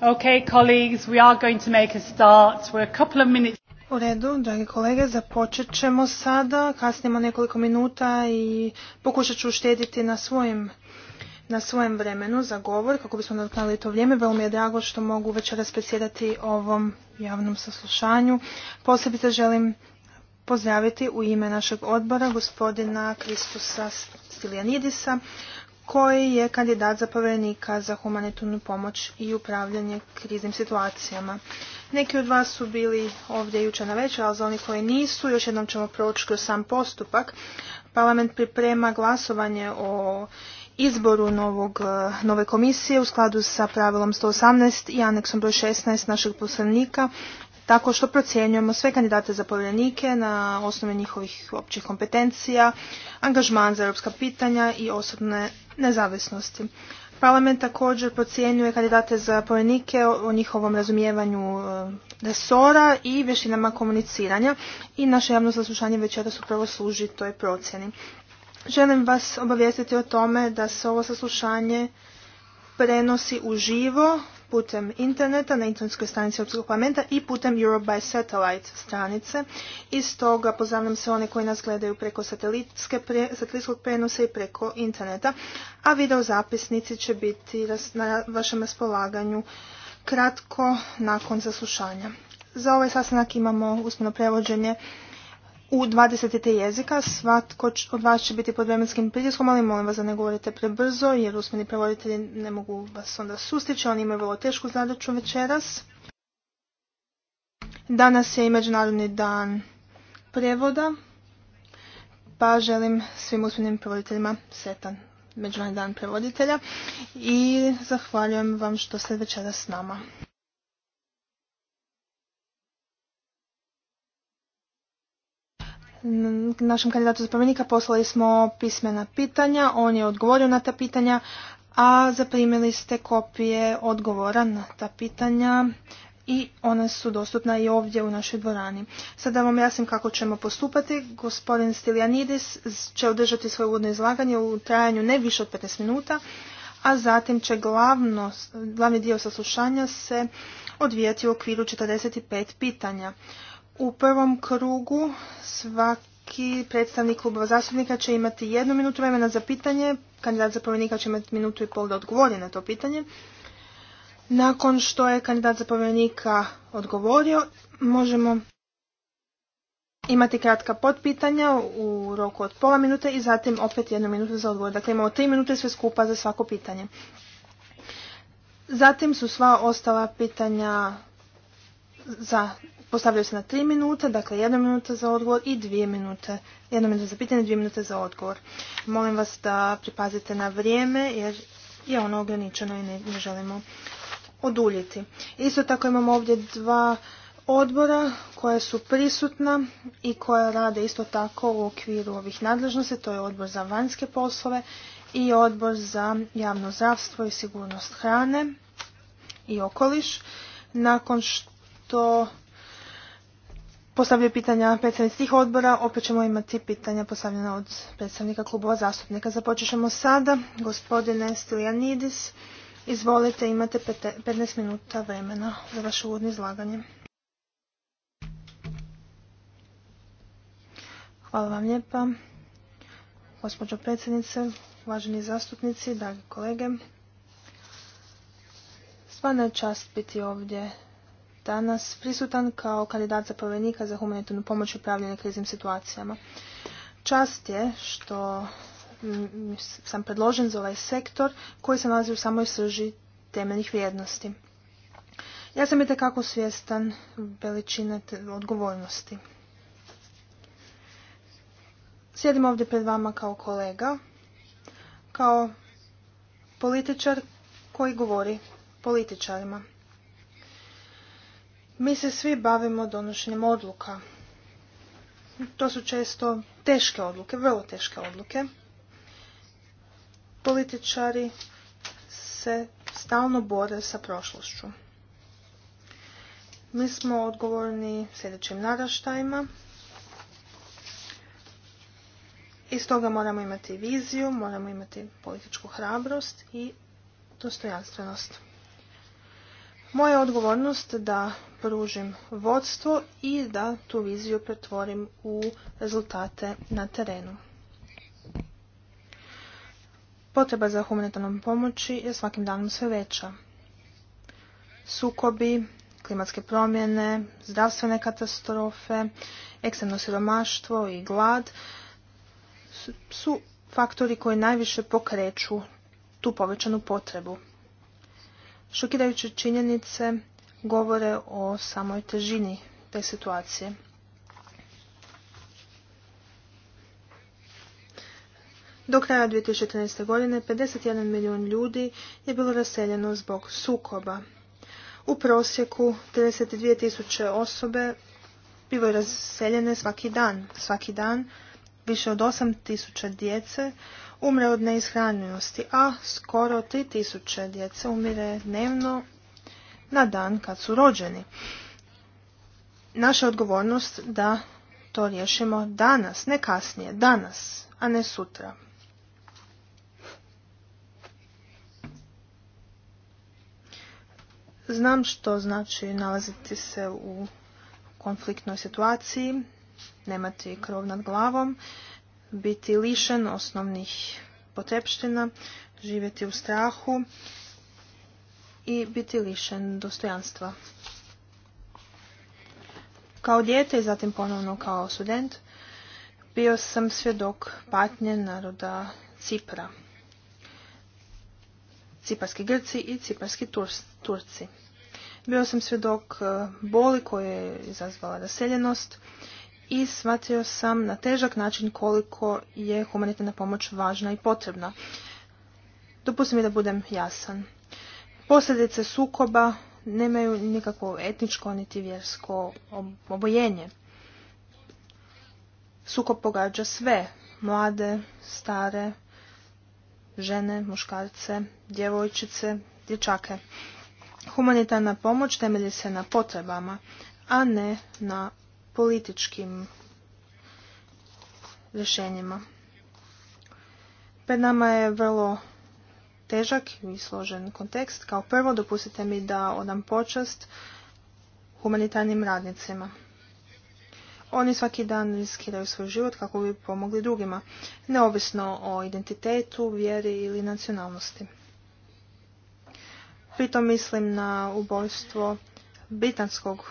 Okay, colleagues, U redu, dragi kolege, započet ćemo sada, kasnimo nekoliko minuta i pokušat ću uštediti na svojim na svojem vremenu za govor, kako bismo nadoknali to vrijeme. Veoma mi je drago što mogu večeras predsjedati ovom javnom saslušanju. Posebice želim pozdraviti u ime našeg odbora gospodina Kristusa Stiljanidisa, koji je kandidat za povjerenika za humanitarnu pomoć i upravljanje kriznim situacijama. Neki od vas su bili ovdje jučer na večer, ali za oni koji nisu, još jednom ćemo proći kroz sam postupak. Parlament priprema glasovanje o izboru novog, e, nove komisije u skladu sa pravilom 118 i aneksom broj 16 našeg poslovnika tako što procjenjujemo sve kandidate za povjerenike na osnovi njihovih općih kompetencija, angažman za europska pitanja i osobne nezavisnosti. Parlament također procjenjuje kandidate za povjerenike o njihovom razumijevanju e, resora i vještinama komuniciranja i naše javno saslušanje večeras upravo služi toj procjeni. Želim vas obavijestiti o tome da se ovo saslušanje prenosi uživo putem interneta na internetskoj stranici Europskog parlamenta i putem Europe by Satellite stranice. I stoga pozdravljam se one koji nas gledaju preko satelitske satelitskog prenosa i preko interneta, a video zapisnici će biti na vašem raspolaganju kratko nakon zaslušanja. Za ovaj sastanak imamo usmeno prevođenje u 23 jezika. Svatko od vas će biti pod vremenskim pritiskom, ali molim vas da ne govorite prebrzo, jer usmeni prevoditelji ne mogu vas onda sustići. Oni imaju vrlo tešku zadaću večeras. Danas je i Međunarodni dan prevoda, pa želim svim usmenim prevoditeljima sretan Međunarodni dan prevoditelja i zahvaljujem vam što ste večeras s nama. našem kandidatu za promjenika poslali smo pismena pitanja, on je odgovorio na ta pitanja, a zaprimili ste kopije odgovora na ta pitanja i ona su dostupna i ovdje u našoj dvorani. Sada vam jasnim kako ćemo postupati. Gospodin Stilianidis će održati svoje uvodno izlaganje u trajanju ne više od 15 minuta, a zatim će glavno, glavni dio saslušanja se odvijati u okviru 45 pitanja. U prvom krugu svaki predstavnik kluba zastupnika će imati jednu minutu vremena za pitanje, kandidat za povjerenika će imati minutu i pol da odgovori na to pitanje. Nakon što je kandidat za povjerenika odgovorio, možemo imati kratka potpitanja u roku od pola minute i zatim opet jednu minutu za odgovor. Dakle, imamo tri minute sve skupa za svako pitanje. Zatim su sva ostala pitanja za postavljaju se na tri minute, dakle jedna minuta za odgovor i dvije minute. Jedna minuta za pitanje, dvije minute za odgovor. Molim vas da pripazite na vrijeme jer je ono ograničeno i ne, ne želimo oduljiti. Isto tako imamo ovdje dva odbora koja su prisutna i koja rade isto tako u okviru ovih nadležnosti. To je odbor za vanjske poslove i odbor za javno zdravstvo i sigurnost hrane i okoliš. Nakon što Postavio pitanja predstavnici tih odbora. Opet ćemo imati pitanja postavljena od predstavnika klubova zastupnika. započinjemo sada. Gospodine Stiljanidis, izvolite, imate 15 minuta vremena za vaše uvodno izlaganje. Hvala vam lijepa. Gospođo predsjednice, uvaženi zastupnici, dragi kolege. Stvarno je čast biti ovdje danas prisutan kao kandidat za povjerenika za humanitarnu pomoć u upravljanje kriznim situacijama. Čast je što mm, sam predložen za ovaj sektor koji se nalazi u samoj srži temeljnih vrijednosti. Ja sam itekako svjestan veličine odgovornosti. Sjedim ovdje pred vama kao kolega, kao političar koji govori političarima. Mi se svi bavimo donošenjem odluka. To su često teške odluke, vrlo teške odluke. Političari se stalno bore sa prošlošću. Mi smo odgovorni sljedećim naraštajima. I stoga moramo imati viziju, moramo imati političku hrabrost i dostojanstvenost. Moja odgovornost da pružim vodstvo i da tu viziju pretvorim u rezultate na terenu. Potreba za humanitarnom pomoći je svakim danom sve veća. Sukobi, klimatske promjene, zdravstvene katastrofe, ekstremno siromaštvo i glad su faktori koji najviše pokreću tu povećanu potrebu. Šokirajuće činjenice govore o samoj težini te situacije. Do kraja 2014. godine 51 milijun ljudi je bilo raseljeno zbog sukoba. U prosjeku 32 tisuće osobe bilo je raseljene svaki dan. Svaki dan više od 8 tisuća djece umre od neishranjenosti, a skoro 3000 djece umire dnevno na dan kad su rođeni. Naša odgovornost da to riješimo danas, ne kasnije, danas, a ne sutra. Znam što znači nalaziti se u konfliktnoj situaciji, nemati krov nad glavom, biti lišen osnovnih potrebština, živjeti u strahu i biti lišen dostojanstva. Kao dijete i zatim ponovno kao student bio sam svjedok patnje naroda Cipra. Ciparski Grci i Ciparski Turci. Bio sam svjedok eh, boli koje je izazvala raseljenost i shvatio sam na težak način koliko je humanitarna pomoć važna i potrebna. Dopusti mi da budem jasan. Posljedice sukoba nemaju nikakvo etničko niti vjersko obojenje. Sukob pogađa sve, mlade, stare, žene, muškarce, djevojčice, dječake. Humanitarna pomoć temelji se na potrebama, a ne na političkim rješenjima. Pred nama je vrlo težak i složen kontekst. Kao prvo, dopustite mi da odam počast humanitarnim radnicima. Oni svaki dan riskiraju svoj život kako bi pomogli drugima, neovisno o identitetu, vjeri ili nacionalnosti. Pritom mislim na ubojstvo britanskog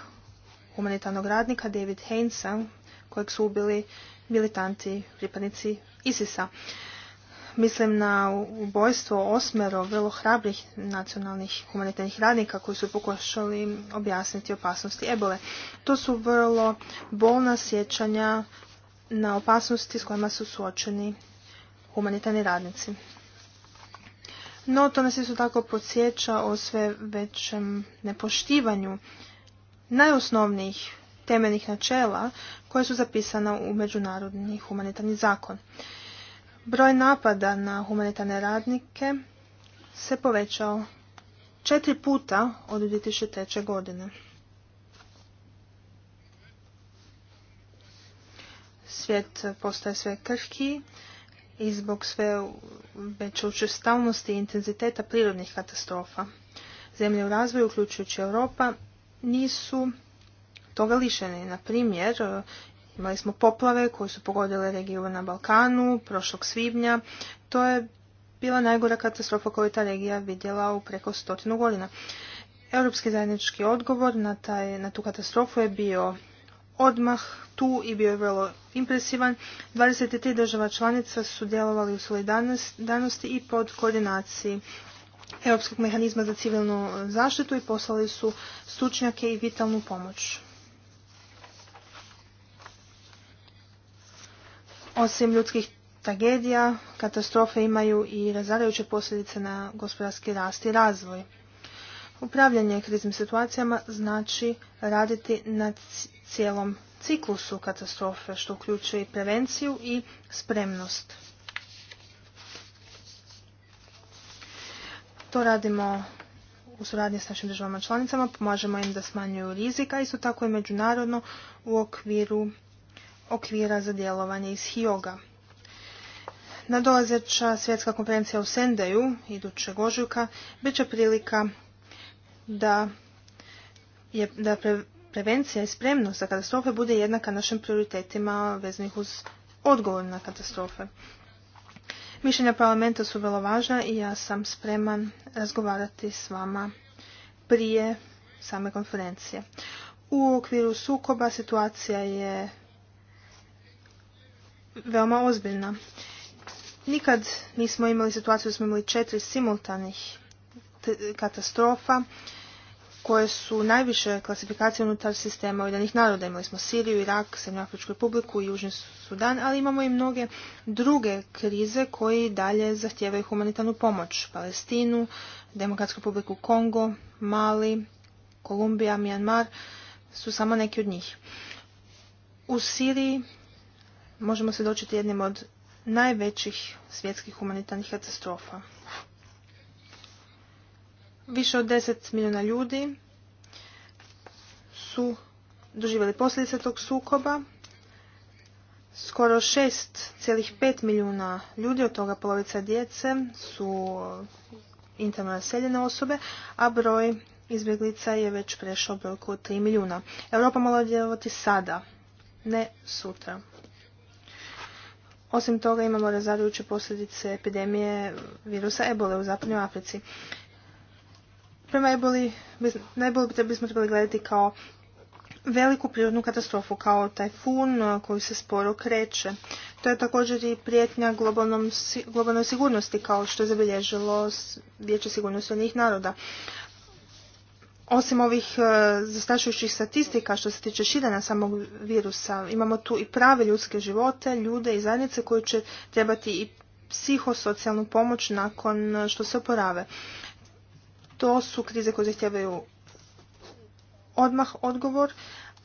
humanitarnog radnika David Hainsa kojeg su ubili militanti, pripadnici ISIS-a. Mislim na ubojstvo osmero vrlo hrabrih nacionalnih humanitarnih radnika koji su pokušali objasniti opasnosti ebole. To su vrlo bolna sjećanja na opasnosti s kojima su suočeni humanitarni radnici. No, to nas isto tako podsjeća o sve većem nepoštivanju najosnovnijih temeljnih načela koje su zapisana u međunarodni humanitarni zakon. Broj napada na humanitarne radnike se povećao četiri puta od 2003. godine. Svijet postaje sve krhkiji i zbog sve veće učestalnosti i intenziteta prirodnih katastrofa. Zemlje u razvoju, uključujući Europa, nisu toga lišene. Na primjer, e, imali smo poplave koje su pogodile regiju na Balkanu prošlog svibnja. To je bila najgora katastrofa koju je ta regija vidjela u preko stotinu godina. Europski zajednički odgovor na, taj, na tu katastrofu je bio odmah tu i bio je vrlo impresivan. 23 država članica su djelovali u solidarnosti i pod koordinaciji Europskog mehanizma za civilnu zaštitu i poslali su stručnjake i vitalnu pomoć. Osim ljudskih tragedija, katastrofe imaju i razarajuće posljedice na gospodarski rast i razvoj. Upravljanje kriznim situacijama znači raditi na cijelom ciklusu katastrofe, što uključuje i prevenciju i spremnost. To radimo u suradnji s našim državama članicama, pomažemo im da smanjuju rizika, isto tako i međunarodno u okviru okvira za djelovanje iz Hioga. Nadolazeća svjetska konferencija u Sendeju, idućeg ožujka, bit će prilika da, je, da prevencija i spremnost za katastrofe bude jednaka našim prioritetima vezanih uz odgovor na katastrofe. Mišljenja parlamenta su vrlo važna i ja sam spreman razgovarati s vama prije same konferencije. U okviru sukoba situacija je veoma ozbiljna. Nikad nismo imali situaciju da smo imali četiri simultanih katastrofa koje su najviše klasifikacije unutar sistema Ujedinih naroda. Imali smo Siriju, Irak, Srednjoafričku republiku i Južni Sudan, ali imamo i mnoge druge krize koji dalje zahtijevaju humanitarnu pomoć. Palestinu, Demokratsku republiku Kongo, Mali, Kolumbija, Mijanmar su samo neki od njih. U Siriji možemo se dočiti jednim od najvećih svjetskih humanitarnih katastrofa. Više od 10 milijuna ljudi su doživjeli posljedice tog sukoba. Skoro 6,5 milijuna ljudi, od toga polovica djece, su uh, interno naseljene osobe, a broj izbjeglica je već prešao brojku od 3 milijuna. Europa mora djelovati sada, ne sutra. Osim toga imamo razarujuće posljedice epidemije virusa ebole u Zapadnoj Africi prema najbolji najbolje bi bismo trebali gledati kao veliku prirodnu katastrofu, kao tajfun koji se sporo kreće. To je također i prijetnja globalnoj sigurnosti, kao što je zabilježilo Vijeće sigurnosti onih naroda. Osim ovih e, zastrašujućih statistika što se tiče širenja samog virusa, imamo tu i prave ljudske živote, ljude i zajednice koji će trebati i psihosocijalnu pomoć nakon što se oporave. To su krize koje zahtijevaju odmah odgovor,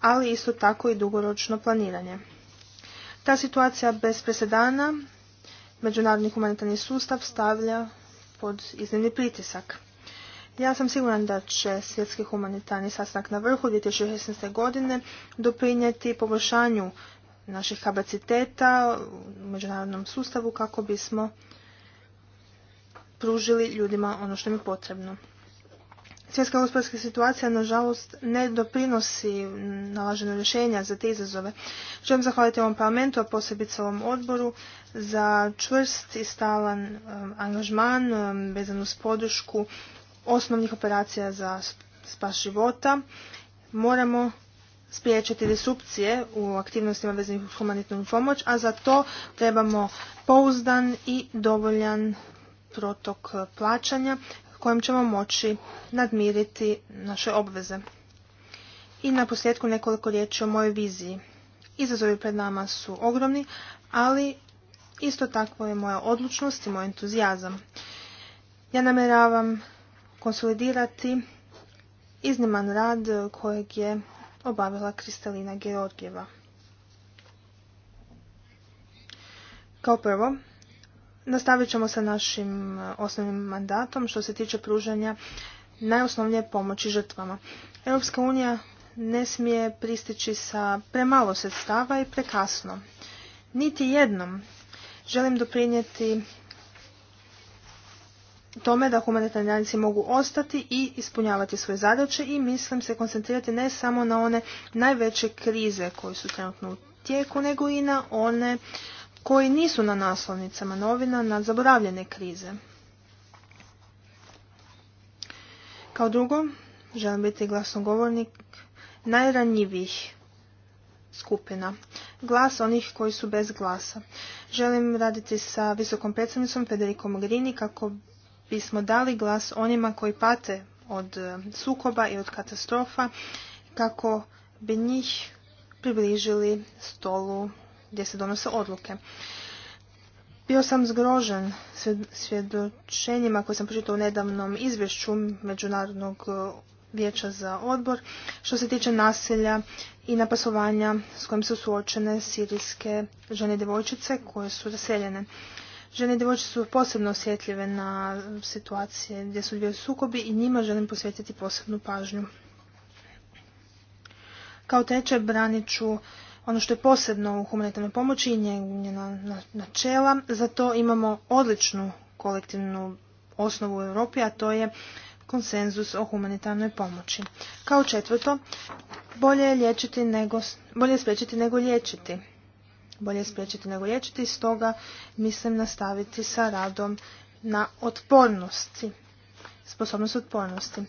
ali isto tako i dugoročno planiranje. Ta situacija bez presedana međunarodni humanitarni sustav stavlja pod iznimni pritisak. Ja sam siguran da će svjetski humanitarni sastanak na vrhu 2016. godine doprinijeti poboljšanju naših kapaciteta u međunarodnom sustavu kako bismo pružili ljudima ono što im je potrebno. Svjetska gospodarska situacija, nažalost, ne doprinosi nalaženju rješenja za te izazove. Želim zahvaliti ovom parlamentu, a posebice ovom odboru, za čvrst i stalan um, angažman um, vezan uz podršku osnovnih operacija za spas života. Moramo spriječiti disrupcije u aktivnostima vezanih uz humanitarnu pomoć, a za to trebamo pouzdan i dovoljan protok plaćanja kojom ćemo moći nadmiriti naše obveze. I na posljedku nekoliko riječi o mojoj viziji. Izazovi pred nama su ogromni, ali isto tako je moja odlučnost i moj entuzijazam. Ja namjeravam konsolidirati izniman rad kojeg je obavila Kristalina Georgijeva. Kao prvo, Nastavit ćemo sa našim e, osnovnim mandatom što se tiče pružanja najosnovnije pomoći žrtvama. Europska unija ne smije pristići sa premalo sredstava i prekasno. Niti jednom želim doprinijeti tome da humanitarni radnici mogu ostati i ispunjavati svoje zadaće i mislim se koncentrirati ne samo na one najveće krize koje su trenutno u tijeku, nego i na one koji nisu na naslovnicama novina na zaboravljene krize. Kao drugo, želim biti glasnogovornik najranjivijih skupina. Glas onih koji su bez glasa. Želim raditi sa visokom predstavnicom Federico Mogherini kako bismo dali glas onima koji pate od e, sukoba i od katastrofa kako bi njih približili stolu gdje se donose odluke. Bio sam zgrožen svjedočenjima koje sam pročitao u nedavnom izvješću Međunarodnog e, vijeća za odbor što se tiče naselja i napasovanja s kojim su suočene sirijske žene i djevojčice koje su raseljene. Žene i djevojčice su posebno osjetljive na situacije gdje su bili sukobi i njima želim posvetiti posebnu pažnju. Kao treće branit ću ono što je posebno u humanitarnoj pomoći i njena načela. Za to imamo odličnu kolektivnu osnovu u Europi, a to je konsenzus o humanitarnoj pomoći. Kao četvrto, bolje je liječiti nego, bolje spriječiti nego liječiti. Bolje je spriječiti nego liječiti, stoga mislim nastaviti sa radom na otpornosti, sposobnost otpornosti.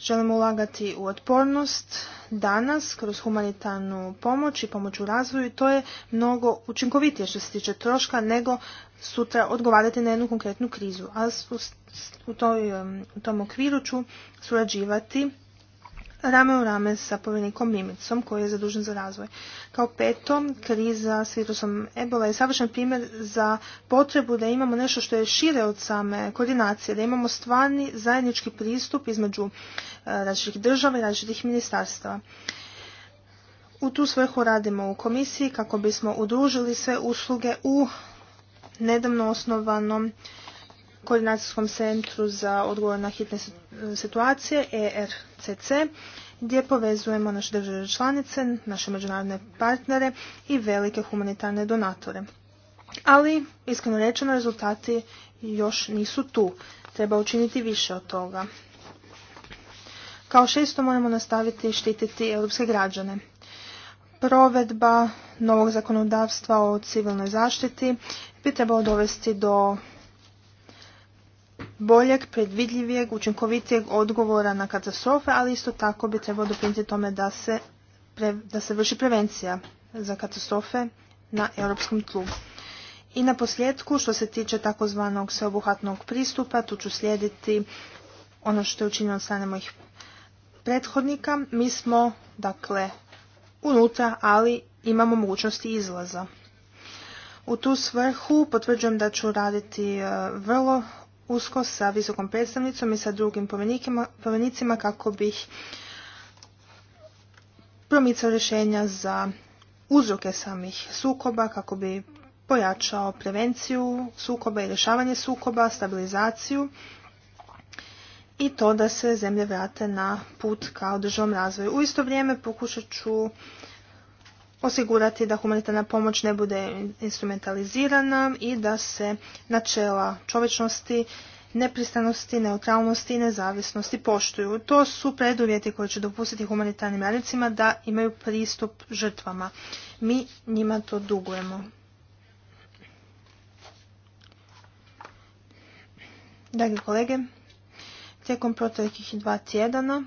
Želimo ulagati u otpornost danas kroz humanitarnu pomoć i pomoć u razvoju to je mnogo učinkovitije što se tiče troška nego sutra odgovarati na jednu konkretnu krizu. A u, u tom okviru ću surađivati rame u rame sa povjerenikom Mimicom koji je zadužen za razvoj. Kao petom, kriza s virusom Ebola je savršen primjer za potrebu da imamo nešto što je šire od same koordinacije, da imamo stvarni zajednički pristup između e, različitih država i različitih ministarstava. U tu svrhu radimo u komisiji kako bismo udružili sve usluge u nedavno osnovanom koordinacijskom centru za odgovor na hitne situacije ERCC gdje povezujemo naše države članice, naše međunarodne partnere i velike humanitarne donatore. Ali, iskreno rečeno, rezultati još nisu tu. Treba učiniti više od toga. Kao šesto moramo nastaviti štititi europske građane. Provedba novog zakonodavstva o civilnoj zaštiti bi trebalo dovesti do boljeg, predvidljivijeg, učinkovitijeg odgovora na katastrofe, ali isto tako bi trebalo doprinijeti tome da se, da se vrši prevencija za katastrofe na europskom tlu. I na posljedku, što se tiče takozvanog sveobuhatnog pristupa, tu ću slijediti ono što je učinjeno od strane mojih prethodnika. Mi smo, dakle, unutra, ali imamo mogućnosti izlaza. U tu svrhu potvrđujem da ću raditi e, vrlo usko sa visokom predstavnicom i sa drugim povenicima kako bih promicao rješenja za uzroke samih sukoba, kako bi pojačao prevenciju sukoba i rješavanje sukoba, stabilizaciju i to da se zemlje vrate na put kao državom razvoju. U isto vrijeme pokušat ću osigurati da humanitarna pomoć ne bude instrumentalizirana i da se načela čovječnosti, nepristanosti, neutralnosti i nezavisnosti poštuju. To su preduvjeti koji će dopustiti humanitarnim radnicima da imaju pristup žrtvama. Mi njima to dugujemo. Dragi kolege, tijekom proteklih dva tjedana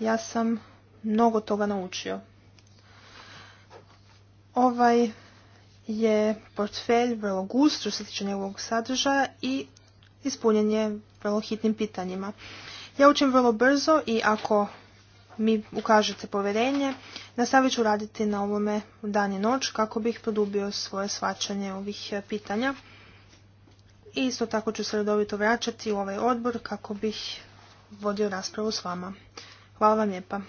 ja sam mnogo toga naučio. Ovaj je portfelj vrlo gust što se tiče njegovog sadržaja i ispunjen je vrlo hitnim pitanjima. Ja učim vrlo brzo i ako mi ukažete povjerenje, nastavit ću raditi na ovome dan i noć kako bih produbio svoje svačanje ovih e, pitanja. I isto tako ću se redovito vraćati u ovaj odbor kako bih vodio raspravu s vama. Hvala vam lijepa.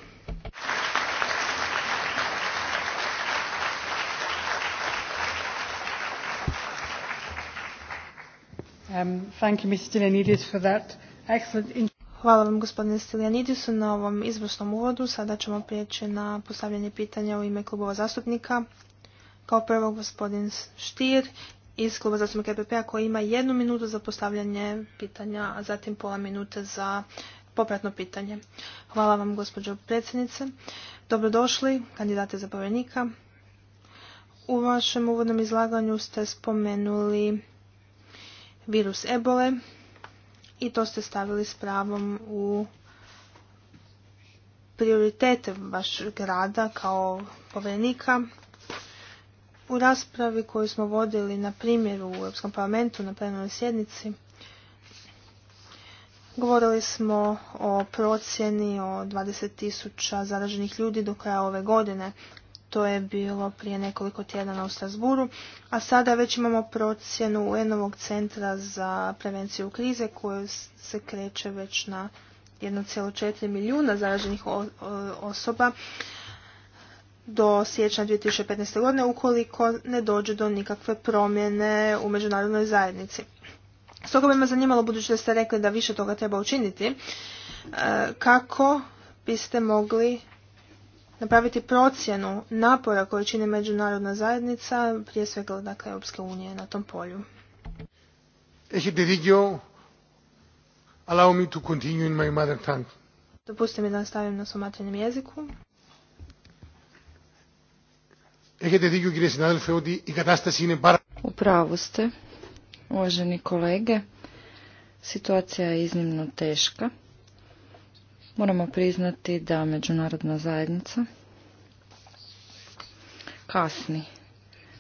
Um, Hvala vam gospodine Stiljanidisu na ovom izvrsnom uvodu. Sada ćemo prijeći na postavljanje pitanja u ime klubova zastupnika. Kao prvo gospodin Štir iz kluba zastupnika EPP-a koji ima jednu minutu za postavljanje pitanja, a zatim pola minute za popratno pitanje. Hvala vam gospođo predsjednice. Dobrodošli kandidate za povjerenika. U vašem uvodnom izlaganju ste spomenuli virus ebole i to ste stavili s pravom u prioritete vašeg rada kao povjerenika. U raspravi koju smo vodili na primjeru u Europskom parlamentu na plenarnoj sjednici govorili smo o procjeni o 20.000 zaraženih ljudi do kraja ove godine to je bilo prije nekoliko tjedana u Strasburu, a sada već imamo procjenu UN-ovog centra za prevenciju krize koju se kreće već na 1,4 milijuna zaraženih osoba do siječnja 2015. godine ukoliko ne dođe do nikakve promjene u međunarodnoj zajednici. Stoga bi me zanimalo, budući da ste rekli da više toga treba učiniti, e, kako biste mogli napraviti procjenu napora koju čini međunarodna zajednica, prije svega dakle Europske unije na tom polju. Allow me to continue in my mother tongue. Dopustite mi da nastavim na svom materinjem jeziku. U pravu ste, uvaženi kolege. Situacija je iznimno teška. Moramo priznati da međunarodna zajednica kasni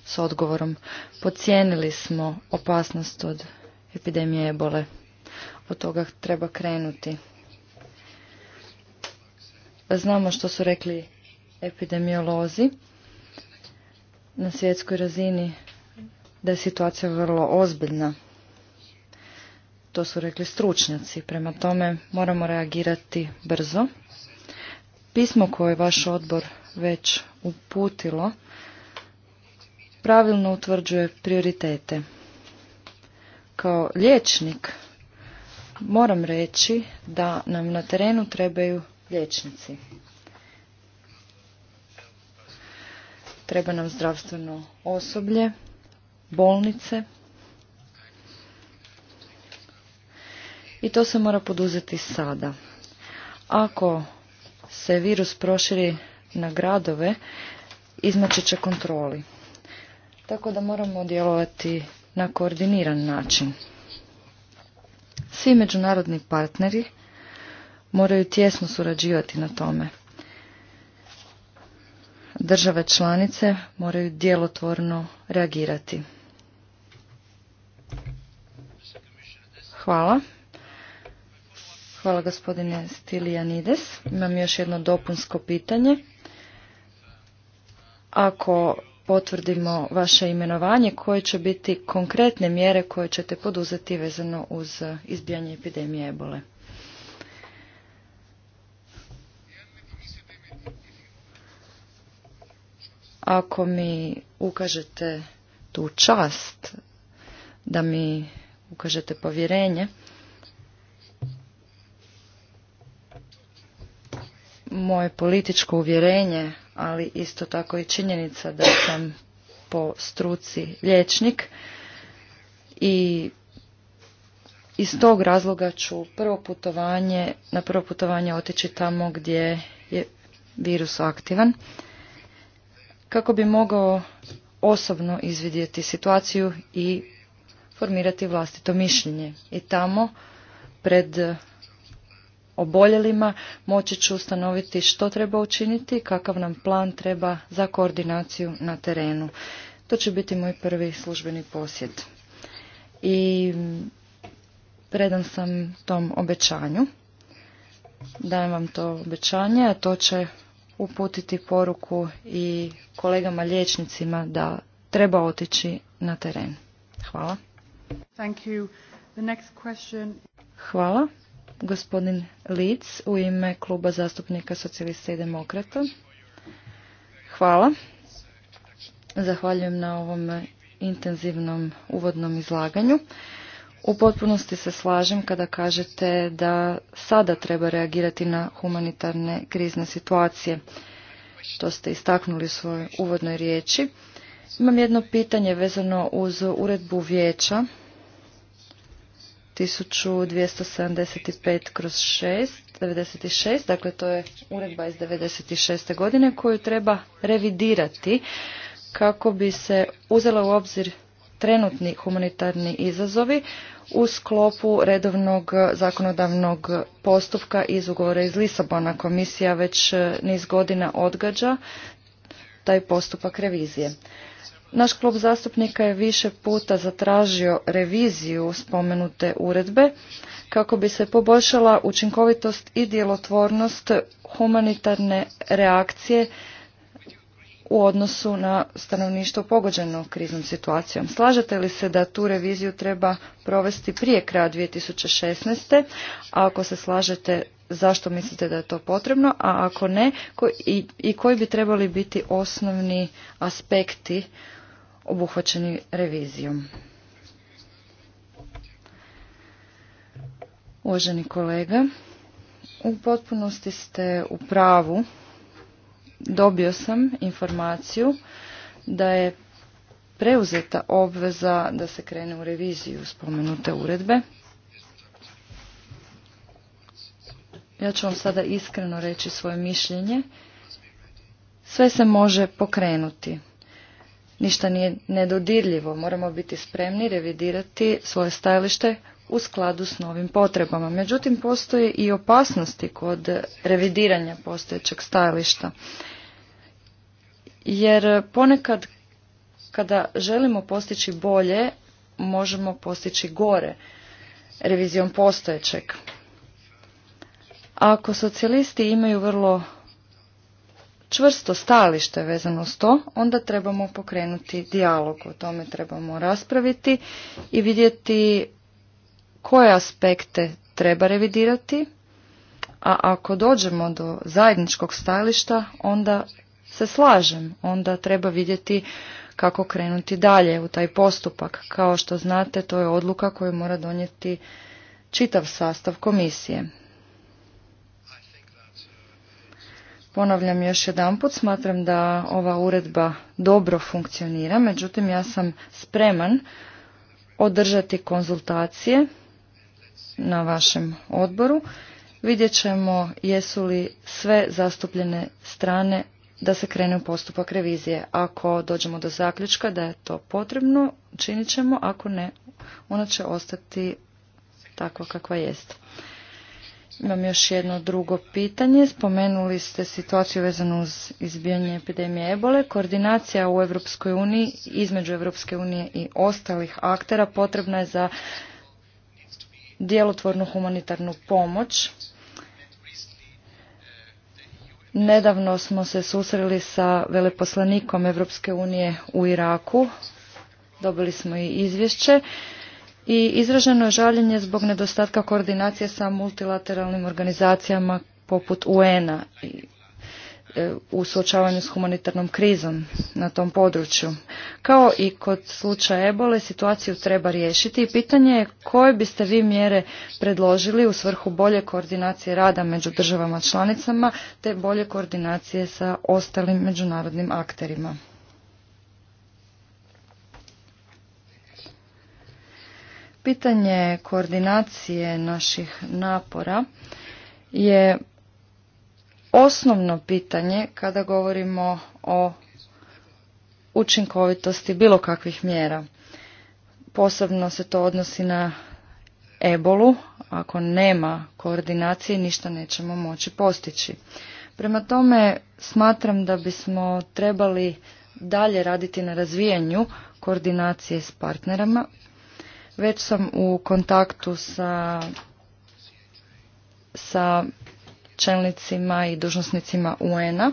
s odgovorom. Pocijenili smo opasnost od epidemije ebole. Od toga treba krenuti. Znamo što su rekli epidemiolozi na svjetskoj razini da je situacija vrlo ozbiljna to su rekli stručnjaci, prema tome moramo reagirati brzo. Pismo koje je vaš odbor već uputilo pravilno utvrđuje prioritete. Kao liječnik moram reći da nam na terenu trebaju liječnici. Treba nam zdravstveno osoblje, bolnice, i to se mora poduzeti sada. Ako se virus proširi na gradove, izmaći će kontroli. Tako da moramo djelovati na koordiniran način. Svi međunarodni partneri moraju tjesno surađivati na tome. Države članice moraju djelotvorno reagirati. Hvala. Hvala gospodine Stilijanides. Imam još jedno dopunsko pitanje. Ako potvrdimo vaše imenovanje, koje će biti konkretne mjere koje ćete poduzeti vezano uz izbijanje epidemije ebole? Ako mi ukažete tu čast da mi ukažete povjerenje, moje političko uvjerenje, ali isto tako i činjenica da sam po struci liječnik i iz tog razloga ću prvo putovanje, na prvo putovanje otići tamo gdje je virus aktivan kako bi mogao osobno izvidjeti situaciju i formirati vlastito mišljenje. I tamo pred oboljelima moći ću ustanoviti što treba učiniti, kakav nam plan treba za koordinaciju na terenu. To će biti moj prvi službeni posjet. I predam sam tom obećanju. Dajem vam to obećanje, a to će uputiti poruku i kolegama liječnicima da treba otići na teren. Hvala. Hvala gospodin Lic u ime kluba zastupnika socijalista i demokrata. Hvala. Zahvaljujem na ovom intenzivnom uvodnom izlaganju. U potpunosti se slažem kada kažete da sada treba reagirati na humanitarne krizne situacije. To ste istaknuli u svojoj uvodnoj riječi. Imam jedno pitanje vezano uz uredbu vijeća 1275 kroz 6, 96, dakle to je uredba iz 96. godine koju treba revidirati kako bi se uzela u obzir trenutni humanitarni izazovi u sklopu redovnog zakonodavnog postupka iz ugovora iz Lisabona. Komisija već niz godina odgađa taj postupak revizije. Naš klub zastupnika je više puta zatražio reviziju spomenute uredbe kako bi se poboljšala učinkovitost i djelotvornost humanitarne reakcije u odnosu na stanovništvo pogođeno kriznom situacijom. Slažete li se da tu reviziju treba provesti prije kraja 2016. A ako se slažete, zašto mislite da je to potrebno? A ako ne, i koji bi trebali biti osnovni aspekti obuhvaćeni revizijom. Uvaženi kolega, u potpunosti ste u pravu. Dobio sam informaciju da je preuzeta obveza da se krene u reviziju spomenute uredbe. Ja ću vam sada iskreno reći svoje mišljenje. Sve se može pokrenuti ništa nije nedodirljivo. Moramo biti spremni revidirati svoje stajalište u skladu s novim potrebama. Međutim, postoje i opasnosti kod revidiranja postojećeg stajališta. Jer ponekad kada želimo postići bolje, možemo postići gore revizijom postojećeg. Ako socijalisti imaju vrlo čvrsto stajalište vezano s to, onda trebamo pokrenuti dijalog, o tome trebamo raspraviti i vidjeti koje aspekte treba revidirati, a ako dođemo do zajedničkog stajališta, onda se slažem, onda treba vidjeti kako krenuti dalje u taj postupak. Kao što znate, to je odluka koju mora donijeti čitav sastav komisije. Ponavljam još jedanput, smatram da ova uredba dobro funkcionira, međutim ja sam spreman održati konzultacije na vašem odboru. Vidjet ćemo jesu li sve zastupljene strane da se krene u postupak revizije. Ako dođemo do zaključka da je to potrebno, činit ćemo, ako ne, ona će ostati takva kakva jest. Imam još jedno drugo pitanje. Spomenuli ste situaciju vezanu uz izbijanje epidemije ebole. Koordinacija u Europskoj uniji između Europske unije i ostalih aktera potrebna je za djelotvornu humanitarnu pomoć. Nedavno smo se susreli sa veleposlanikom Europske unije u Iraku. Dobili smo i izvješće i izraženo je žaljenje zbog nedostatka koordinacije sa multilateralnim organizacijama poput UN-a e, u suočavanju s humanitarnom krizom na tom području. Kao i kod slučaja ebole, situaciju treba riješiti i pitanje je koje biste vi mjere predložili u svrhu bolje koordinacije rada među državama članicama te bolje koordinacije sa ostalim međunarodnim akterima. Pitanje koordinacije naših napora je osnovno pitanje kada govorimo o učinkovitosti bilo kakvih mjera. Posebno se to odnosi na ebolu. Ako nema koordinacije, ništa nećemo moći postići. Prema tome, smatram da bismo trebali dalje raditi na razvijanju koordinacije s partnerama, već sam u kontaktu sa, sa čelnicima i dužnosnicima UN-a,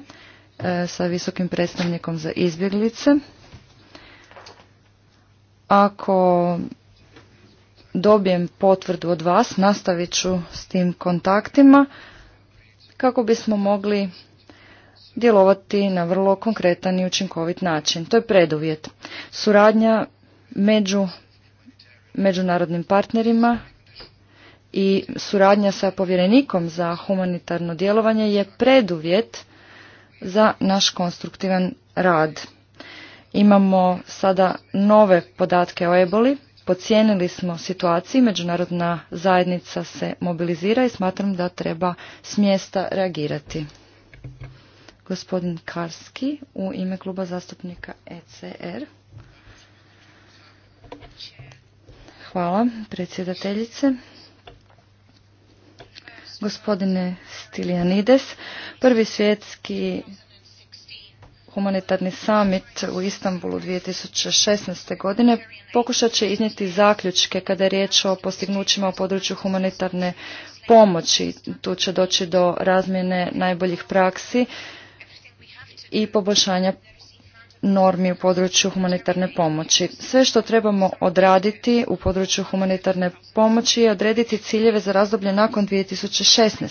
e, sa visokim predstavnikom za izbjeglice. Ako dobijem potvrdu od vas, nastavit ću s tim kontaktima kako bismo mogli djelovati na vrlo konkretan i učinkovit način. To je preduvjet. Suradnja među međunarodnim partnerima i suradnja sa povjerenikom za humanitarno djelovanje je preduvjet za naš konstruktivan rad. Imamo sada nove podatke o eboli, pocijenili smo situaciju, međunarodna zajednica se mobilizira i smatram da treba s mjesta reagirati. Gospodin Karski u ime kluba zastupnika ECR. Hvala, predsjedateljice. Gospodine Stilianides, prvi svjetski humanitarni summit u Istanbulu 2016. godine pokušat će iznijeti zaključke kada je riječ o postignućima u području humanitarne pomoći. Tu će doći do razmjene najboljih praksi i poboljšanja normi u području humanitarne pomoći. Sve što trebamo odraditi u području humanitarne pomoći je odrediti ciljeve za razdoblje nakon 2016.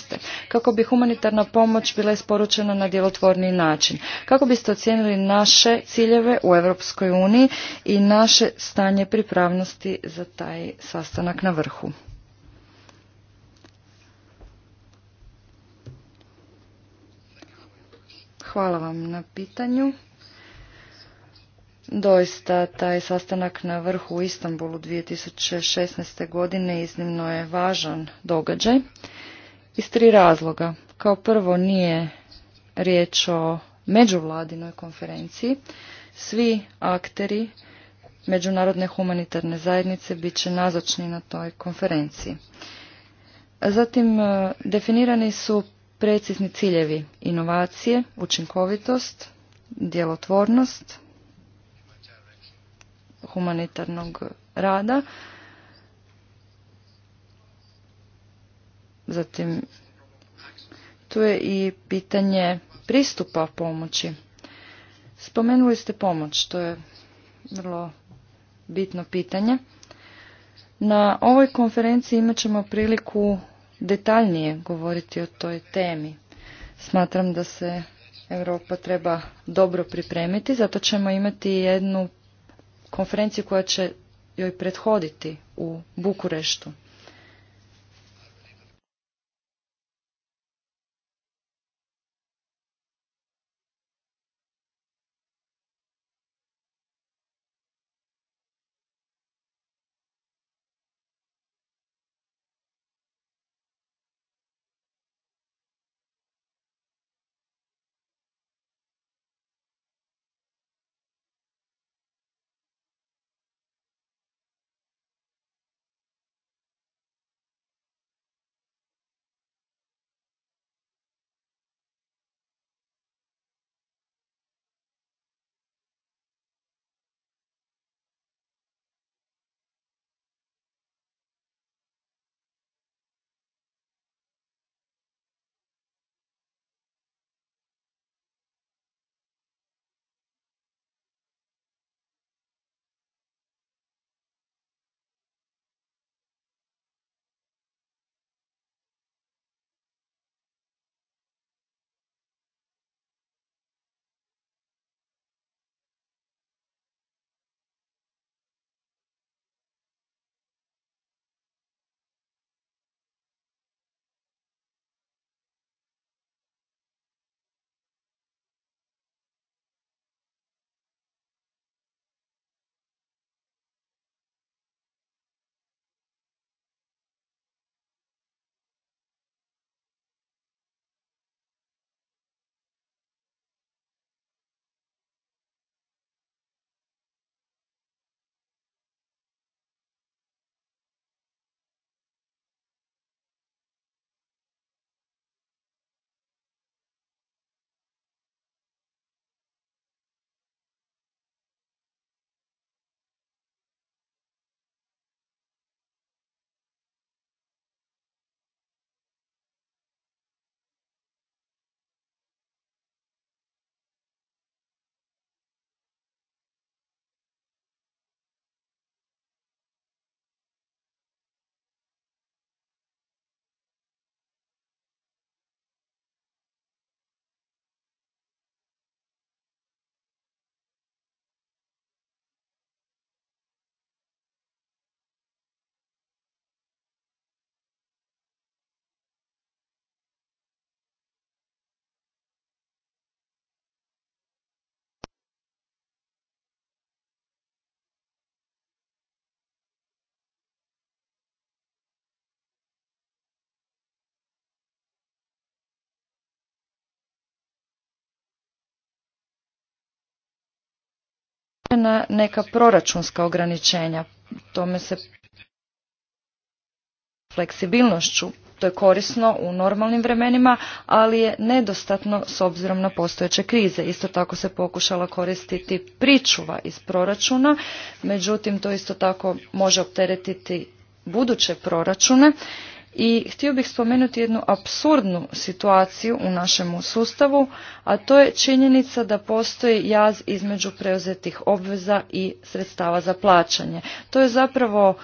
kako bi humanitarna pomoć bila isporučena na djelotvorni način. Kako biste ocijenili naše ciljeve u Europskoj uniji i naše stanje pripravnosti za taj sastanak na vrhu? Hvala vam na pitanju. Doista, taj sastanak na vrhu u Istanbulu 2016. godine iznimno je važan događaj iz tri razloga. Kao prvo nije riječ o međuvladinoj konferenciji. Svi akteri međunarodne humanitarne zajednice bit će nazočni na toj konferenciji. Zatim, e, definirani su precizni ciljevi inovacije, učinkovitost, djelotvornost, humanitarnog rada. Zatim, tu je i pitanje pristupa pomoći. Spomenuli ste pomoć, to je vrlo bitno pitanje. Na ovoj konferenciji imat ćemo priliku detaljnije govoriti o toj temi. Smatram da se Europa treba dobro pripremiti, zato ćemo imati jednu konferenciju koja će joj prethoditi u Bukureštu. na neka proračunska ograničenja. Tome se fleksibilnošću, to je korisno u normalnim vremenima, ali je nedostatno s obzirom na postojeće krize. Isto tako se pokušala koristiti pričuva iz proračuna, međutim to isto tako može opteretiti buduće proračune i htio bih spomenuti jednu apsurdnu situaciju u našemu sustavu, a to je činjenica da postoji jaz između preuzetih obveza i sredstava za plaćanje. To je zapravo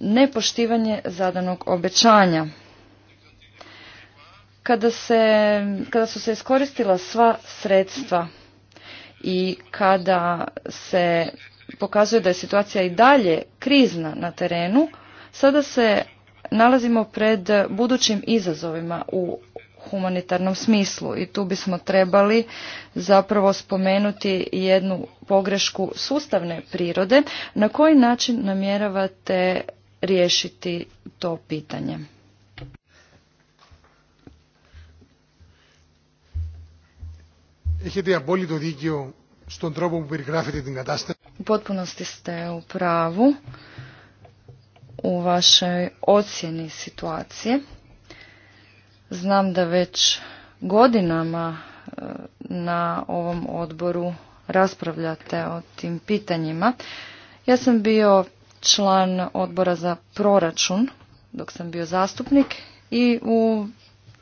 nepoštivanje zadanog obećanja. Kada, se, kada su se iskoristila sva sredstva i kada se pokazuje da je situacija i dalje krizna na terenu, sada se nalazimo pred budućim izazovima u humanitarnom smislu i tu bismo trebali zapravo spomenuti jednu pogrešku sustavne prirode. Na koji način namjeravate riješiti to pitanje? U potpunosti ste u pravu u vašoj ocjeni situacije. Znam da već godinama e, na ovom odboru raspravljate o tim pitanjima. Ja sam bio član odbora za proračun dok sam bio zastupnik i u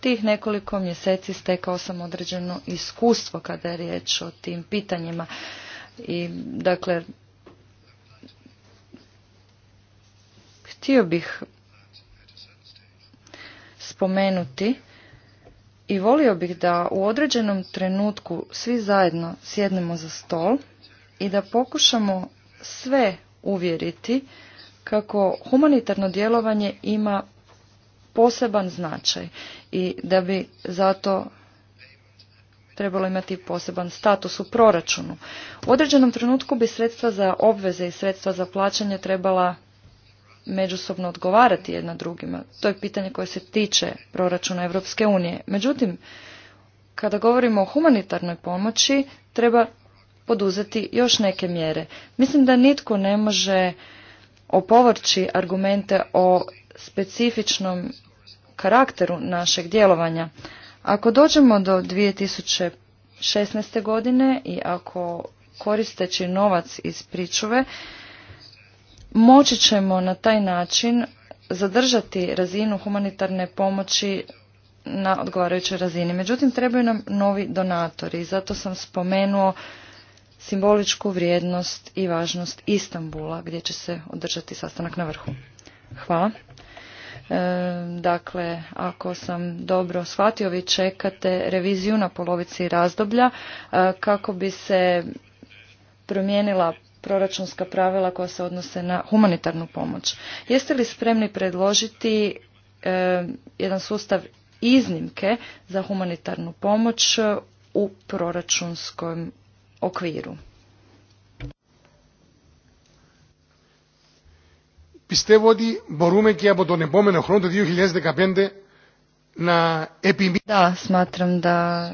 tih nekoliko mjeseci stekao sam određeno iskustvo kada je riječ o tim pitanjima. I dakle Htio bih spomenuti i volio bih da u određenom trenutku svi zajedno sjednemo za stol i da pokušamo sve uvjeriti kako humanitarno djelovanje ima poseban značaj i da bi zato trebalo imati poseban status u proračunu. U određenom trenutku bi sredstva za obveze i sredstva za plaćanje trebala međusobno odgovarati jedna drugima. To je pitanje koje se tiče proračuna Europske unije. Međutim, kada govorimo o humanitarnoj pomoći, treba poduzeti još neke mjere. Mislim da nitko ne može opovrći argumente o specifičnom karakteru našeg djelovanja. Ako dođemo do 2016. godine i ako koristeći novac iz pričuve moći ćemo na taj način zadržati razinu humanitarne pomoći na odgovarajućoj razini. Međutim, trebaju nam novi donatori zato sam spomenuo simboličku vrijednost i važnost Istambula gdje će se održati sastanak na vrhu. Hvala. E, dakle, ako sam dobro shvatio, vi čekate reviziju na polovici razdoblja e, kako bi se promijenila proračunska pravila koja se odnose na humanitarnu pomoć. Jeste li spremni predložiti jedan sustav iznimke za humanitarnu pomoć u proračunskom okviru? Pistevo vodi borume ki abo do nebomeno χρόνο, 2015, Da, smatram da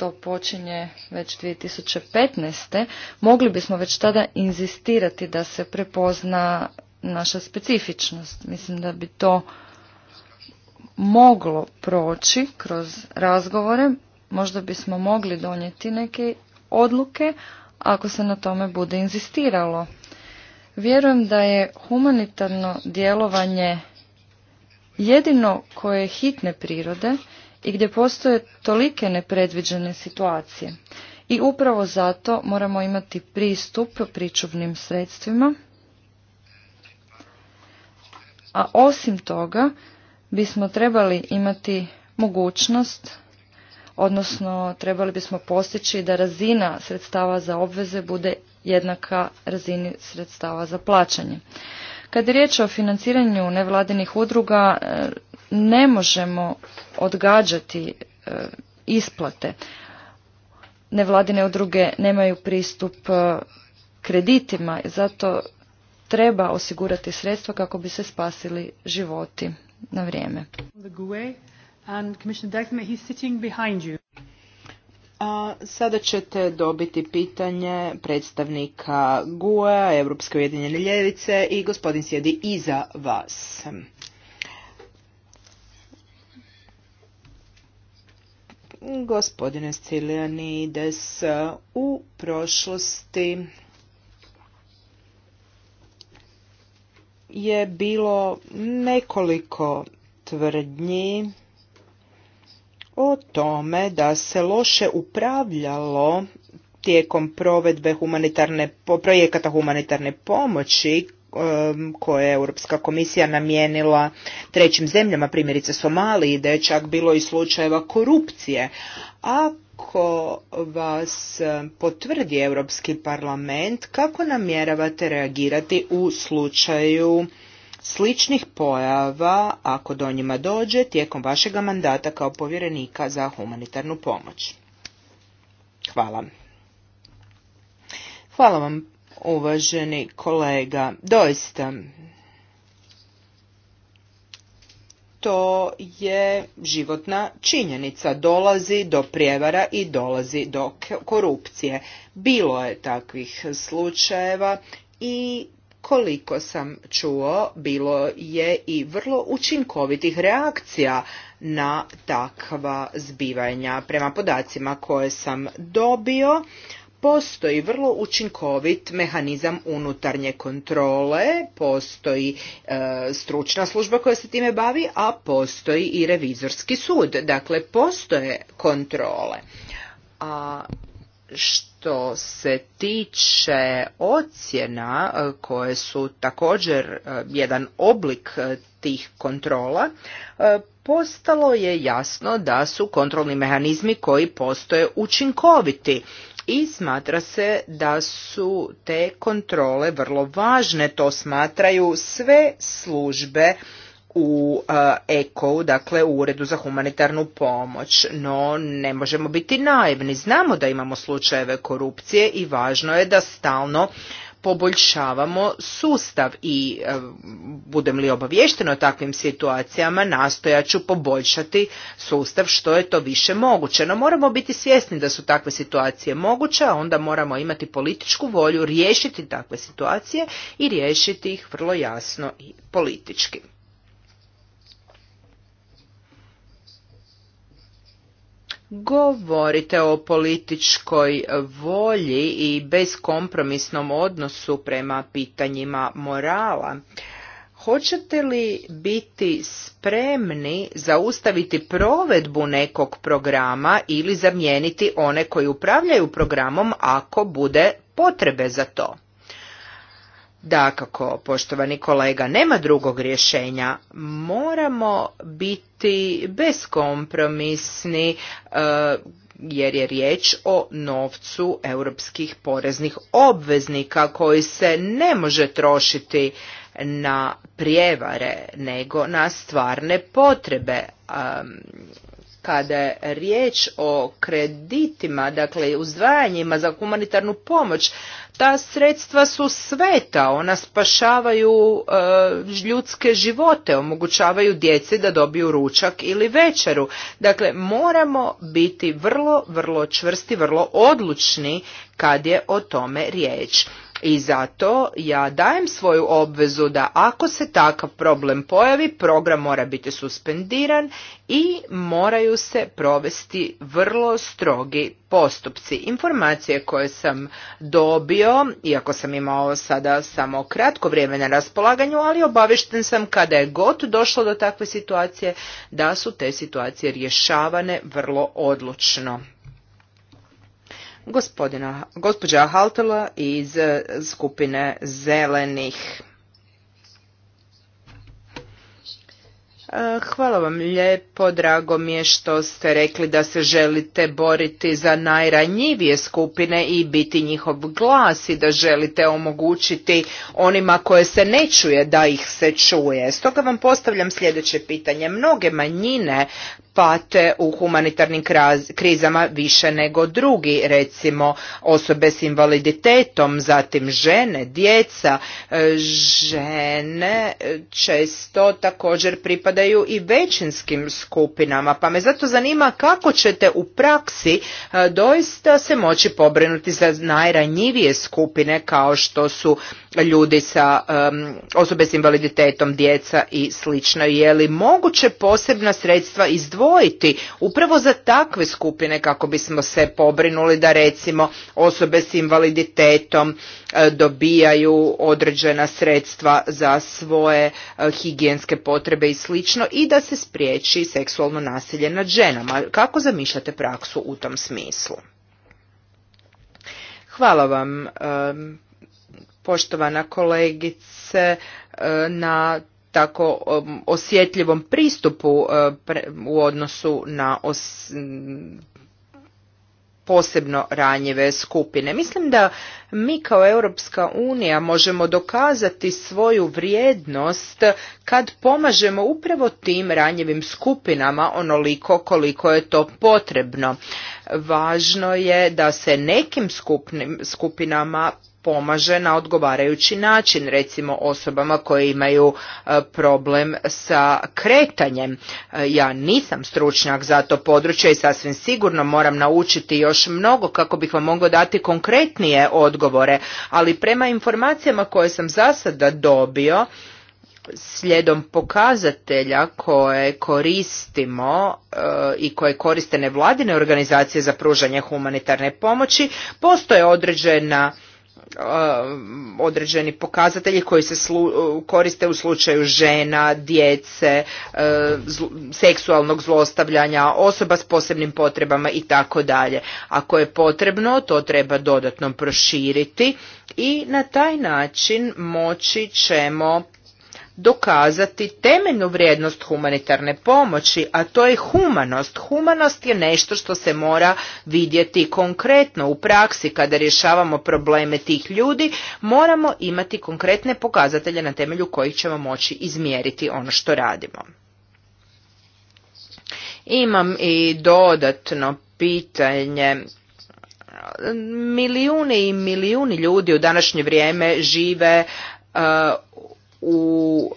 to počinje već 2015. mogli bismo već tada inzistirati da se prepozna naša specifičnost. Mislim da bi to moglo proći kroz razgovore. Možda bismo mogli donijeti neke odluke ako se na tome bude inzistiralo. Vjerujem da je humanitarno djelovanje jedino koje je hitne prirode i gdje postoje tolike nepredviđene situacije. I upravo zato moramo imati pristup pričuvnim sredstvima, a osim toga bismo trebali imati mogućnost, odnosno trebali bismo postići da razina sredstava za obveze bude jednaka razini sredstava za plaćanje. Kad je riječ o financiranju nevladinih udruga, e, ne možemo odgađati e, isplate. Nevladine udruge nemaju pristup e, kreditima, zato treba osigurati sredstva kako bi se spasili životi na vrijeme. A sada ćete dobiti pitanje predstavnika GUA, Europske ujedinjene ljevice i gospodin sjedi iza vas. Gospodine Sciljanides, u prošlosti je bilo nekoliko tvrdnji o tome da se loše upravljalo tijekom provedbe humanitarne, projekata humanitarne pomoći koje je Europska komisija namijenila trećim zemljama, primjerice Somaliji, da je čak bilo i slučajeva korupcije. Ako vas potvrdi Europski parlament, kako namjeravate reagirati u slučaju sličnih pojava, ako do njima dođe, tijekom vašeg mandata kao povjerenika za humanitarnu pomoć? Hvala. Hvala vam, uvaženi kolega. Doista, to je životna činjenica. Dolazi do prijevara i dolazi do korupcije. Bilo je takvih slučajeva i koliko sam čuo, bilo je i vrlo učinkovitih reakcija na takva zbivanja. Prema podacima koje sam dobio, postoji vrlo učinkovit mehanizam unutarnje kontrole, postoji e, stručna služba koja se time bavi, a postoji i revizorski sud. Dakle, postoje kontrole. A što što se tiče ocjena e, koje su također e, jedan oblik e, tih kontrola, postalo je jasno da su kontrolni mehanizmi koji postoje učinkoviti i smatra se da su te kontrole vrlo važne, to smatraju sve službe u ECO, dakle u Uredu za humanitarnu pomoć. No, ne možemo biti naivni. Znamo da imamo slučajeve korupcije i važno je da stalno poboljšavamo sustav i budem li obaviješteno o takvim situacijama nastojat ću poboljšati sustav što je to više moguće. No moramo biti svjesni da su takve situacije moguće, a onda moramo imati političku volju riješiti takve situacije i riješiti ih vrlo jasno i politički. govorite o političkoj volji i bezkompromisnom odnosu prema pitanjima morala. Hoćete li biti spremni zaustaviti provedbu nekog programa ili zamijeniti one koji upravljaju programom ako bude potrebe za to? Dakako, poštovani kolega, nema drugog rješenja. Moramo biti beskompromisni e, jer je riječ o novcu europskih poreznih obveznika koji se ne može trošiti na prijevare nego na stvarne potrebe kada je riječ o kreditima, dakle uzdvajanjima za humanitarnu pomoć, ta sredstva su sveta, ona spašavaju e, ljudske živote, omogućavaju djeci da dobiju ručak ili večeru. Dakle, moramo biti vrlo, vrlo čvrsti, vrlo odlučni kad je o tome riječ. I zato ja dajem svoju obvezu da ako se takav problem pojavi, program mora biti suspendiran i moraju se provesti vrlo strogi postupci. Informacije koje sam dobio, iako sam imao sada samo kratko vrijeme na raspolaganju, ali obavješten sam kada je god došlo do takve situacije, da su te situacije rješavane vrlo odlučno gospodina, gospođa Haltela iz eh, skupine zelenih. Eh, hvala vam lijepo, drago mi je što ste rekli da se želite boriti za najranjivije skupine i biti njihov glas i da želite omogućiti onima koje se ne čuje da ih se čuje. Stoga vam postavljam sljedeće pitanje. Mnoge manjine pate u humanitarnim krizama više nego drugi, recimo osobe s invaliditetom, zatim žene, djeca. Eh, žene eh, često također pripade i većinskim skupinama, pa me zato zanima kako ćete u praksi e, doista se moći pobrinuti za najranjivije skupine kao što su ljudi sa osobe s invaliditetom, djeca i slično. Je li moguće posebna sredstva izdvojiti upravo za takve skupine kako bismo se pobrinuli da recimo osobe s invaliditetom e, dobijaju određena sredstva za svoje e, higijenske potrebe i slično i da se spriječi seksualno nasilje nad ženama. Kako zamišljate praksu u tom smislu? Hvala vam, poštovana kolegice, na tako osjetljivom pristupu u odnosu na posebno ranjive skupine. Mislim da mi kao Europska unija možemo dokazati svoju vrijednost kad pomažemo upravo tim ranjivim skupinama onoliko koliko je to potrebno. Važno je da se nekim skupinama pomaže na odgovarajući način, recimo osobama koje imaju e, problem sa kretanjem. E, ja nisam stručnjak za to područje i sasvim sigurno moram naučiti još mnogo kako bih vam mogao dati konkretnije odgovore, ali prema informacijama koje sam za sada dobio, slijedom pokazatelja koje koristimo e, i koje koriste nevladine organizacije za pružanje humanitarne pomoći, postoje određena Um, određeni pokazatelji koji se uh, koriste u slučaju žena, djece, uh, seksualnog zlostavljanja, osoba s posebnim potrebama i tako dalje. Ako je potrebno, to treba dodatno proširiti i na taj način moći ćemo dokazati temeljnu vrijednost humanitarne pomoći, a to je humanost. Humanost je nešto što se mora vidjeti konkretno u praksi kada rješavamo probleme tih ljudi, moramo imati konkretne pokazatelje na temelju kojih ćemo moći izmjeriti ono što radimo. Imam i dodatno pitanje milijuni i milijuni ljudi u današnje vrijeme žive e, u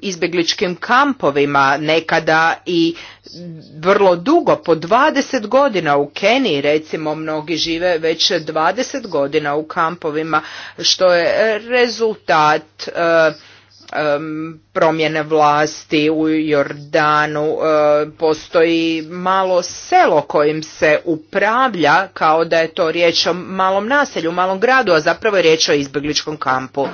izbjegličkim kampovima nekada i vrlo dugo, po 20 godina u Keniji recimo mnogi žive već 20 godina u kampovima što je rezultat promjene vlasti u Jordanu. E, postoji malo selo kojim se upravlja kao da je to riječ o malom naselju, malom gradu, a zapravo je riječ o izbjegličkom kampu.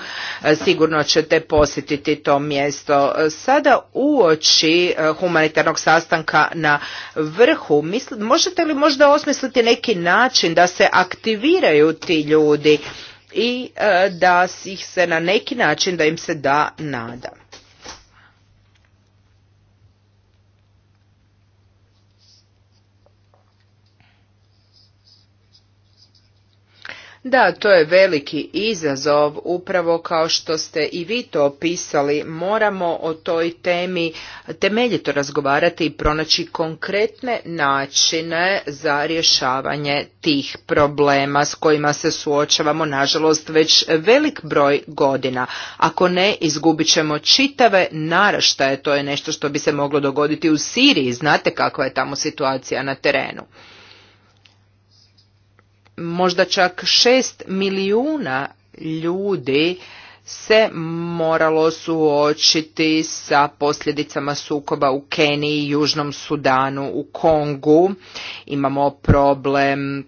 E, sigurno ćete posjetiti to mjesto. E, sada uoči humanitarnog sastanka na vrhu, možete li možda osmisliti neki način da se aktiviraju ti ljudi? i e, da ih se na neki način da im se da nada. Da, to je veliki izazov, upravo kao što ste i vi to opisali. Moramo o toj temi temeljito razgovarati i pronaći konkretne načine za rješavanje tih problema s kojima se suočavamo, nažalost, već velik broj godina. Ako ne, izgubit ćemo čitave naraštaje. To je nešto što bi se moglo dogoditi u Siriji. Znate kakva je tamo situacija na terenu možda čak šest milijuna ljudi se moralo suočiti sa posljedicama sukoba u Keniji, Južnom Sudanu, u Kongu. Imamo problem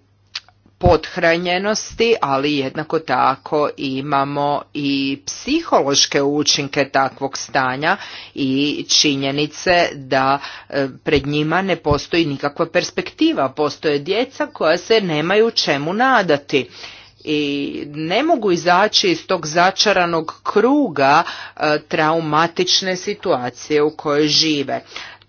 pothranjenosti, ali jednako tako imamo i psihološke učinke takvog stanja i činjenice da e, pred njima ne postoji nikakva perspektiva, postoje djeca koja se nemaju čemu nadati i ne mogu izaći iz tog začaranog kruga e, traumatične situacije u kojoj žive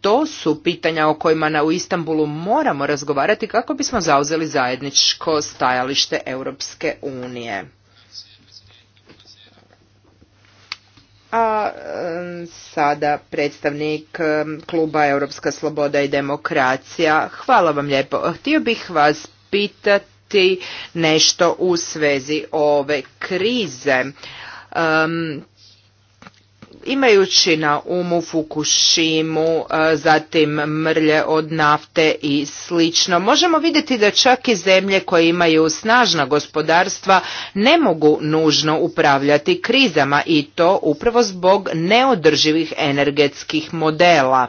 to su pitanja o kojima na u Istanbulu moramo razgovarati kako bismo zauzeli zajedničko stajalište Europske unije. A sada predstavnik kluba Europska sloboda i demokracija. Hvala vam lijepo. Htio bih vas pitati nešto u svezi ove krize. Imajući na umu Fukushimu, e, zatim mrlje od nafte i slično, možemo vidjeti da čak i zemlje koje imaju snažna gospodarstva ne mogu nužno upravljati krizama i to upravo zbog neodrživih energetskih modela.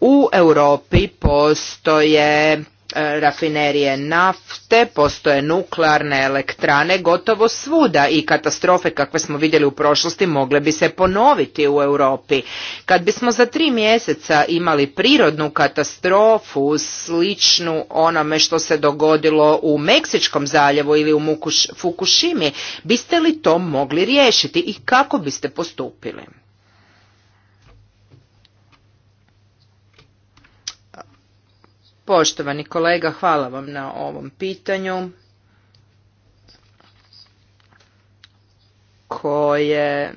U Europi postoje E, rafinerije nafte, postoje nuklearne elektrane gotovo svuda i katastrofe kakve smo vidjeli u prošlosti mogle bi se ponoviti u Europi. Kad bismo za tri mjeseca imali prirodnu katastrofu sličnu onome što se dogodilo u Meksičkom zaljevu ili u Fukushimi, biste li to mogli riješiti i kako biste postupili? Poštovani kolega, hvala vam na ovom pitanju. koje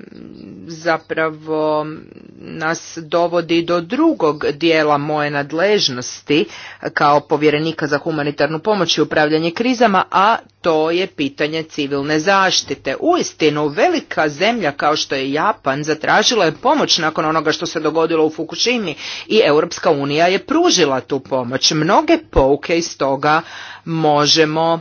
zapravo nas dovodi do drugog dijela moje nadležnosti kao povjerenika za humanitarnu pomoć i upravljanje krizama, a to je pitanje civilne zaštite. Uistinu, velika zemlja kao što je Japan zatražila je pomoć nakon onoga što se dogodilo u Fukushimi i Europska unija je pružila tu pomoć. Mnoge pouke iz toga možemo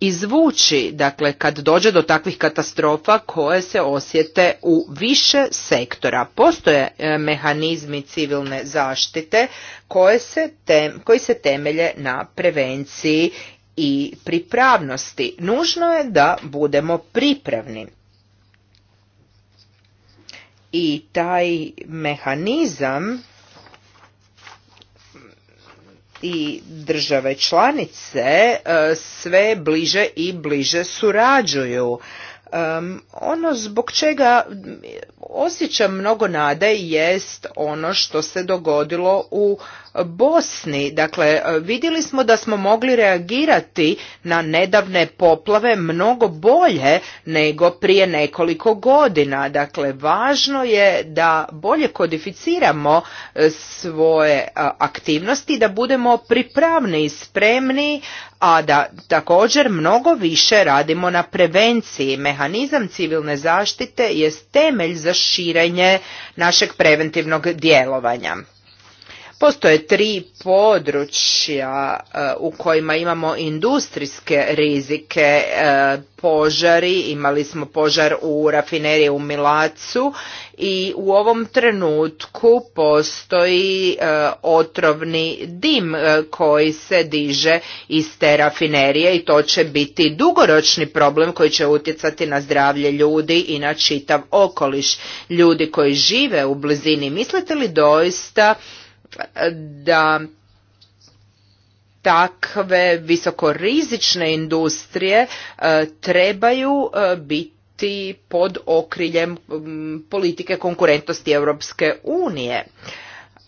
izvući, dakle kad dođe do takvih katastrofa koje se osjete u više sektora. Postoje e, mehanizmi civilne zaštite koje se koji se temelje na prevenciji i pripravnosti. Nužno je da budemo pripravni. I taj mehanizam i države članice e, sve bliže i bliže surađuju. ono zbog čega osjećam mnogo nade jest ono što se dogodilo u Bosni. Dakle, vidjeli smo da smo mogli reagirati na nedavne poplave mnogo bolje nego prije nekoliko godina. Dakle, važno je da bolje kodificiramo e, svoje e, aktivnosti, da budemo pripravni i spremni, a da također mnogo više radimo na prevenciji. Mehanizam civilne zaštite je temelj za širenje našeg preventivnog djelovanja. Postoje tri područja e, u kojima imamo industrijske rizike, e, požari, imali smo požar u rafineriji u Milacu i u ovom trenutku postoji e, otrovni dim koji se diže iz te rafinerije i to će biti dugoročni problem koji će utjecati na zdravlje ljudi i na čitav okoliš. Ljudi koji žive u blizini, mislite li doista da takve visokorizične industrije e, trebaju e, biti pod okriljem politike konkurentnosti Europske unije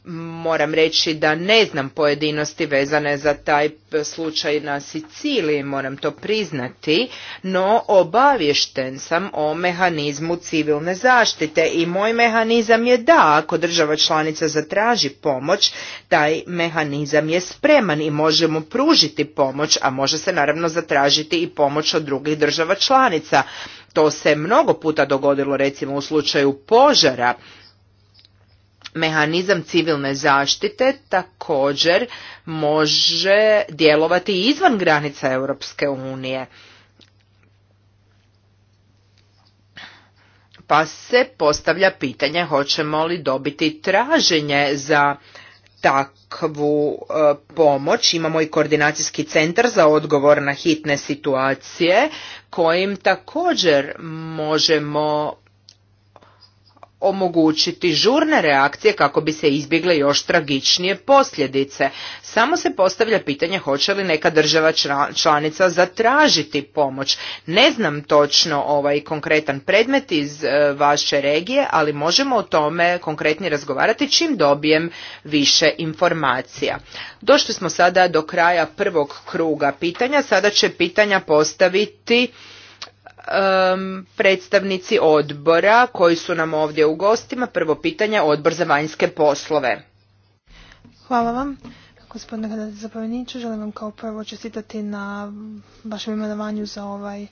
moram reći da ne znam pojedinosti vezane za taj slučaj na Siciliji, moram to priznati, no obavješten sam o mehanizmu civilne zaštite i moj mehanizam je da, ako država članica zatraži pomoć, taj mehanizam je spreman i možemo pružiti pomoć, a može se naravno zatražiti i pomoć od drugih država članica. To se mnogo puta dogodilo recimo u slučaju požara mehanizam civilne zaštite također može djelovati izvan granica Europske unije. Pa se postavlja pitanje hoćemo li dobiti traženje za takvu e, pomoć. Imamo i koordinacijski centar za odgovor na hitne situacije kojim također možemo omogućiti žurne reakcije kako bi se izbjegle još tragičnije posljedice. Samo se postavlja pitanje hoće li neka država članica zatražiti pomoć. Ne znam točno ovaj konkretan predmet iz e, vaše regije, ali možemo o tome konkretnije razgovarati čim dobijem više informacija. Došli smo sada do kraja prvog kruga pitanja, sada će pitanja postaviti predstavnici odbora koji su nam ovdje u gostima. Prvo pitanje, odbor za vanjske poslove. Hvala vam. Gospodine zapovjedniče, želim vam kao prvo čestitati na vašem imenovanju za ovaj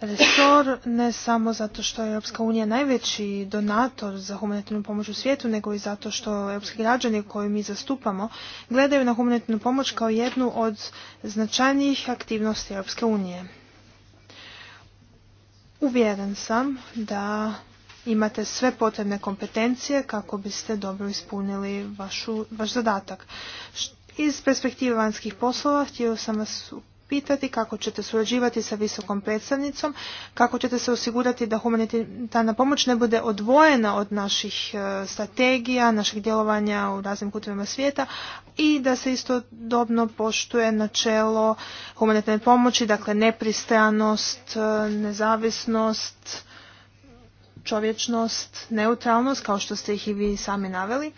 resor, ne samo zato što je Europska unija najveći donator za humanitarnu pomoć u svijetu, nego i zato što europski građani koji mi zastupamo gledaju na humanitarnu pomoć kao jednu od značajnijih aktivnosti Europske unije. Uvjeren sam da imate sve potrebne kompetencije kako biste dobro ispunili vaš zadatak. Iz perspektive vanjskih poslova htio sam vas pitati kako ćete surađivati sa visokom predstavnicom, kako ćete se osigurati da humanitarna pomoć ne bude odvojena od naših e, strategija, naših djelovanja u raznim kutovima svijeta i da se istodobno poštuje načelo humanitarne pomoći, dakle nepristranost, e, nezavisnost, čovječnost, neutralnost, kao što ste ih i vi sami naveli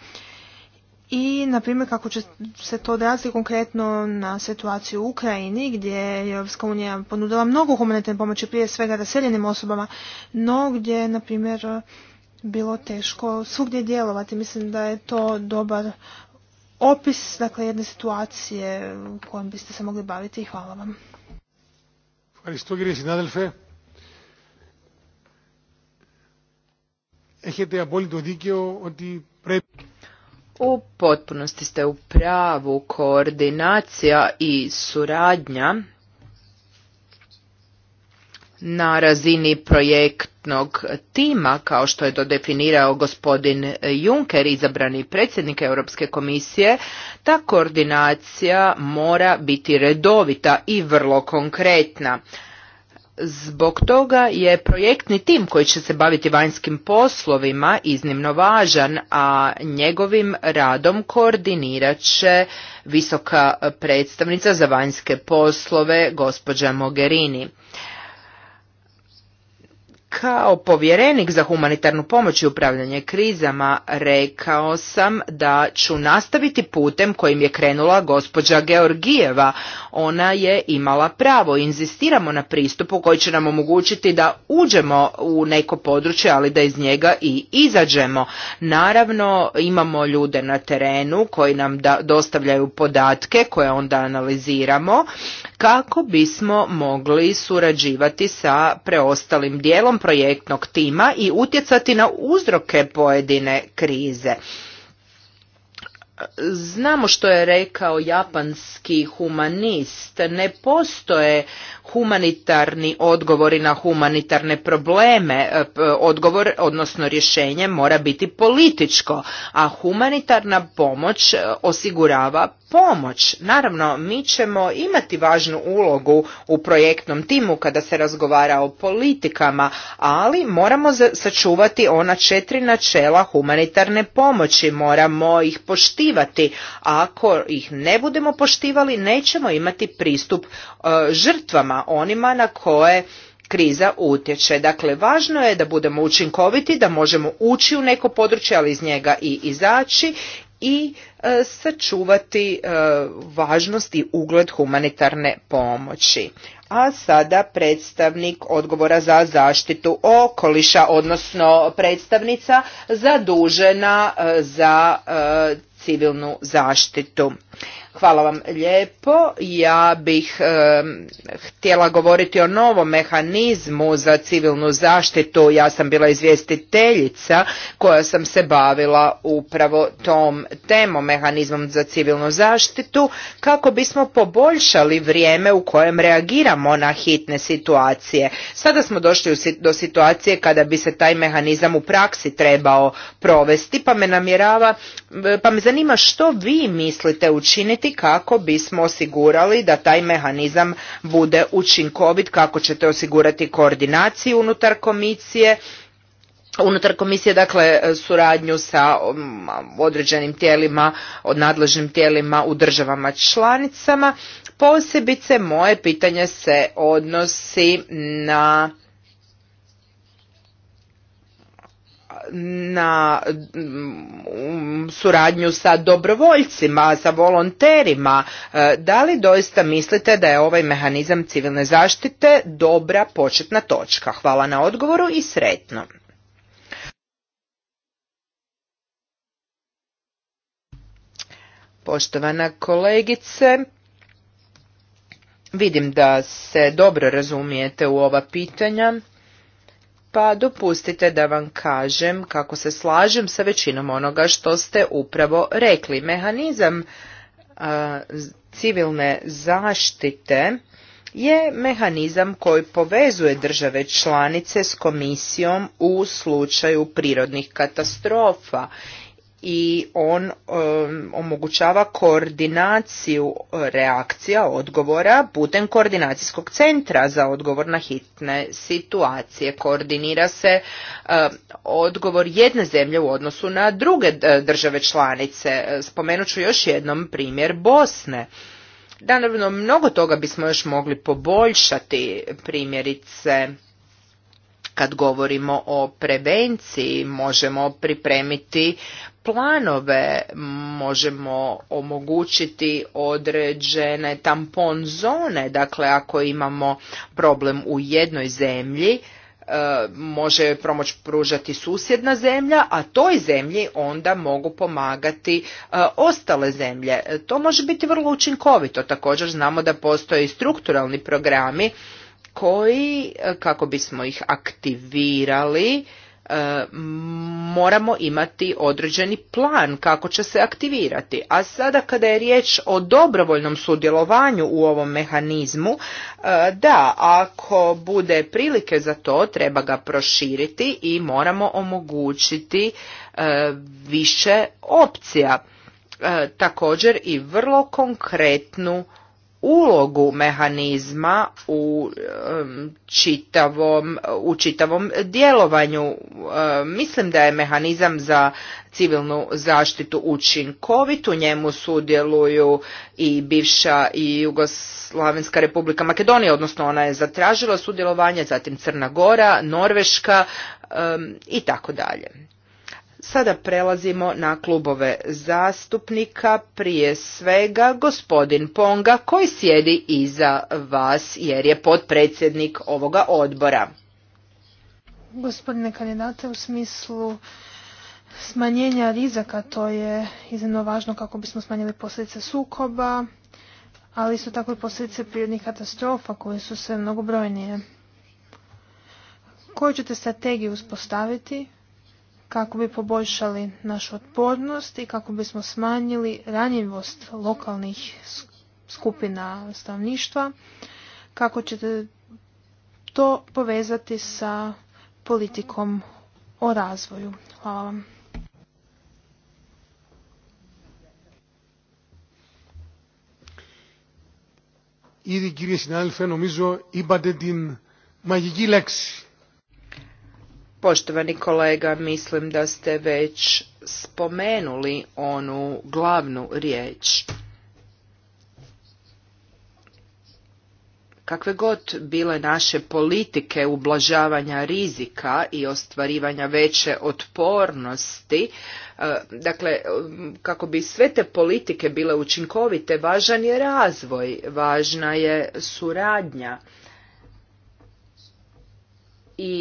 i na primjer kako će se to odraziti konkretno na situaciju u Ukrajini gdje je Europska unija ponudila mnogo humanitarne pomoći prije svega raseljenim osobama, no gdje je na primjer bilo teško svugdje djelovati. Mislim da je to dobar opis dakle, jedne situacije u kojom biste se mogli baviti i hvala vam. Έχετε απόλυτο δίκαιο ότι πρέπει u potpunosti ste u pravu koordinacija i suradnja na razini projektnog tima, kao što je to definirao gospodin Juncker, izabrani predsjednik Europske komisije, ta koordinacija mora biti redovita i vrlo konkretna. Zbog toga je projektni tim koji će se baviti vanjskim poslovima iznimno važan, a njegovim radom koordinirat će visoka predstavnica za vanjske poslove gospođa Mogherini. Kao povjerenik za humanitarnu pomoć i upravljanje krizama rekao sam da ću nastaviti putem kojim je krenula gospođa Georgijeva. Ona je imala pravo, inzistiramo na pristupu koji će nam omogućiti da uđemo u neko područje, ali da iz njega i izađemo. Naravno, imamo ljude na terenu koji nam dostavljaju podatke koje onda analiziramo kako bismo mogli surađivati sa preostalim dijelom projektnog tima i utjecati na uzroke pojedine krize. Znamo što je rekao japanski humanist, ne postoje humanitarni odgovori na humanitarne probleme, e, odgovor odnosno rješenje mora biti političko, a humanitarna pomoć e, osigurava pomoć. Naravno, mi ćemo imati važnu ulogu u projektnom timu kada se razgovara o politikama, ali moramo sačuvati ona četiri načela humanitarne pomoći, moramo ih poštivati. Ako ih ne budemo poštivali, nećemo imati pristup e, žrtvama prema onima na koje kriza utječe. Dakle, važno je da budemo učinkoviti, da možemo ući u neko područje, ali iz njega i izaći i e, sačuvati e, važnost i ugled humanitarne pomoći. A sada predstavnik odgovora za zaštitu okoliša, odnosno predstavnica zadužena e, za civilnu zaštitu. Hvala vam lijepo. Ja bih htjela govoriti o novom mehanizmu za civilnu zaštitu. Ja sam bila izvjestiteljica koja sam se bavila upravo tom temom mehanizmom za civilnu zaštitu kako bismo poboljšali vrijeme u kojem reagiramo na hitne situacije. Sada smo došli do situacije kada bi se taj mehanizam u praksi trebao provesti pa me namjerava, pa me zanima što vi mislite učiniti kako bismo osigurali da taj mehanizam bude učinkovit, kako ćete osigurati koordinaciju unutar komisije, unutar komisije dakle suradnju sa um, određenim tijelima, od nadležnim tijelima u državama članicama. Posebice moje pitanje se odnosi na na mm, suradnju sa dobrovoljcima, sa volonterima. E, da li doista mislite da je ovaj mehanizam civilne zaštite dobra početna točka? Hvala na odgovoru i sretno. Poštovana kolegice, vidim da se dobro razumijete u ova pitanja pa dopustite da vam kažem kako se slažem sa većinom onoga što ste upravo rekli. Mehanizam civilne zaštite je mehanizam koji povezuje države članice s komisijom u slučaju prirodnih katastrofa i on omogućava koordinaciju reakcija odgovora putem koordinacijskog centra za odgovor na hitne situacije koordinira se odgovor jedne zemlje u odnosu na druge e, države članice e, spomenut ću još jednom primjer Bosne naravno mnogo toga bismo još mogli poboljšati primjerice kad govorimo o prevenciji, možemo pripremiti planove, možemo omogućiti određene tampon zone, dakle ako imamo problem u jednoj zemlji, e, može promoć pružati susjedna zemlja, a toj zemlji onda mogu pomagati e, ostale zemlje. E, to može biti vrlo učinkovito. Također znamo da postoje i strukturalni programi koji, kako bismo ih aktivirali, e, moramo imati određeni plan kako će se aktivirati. A sada kada je riječ o dobrovoljnom sudjelovanju u ovom mehanizmu, e, da, ako bude prilike za to, treba ga proširiti i moramo omogućiti e, više opcija. Također i vrlo konkretnu ulogu mehanizma u čitavom, u djelovanju. Mislim da je mehanizam za civilnu zaštitu učinkovit, u njemu sudjeluju i bivša i Jugoslavenska republika Makedonija, odnosno ona je zatražila sudjelovanje, zatim Crna Gora, Norveška i tako dalje. Sada prelazimo na klubove zastupnika, prije svega gospodin Ponga koji sjedi iza vas jer je potpredsjednik ovoga odbora. Gospodine kandidate, u smislu smanjenja rizika, to je iznimno važno kako bismo smanjili posljedice sukoba, ali isto tako i posljedice prirodnih katastrofa koje su sve mnogobrojnije. Koju ćete strategiju uspostaviti kako bi poboljšali našu otpornost i kako bismo smanjili ranjivost lokalnih skupina stanovništva, kako ćete to povezati sa politikom o razvoju. Hvala vam. Ήδη κύριε συνάδελφε νομίζω είπατε την μαγική λέξη Poštovani kolega, mislim da ste već spomenuli onu glavnu riječ. Kakve god bile naše politike ublažavanja rizika i ostvarivanja veće otpornosti, e, dakle, kako bi sve te politike bile učinkovite, važan je razvoj, važna je suradnja i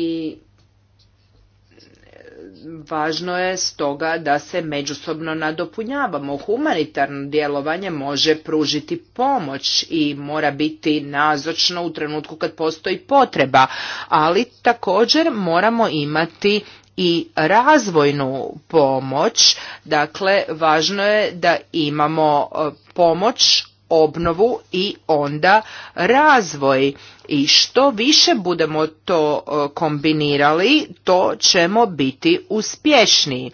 Važno je stoga da se međusobno nadopunjavamo. Humanitarno djelovanje može pružiti pomoć i mora biti nazočno u trenutku kad postoji potreba, ali također moramo imati i razvojnu pomoć. Dakle, važno je da imamo e, pomoć obnovu i onda razvoj. I što više budemo to e, kombinirali, to ćemo biti uspješniji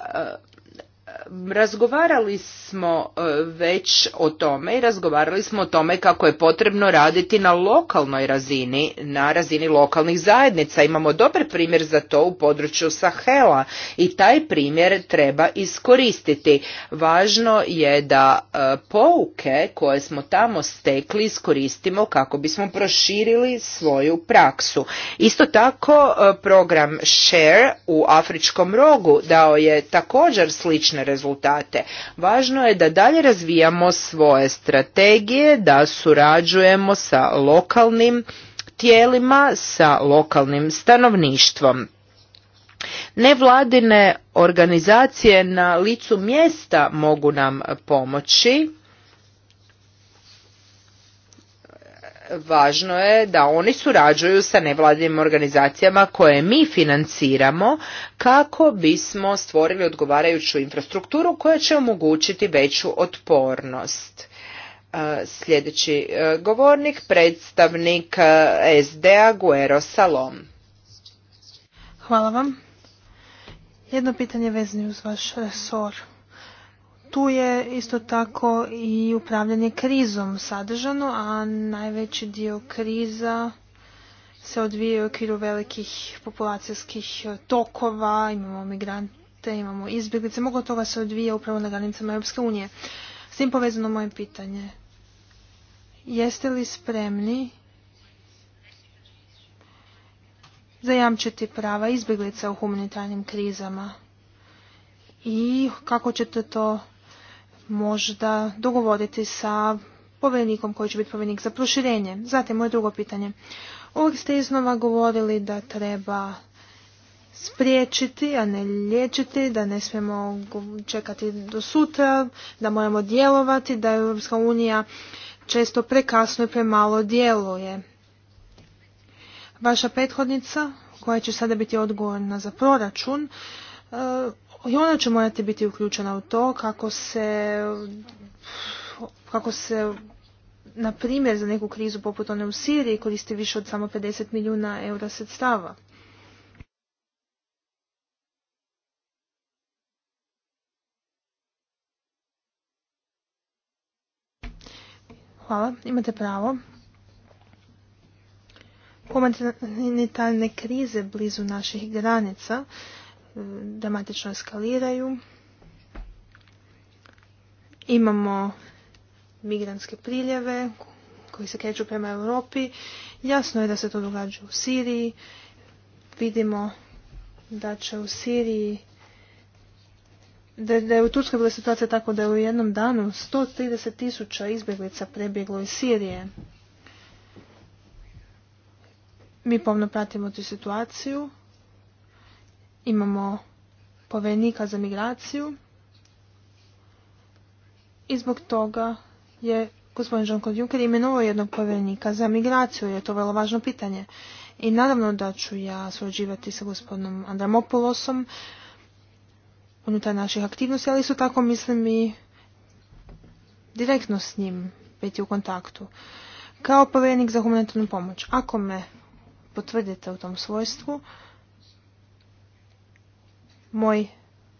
e, Razgovarali smo e, već o tome i razgovarali smo o tome kako je potrebno raditi na lokalnoj razini, na razini lokalnih zajednica. Imamo dobar primjer za to u području Sahela i taj primjer treba iskoristiti. Važno je da e, pouke koje smo tamo stekli iskoristimo kako bismo proširili svoju praksu. Isto tako e, program Share u Afričkom rogu dao je također slične rezultate rezultate. Važno je da dalje razvijamo svoje strategije, da surađujemo sa lokalnim tijelima, sa lokalnim stanovništvom. Nevladine organizacije na licu mjesta mogu nam pomoći važno je da oni surađuju sa nevladinim organizacijama koje mi financiramo kako bismo stvorili odgovarajuću infrastrukturu koja će omogućiti veću otpornost. E, sljedeći e, govornik, predstavnik e, SDA Guero Salom. Hvala vam. Jedno pitanje vezano uz vaš resor. Tu je isto tako i upravljanje krizom sadržano, a najveći dio kriza se odvije u okviru velikih populacijskih e, tokova, imamo migrante, imamo izbjeglice, mnogo toga se odvija upravo na granicama Europske unije. S tim povezano moje pitanje. Jeste li spremni zajamčiti prava izbjeglica u humanitarnim krizama? I kako ćete to možda dogovoriti sa povjerenikom koji će biti povjerenik za proširenje. Zatim, moje drugo pitanje. Uvijek ste iznova govorili da treba spriječiti, a ne liječiti, da ne smijemo čekati do sutra, da moramo djelovati, da Europska unija često prekasno i premalo djeluje. Vaša prethodnica, koja će sada biti odgovorna za proračun, i ona će morati biti uključena u to kako se, kako se na primjer za neku krizu poput one u Siriji koristi više od samo 50 milijuna eura sredstava. Hvala, imate pravo. Humanitarne krize blizu naših granica dramatično eskaliraju. Imamo migrantske priljeve koji se kreću prema Europi. Jasno je da se to događa u Siriji. Vidimo da će u Siriji da, da je u Turskoj bila situacija tako da je u jednom danu 130 tisuća izbjeglica prebjeglo iz Sirije. Mi pomno pratimo tu situaciju Imamo povjerenika za migraciju i zbog toga je gospodin Jean-Claude Juncker imenovao jednog povjerenika za migraciju, je to vrlo važno pitanje. I naravno da ću ja surađivati sa gospodinom Andramopoulosom unutar naših aktivnosti, ali su tako mislim i direktno s njim biti u kontaktu. Kao povjerenik za humanitarnu pomoć, ako me potvrdite u tom svojstvu, moj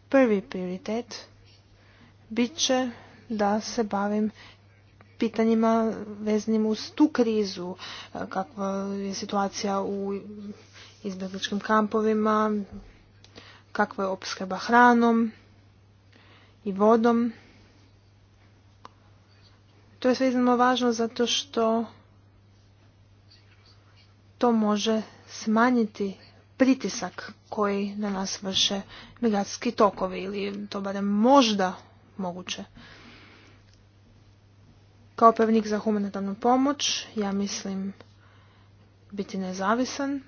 prvi prioritet bit će da se bavim pitanjima veznim uz tu krizu, e, kakva je situacija u izbjegličkim kampovima, kakva je opskrba hranom i vodom. To je sve iznimno važno zato što to može smanjiti pritisak koji na nas vrše migracijski tokovi ili to barem možda moguće. Kao pevnik za humanitarnu pomoć ja mislim biti nezavisan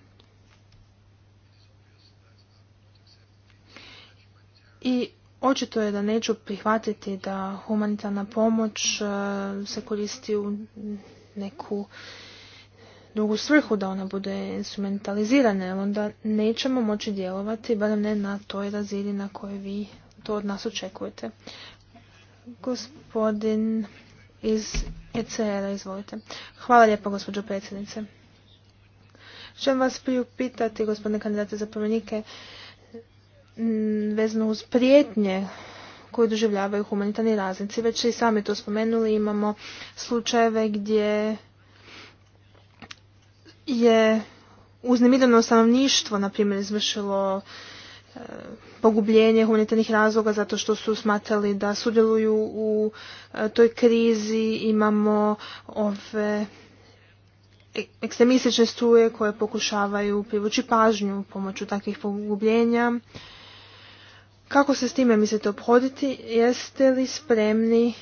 i Očito je da neću prihvatiti da humanitarna pomoć e, se koristi u neku drugu svrhu, da ona bude instrumentalizirana, onda nećemo moći djelovati, barem ne na toj razini na kojoj vi to od nas očekujete. Gospodin iz ECR-a, izvolite. Hvala lijepo, gospođo predsjednice. Želim vas priupitati, gospodine kandidate za promjenike, vezano uz prijetnje koje doživljavaju humanitarni raznici. Već i sami to spomenuli, imamo slučajeve gdje je uznemireno stanovništvo, na primjer, izvršilo e, pogubljenje humanitarnih razloga zato što su smatrali da sudjeluju u e, toj krizi. Imamo ove e, ekstremistične struje koje pokušavaju privući pažnju pomoću takvih pogubljenja. Kako se s time mislite obhoditi? Jeste li spremni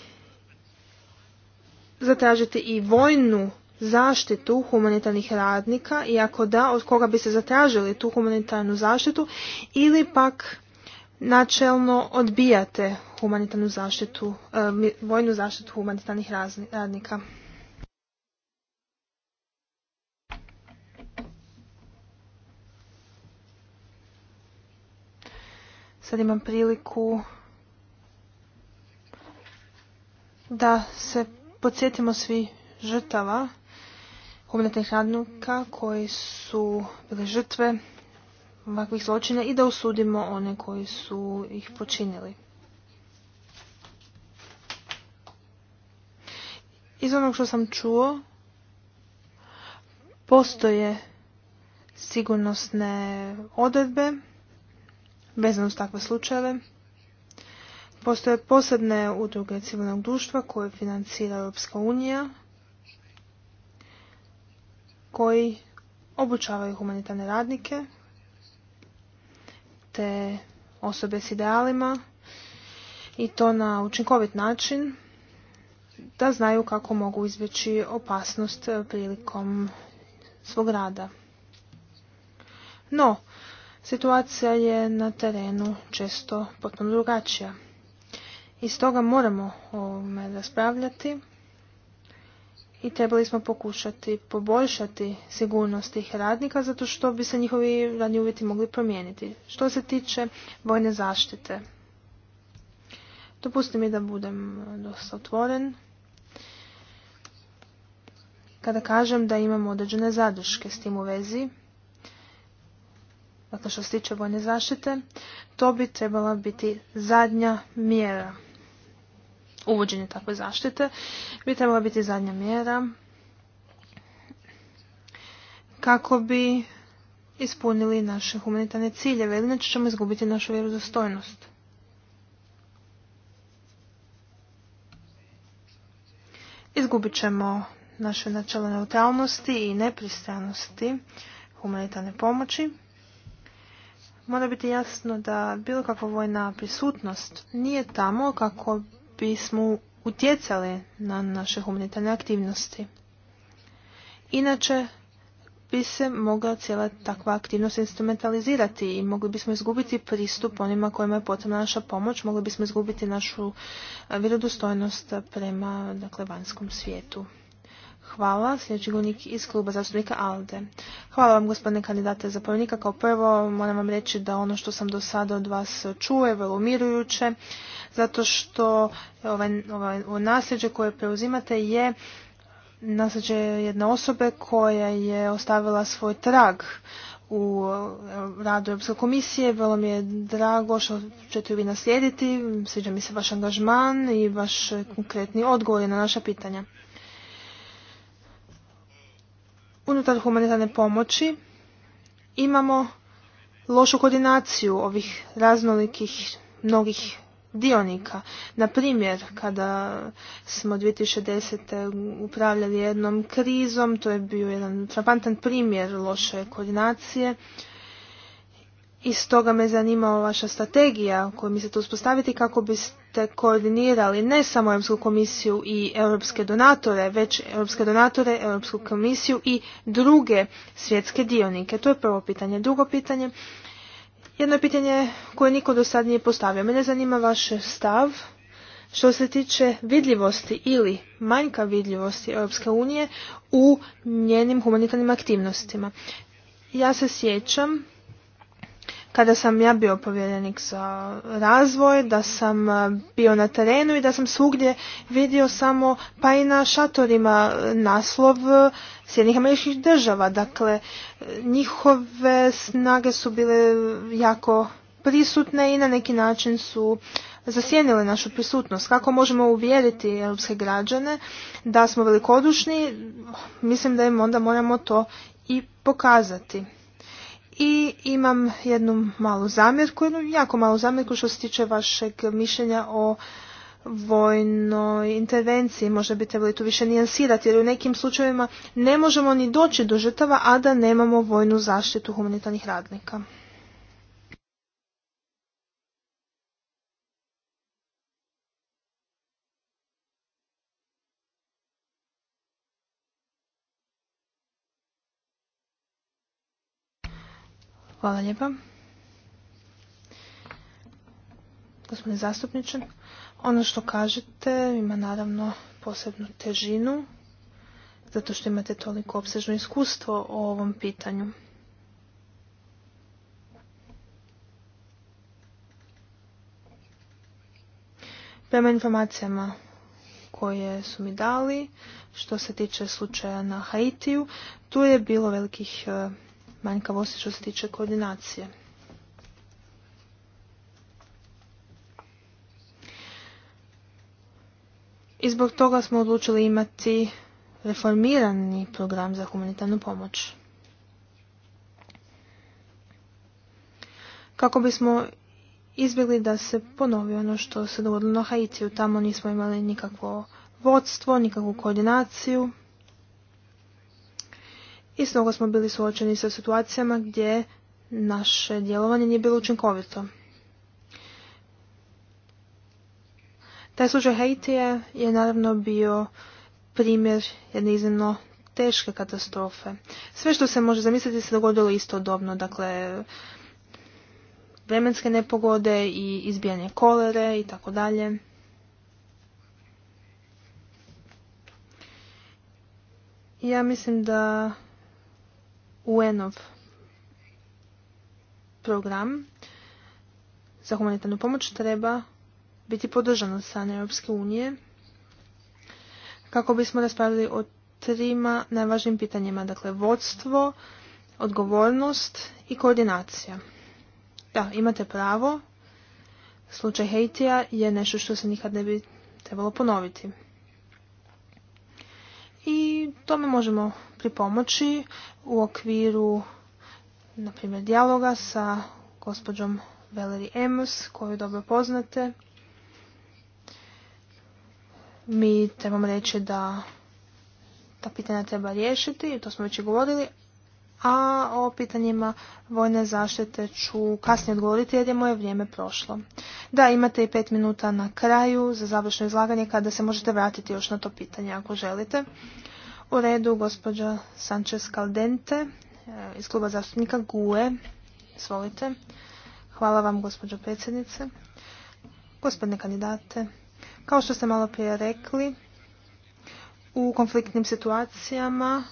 zatražiti i vojnu zaštitu humanitarnih radnika i ako da, od koga bi se zatražili tu humanitarnu zaštitu ili pak načelno odbijate humanitarnu zaštitu, e, vojnu zaštitu humanitarnih radnika. Sad imam priliku da se podsjetimo svi žrtava humanitarnih radnika koji su bili žrtve ovakvih zločina i da osudimo one koji su ih počinili. Iz onog što sam čuo, postoje sigurnosne odredbe vezano uz takve slučajeve. Postoje posebne udruge civilnog društva koje financira Europska unija koji obučavaju humanitarne radnike te osobe s idealima i to na učinkovit način da znaju kako mogu izbjeći opasnost prilikom svog rada. No, situacija je na terenu često potpuno drugačija. I stoga moramo o ovome raspravljati i trebali smo pokušati poboljšati sigurnost tih radnika zato što bi se njihovi radni uvjeti mogli promijeniti. Što se tiče vojne zaštite, dopusti mi da budem dosta otvoren. Kada kažem da imamo određene zadrške s tim u vezi, dakle što se tiče vojne zaštite, to bi trebala biti zadnja mjera uvođenje takve zaštite bi trebala biti zadnja mjera kako bi ispunili naše humanitarne ciljeve, inače ćemo izgubiti našu vjerodostojnost. Izgubit ćemo naše načelo neutralnosti i nepristranosti humanitarne pomoći. Mora biti jasno da bilo kakva vojna prisutnost nije tamo kako bismo utjecali na naše humanitarne aktivnosti. Inače bi se mogla cijela takva aktivnost instrumentalizirati i mogli bismo izgubiti pristup onima kojima je potrebna naša pomoć, mogli bismo izgubiti našu eh, vjerodostojnost prema dakle, vanjskom svijetu. Hvala. Sljedeći govornik iz kluba zastupnika ALDE. Hvala vam gospodine kandidate za Kao prvo moram vam reći da ono što sam do sada od vas čuo je vrlo umirujuće, zato što ovaj, nasljeđe koje preuzimate je nasljeđe jedne osobe koja je ostavila svoj trag u e, radu Europske komisije. Vrlo mi je drago što ćete vi naslijediti. Sviđa mi se vaš angažman i vaš konkretni odgovor na naša pitanja unutar humanitarne pomoći imamo lošu koordinaciju ovih raznolikih mnogih dionika. Na primjer, kada smo 2010. upravljali jednom krizom, to je bio jedan frapantan primjer loše koordinacije. I stoga me zanima vaša strategija koju tu uspostaviti kako biste te koordinirali ne samo Europsku komisiju i europske donatore, već europske donatore, Europsku komisiju i druge svjetske dionike? To je prvo pitanje. Drugo pitanje, jedno je pitanje koje niko do sad nije postavio. Mene zanima vaš stav što se tiče vidljivosti ili manjka vidljivosti Europske unije u njenim humanitarnim aktivnostima. Ja se sjećam kada sam ja bio povjerenik za razvoj, da sam e, bio na terenu i da sam svugdje vidio samo pa i na šatorima e, naslov e, Sjednih američkih država. Dakle, njihove snage su bile jako prisutne i na neki način su zasjenile našu prisutnost. Kako možemo uvjeriti europske građane da smo velikodušni, mislim da im onda moramo to i pokazati. I imam jednu malu zamjerku, jednu jako malu zamjerku što se tiče vašeg mišljenja o vojnoj intervenciji. Možda bi trebali tu više nijansirati jer u nekim slučajevima ne možemo ni doći do žrtava, a da nemamo vojnu zaštitu humanitarnih radnika. Hvala lijepa. Gospodine zastupniče, ono što kažete ima naravno posebnu težinu, zato što imate toliko obsežno iskustvo o ovom pitanju. Prema informacijama koje su mi dali, što se tiče slučaja na Haitiju, tu je bilo velikih eh, manjkavosti što se tiče koordinacije. I zbog toga smo odlučili imati reformirani program za humanitarnu pomoć. Kako bismo izbjegli da se ponovi ono što se dogodilo na Haitiju, tamo nismo imali nikakvo vodstvo, nikakvu koordinaciju i stoga smo bili suočeni sa situacijama gdje naše djelovanje nije bilo učinkovito. Taj slučaj haitije je naravno bio primjer jedne iznimno teške katastrofe. Sve što se može zamisliti se dogodilo istodobno, dakle vremenske nepogode i izbijanje kolere i tako dalje. Ja mislim da UN-ov program za humanitarnu pomoć treba biti podržan od strane Europske unije kako bismo raspravili o trima najvažnijim pitanjima, dakle vodstvo, odgovornost i koordinacija. Da, imate pravo, slučaj Haitija je nešto što se nikad ne bi trebalo ponoviti i tome možemo pripomoći u okviru na primjer dijaloga sa gospođom Valerie Amos, koju dobro poznate. Mi trebamo reći da ta pitanja treba riješiti, to smo već i govorili, a o pitanjima vojne zaštite ću kasnije odgovoriti jer je moje vrijeme prošlo. Da, imate i pet minuta na kraju za završno izlaganje kada se možete vratiti još na to pitanje ako želite. U redu gospođa Sanchez Caldente e, iz kluba zastupnika GUE. Izvolite. Hvala vam gospođo predsjednice. Gospodine kandidate, kao što ste malo prije rekli, u konfliktnim situacijama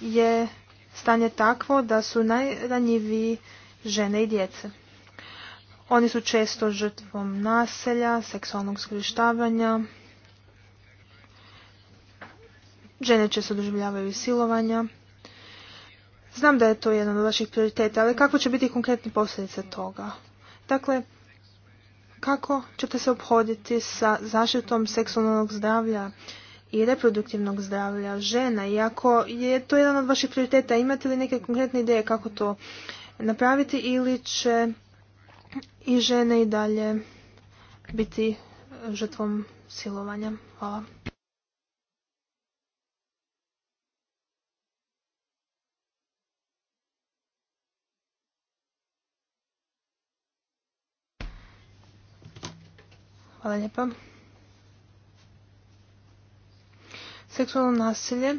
je stanje takvo da su najranjiviji žene i djece. Oni su često žrtvom naselja, seksualnog skrištavanja. žene često doživljavaju i silovanja. Znam da je to jedan od vaših prioriteta, ali kako će biti konkretne posljedice toga? Dakle, kako ćete se obhoditi sa zaštitom seksualnog zdravlja i reproduktivnog zdravlja žena i ako je to jedan od vaših prioriteta, imate li neke konkretne ideje kako to napraviti ili će i žene i dalje biti žrtvom silovanja? Hvala. Hvala lijepa. Seksualno nasilje,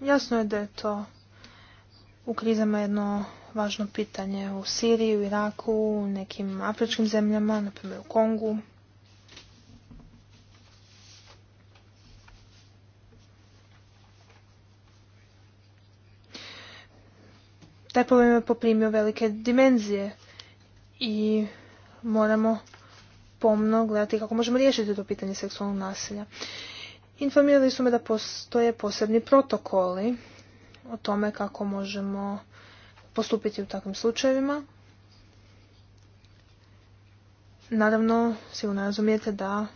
jasno je da je to u krizama jedno važno pitanje u Siriji, u Iraku, u nekim afričkim zemljama, na primjer u Kongu. Taj problem je poprimio velike dimenzije i moramo pomno gledati kako možemo riješiti to pitanje seksualnog nasilja. Informirali su me da postoje posebni protokoli o tome kako možemo postupiti u takvim slučajevima. Naravno, sigurno razumijete da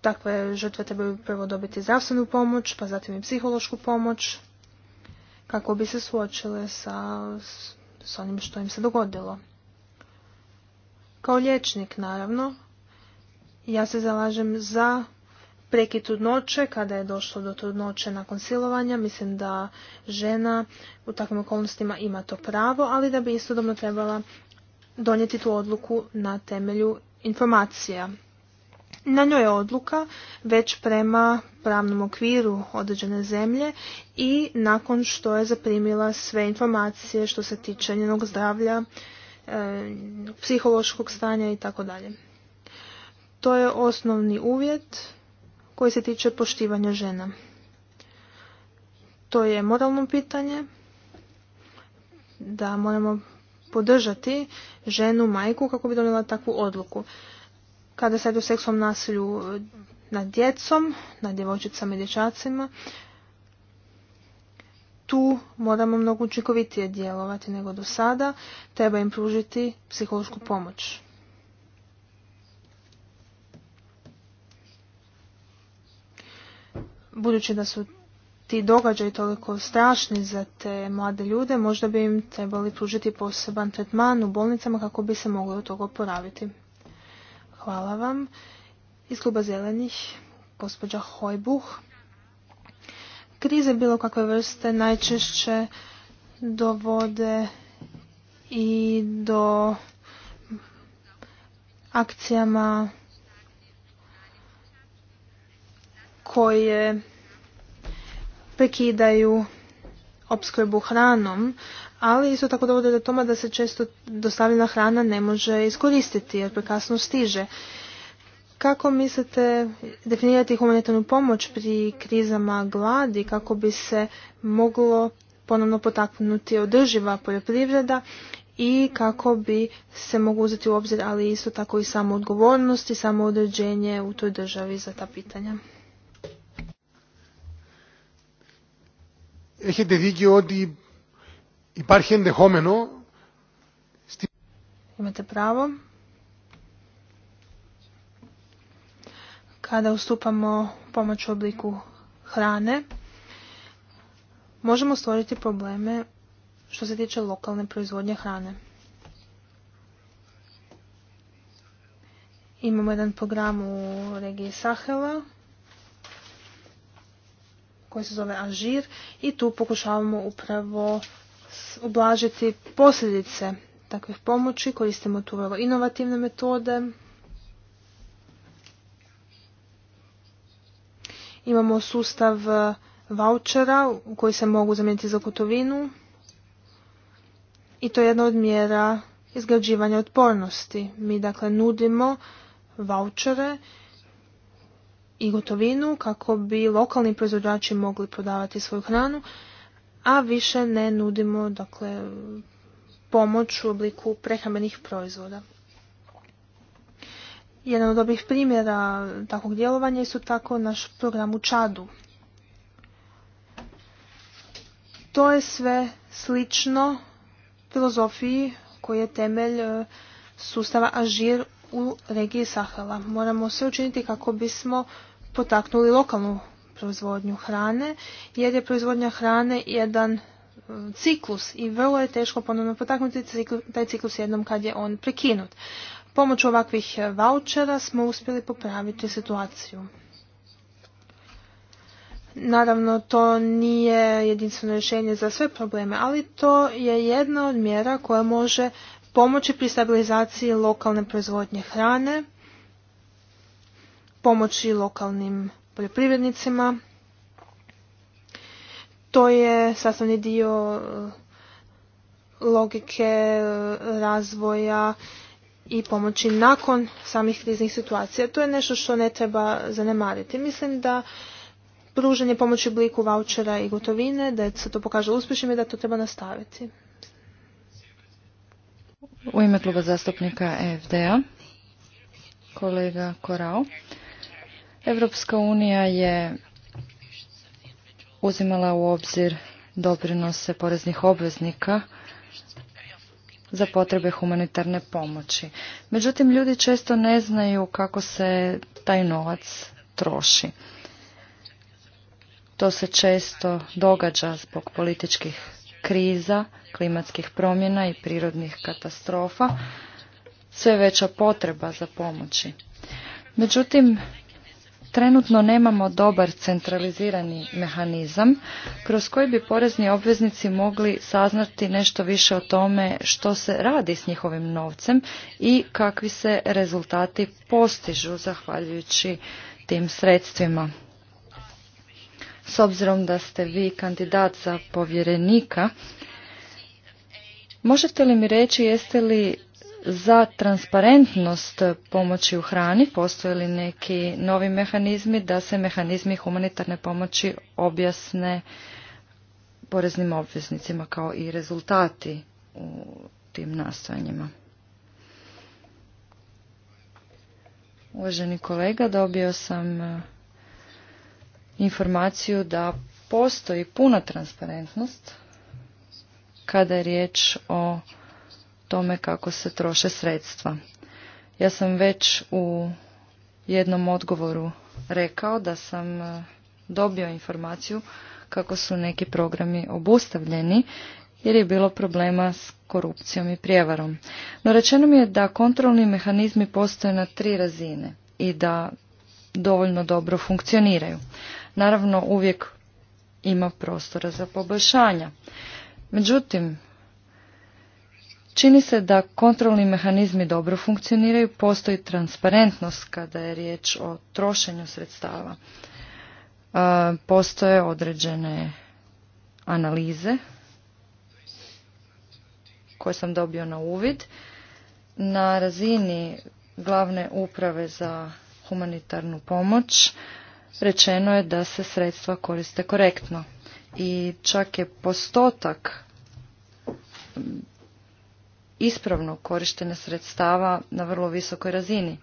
takve žrtve trebaju prvo dobiti zdravstvenu pomoć, pa zatim i psihološku pomoć, kako bi se suočile sa, s onim što im se dogodilo. Kao liječnik, naravno, ja se zalažem za prekid trudnoće, kada je došlo do trudnoće nakon silovanja. Mislim da žena u takvim okolnostima ima to pravo, ali da bi istodobno trebala donijeti tu odluku na temelju informacija. Na njoj je odluka već prema pravnom okviru određene zemlje i nakon što je zaprimila sve informacije što se tiče njenog zdravlja, e, psihološkog stanja i tako dalje. To je osnovni uvjet koji se tiče poštivanja žena. To je moralno pitanje da moramo podržati ženu, majku kako bi donijela takvu odluku. Kada se radi o seksualnom nasilju nad djecom, nad djevojčicama i dječacima, tu moramo mnogo učinkovitije djelovati nego do sada, treba im pružiti psihološku pomoć. budući da su ti događaji toliko strašni za te mlade ljude, možda bi im trebali pružiti poseban tretman u bolnicama kako bi se mogli od toga oporaviti. Hvala vam. Iz kluba zelenih, gospođa Hojbuh. Krize bilo kakve vrste najčešće dovode i do akcijama koje prekidaju opskrbu hranom, ali isto tako dovode do toma da se često dostavljena hrana ne može iskoristiti jer prekasno stiže. Kako mislite definirati humanitarnu pomoć pri krizama gladi kako bi se moglo ponovno potaknuti održiva poljoprivreda i kako bi se moglo uzeti u obzir, ali isto tako i samo odgovornost i samo određenje u toj državi za ta pitanja? έχετε δίκιο ότι υπάρχει ενδεχόμενο Imate pravo. Kada ustupamo pomoć u obliku hrane, možemo stvoriti probleme što se tiče lokalne proizvodnje hrane. Imamo jedan program u regiji Sahela koji se zove anžir i tu pokušavamo upravo ublažiti posljedice takvih pomoći. Koristimo tu vrlo inovativne metode. Imamo sustav e, vouchera u koji se mogu zamijeniti za gotovinu. I to je jedna od mjera izgrađivanja otpornosti. Mi dakle nudimo vouchere i gotovinu kako bi lokalni proizvođači mogli prodavati svoju hranu, a više ne nudimo dakle, pomoć u obliku prehrambenih proizvoda. Jedan od dobrih primjera takvog djelovanja su tako naš program u Čadu. To je sve slično filozofiji koji je temelj e, sustava Ažir u regiji Sahela. Moramo sve učiniti kako bismo potaknuli lokalnu proizvodnju hrane, jer je proizvodnja hrane jedan e, ciklus i vrlo je teško ponovno potaknuti taj ciklus jednom kad je on prekinut. Pomoću ovakvih e, vouchera smo uspjeli popraviti situaciju. Naravno, to nije jedinstveno rješenje za sve probleme, ali to je jedna od mjera koja može pomoći pri stabilizaciji lokalne proizvodnje hrane pomoći lokalnim poljoprivrednicima. To je sastavni dio eh, logike eh, razvoja i pomoći nakon samih kriznih situacija. To je nešto što ne treba zanemariti. Mislim da pružanje pomoći u obliku vouchera i gotovine, da se to pokaže uspješnim i da to treba nastaviti. U ime kluba zastupnika FDA, kolega Korao. Europska unija je uzimala u obzir doprinose poreznih obveznika za potrebe humanitarne pomoći. Međutim, ljudi često ne znaju kako se taj novac troši. To se često događa zbog političkih kriza, klimatskih promjena i prirodnih katastrofa, sve veća potreba za pomoći. Međutim, trenutno nemamo dobar centralizirani mehanizam kroz koji bi porezni obveznici mogli saznati nešto više o tome što se radi s njihovim novcem i kakvi se rezultati postižu zahvaljujući tim sredstvima. S obzirom da ste vi kandidat za povjerenika, možete li mi reći jeste li za transparentnost pomoći u hrani? Postoje li neki novi mehanizmi da se mehanizmi humanitarne pomoći objasne poreznim obveznicima kao i rezultati u tim nastojanjima? Uvaženi kolega, dobio sam e, informaciju da postoji puna transparentnost kada je riječ o tome kako se troše sredstva. Ja sam već u jednom odgovoru rekao da sam e, dobio informaciju kako su neki programi obustavljeni jer je bilo problema s korupcijom i prijevarom. No rečeno mi je da kontrolni mehanizmi postoje na tri razine i da dovoljno dobro funkcioniraju. Naravno uvijek ima prostora za poboljšanja. Međutim, Čini se da kontrolni mehanizmi dobro funkcioniraju, postoji transparentnost kada je riječ o trošenju sredstava. E, postoje određene analize koje sam dobio na uvid. Na razini glavne uprave za humanitarnu pomoć rečeno je da se sredstva koriste korektno i čak je postotak ispravno korištene sredstava na vrlo visokoj razini.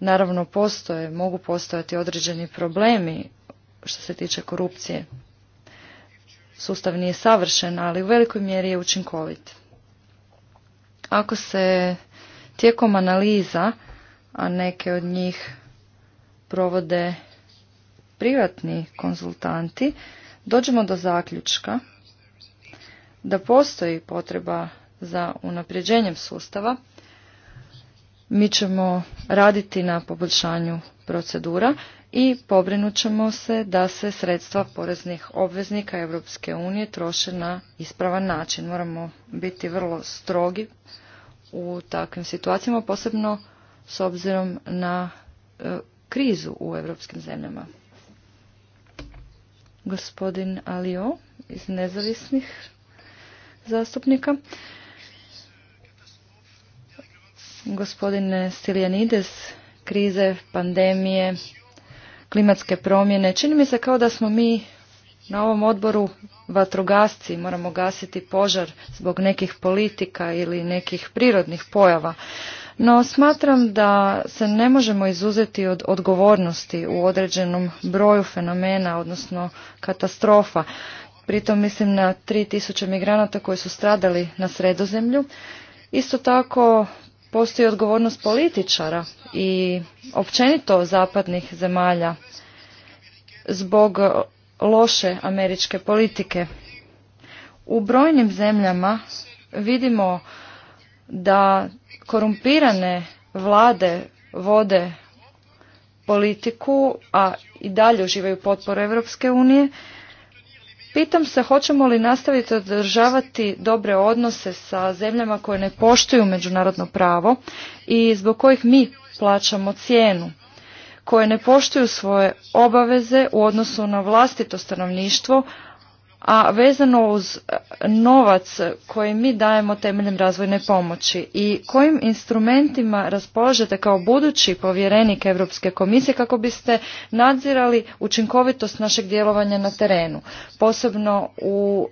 Naravno, postoje, mogu postojati određeni problemi što se tiče korupcije. Sustav nije savršen, ali u velikoj mjeri je učinkovit. Ako se tijekom analiza, a neke od njih provode privatni konzultanti, dođemo do zaključka da postoji potreba za unapređenjem sustava. Mi ćemo raditi na poboljšanju procedura i pobrinut ćemo se da se sredstva poreznih obveznika Europske unije troše na ispravan način. Moramo biti vrlo strogi u takvim situacijama, posebno s obzirom na e, krizu u europskim zemljama. Gospodin Alio iz nezavisnih zastupnika. Gospodine Stiljanides, krize, pandemije, klimatske promjene. Čini mi se kao da smo mi na ovom odboru vatrogasci, moramo gasiti požar zbog nekih politika ili nekih prirodnih pojava. No smatram da se ne možemo izuzeti od odgovornosti u određenom broju fenomena, odnosno katastrofa. Pritom mislim na 3000 migranata koji su stradali na sredozemlju. Isto tako postoji odgovornost političara i općenito zapadnih zemalja zbog loše američke politike. U brojnim zemljama vidimo da korumpirane vlade vode politiku, a i dalje uživaju potporu Europske unije Pitam se hoćemo li nastaviti održavati dobre odnose sa zemljama koje ne poštuju međunarodno pravo i zbog kojih mi plaćamo cijenu, koje ne poštuju svoje obaveze u odnosu na vlastito stanovništvo, a vezano uz e, novac koji mi dajemo temeljem razvojne pomoći i kojim instrumentima raspolažete kao budući povjerenik Europske komisije kako biste nadzirali učinkovitost našeg djelovanja na terenu, posebno u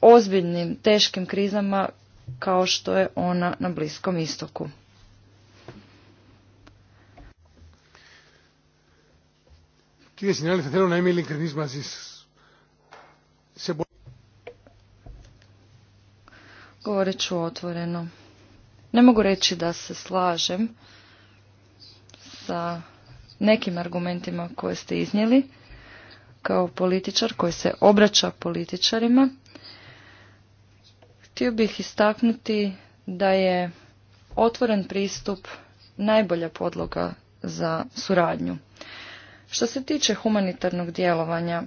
ozbiljnim, teškim krizama kao što je ona na Bliskom istoku se Govorit ću otvoreno. Ne mogu reći da se slažem sa nekim argumentima koje ste iznijeli kao političar koji se obraća političarima. Htio bih istaknuti da je otvoren pristup najbolja podloga za suradnju. Što se tiče humanitarnog djelovanja,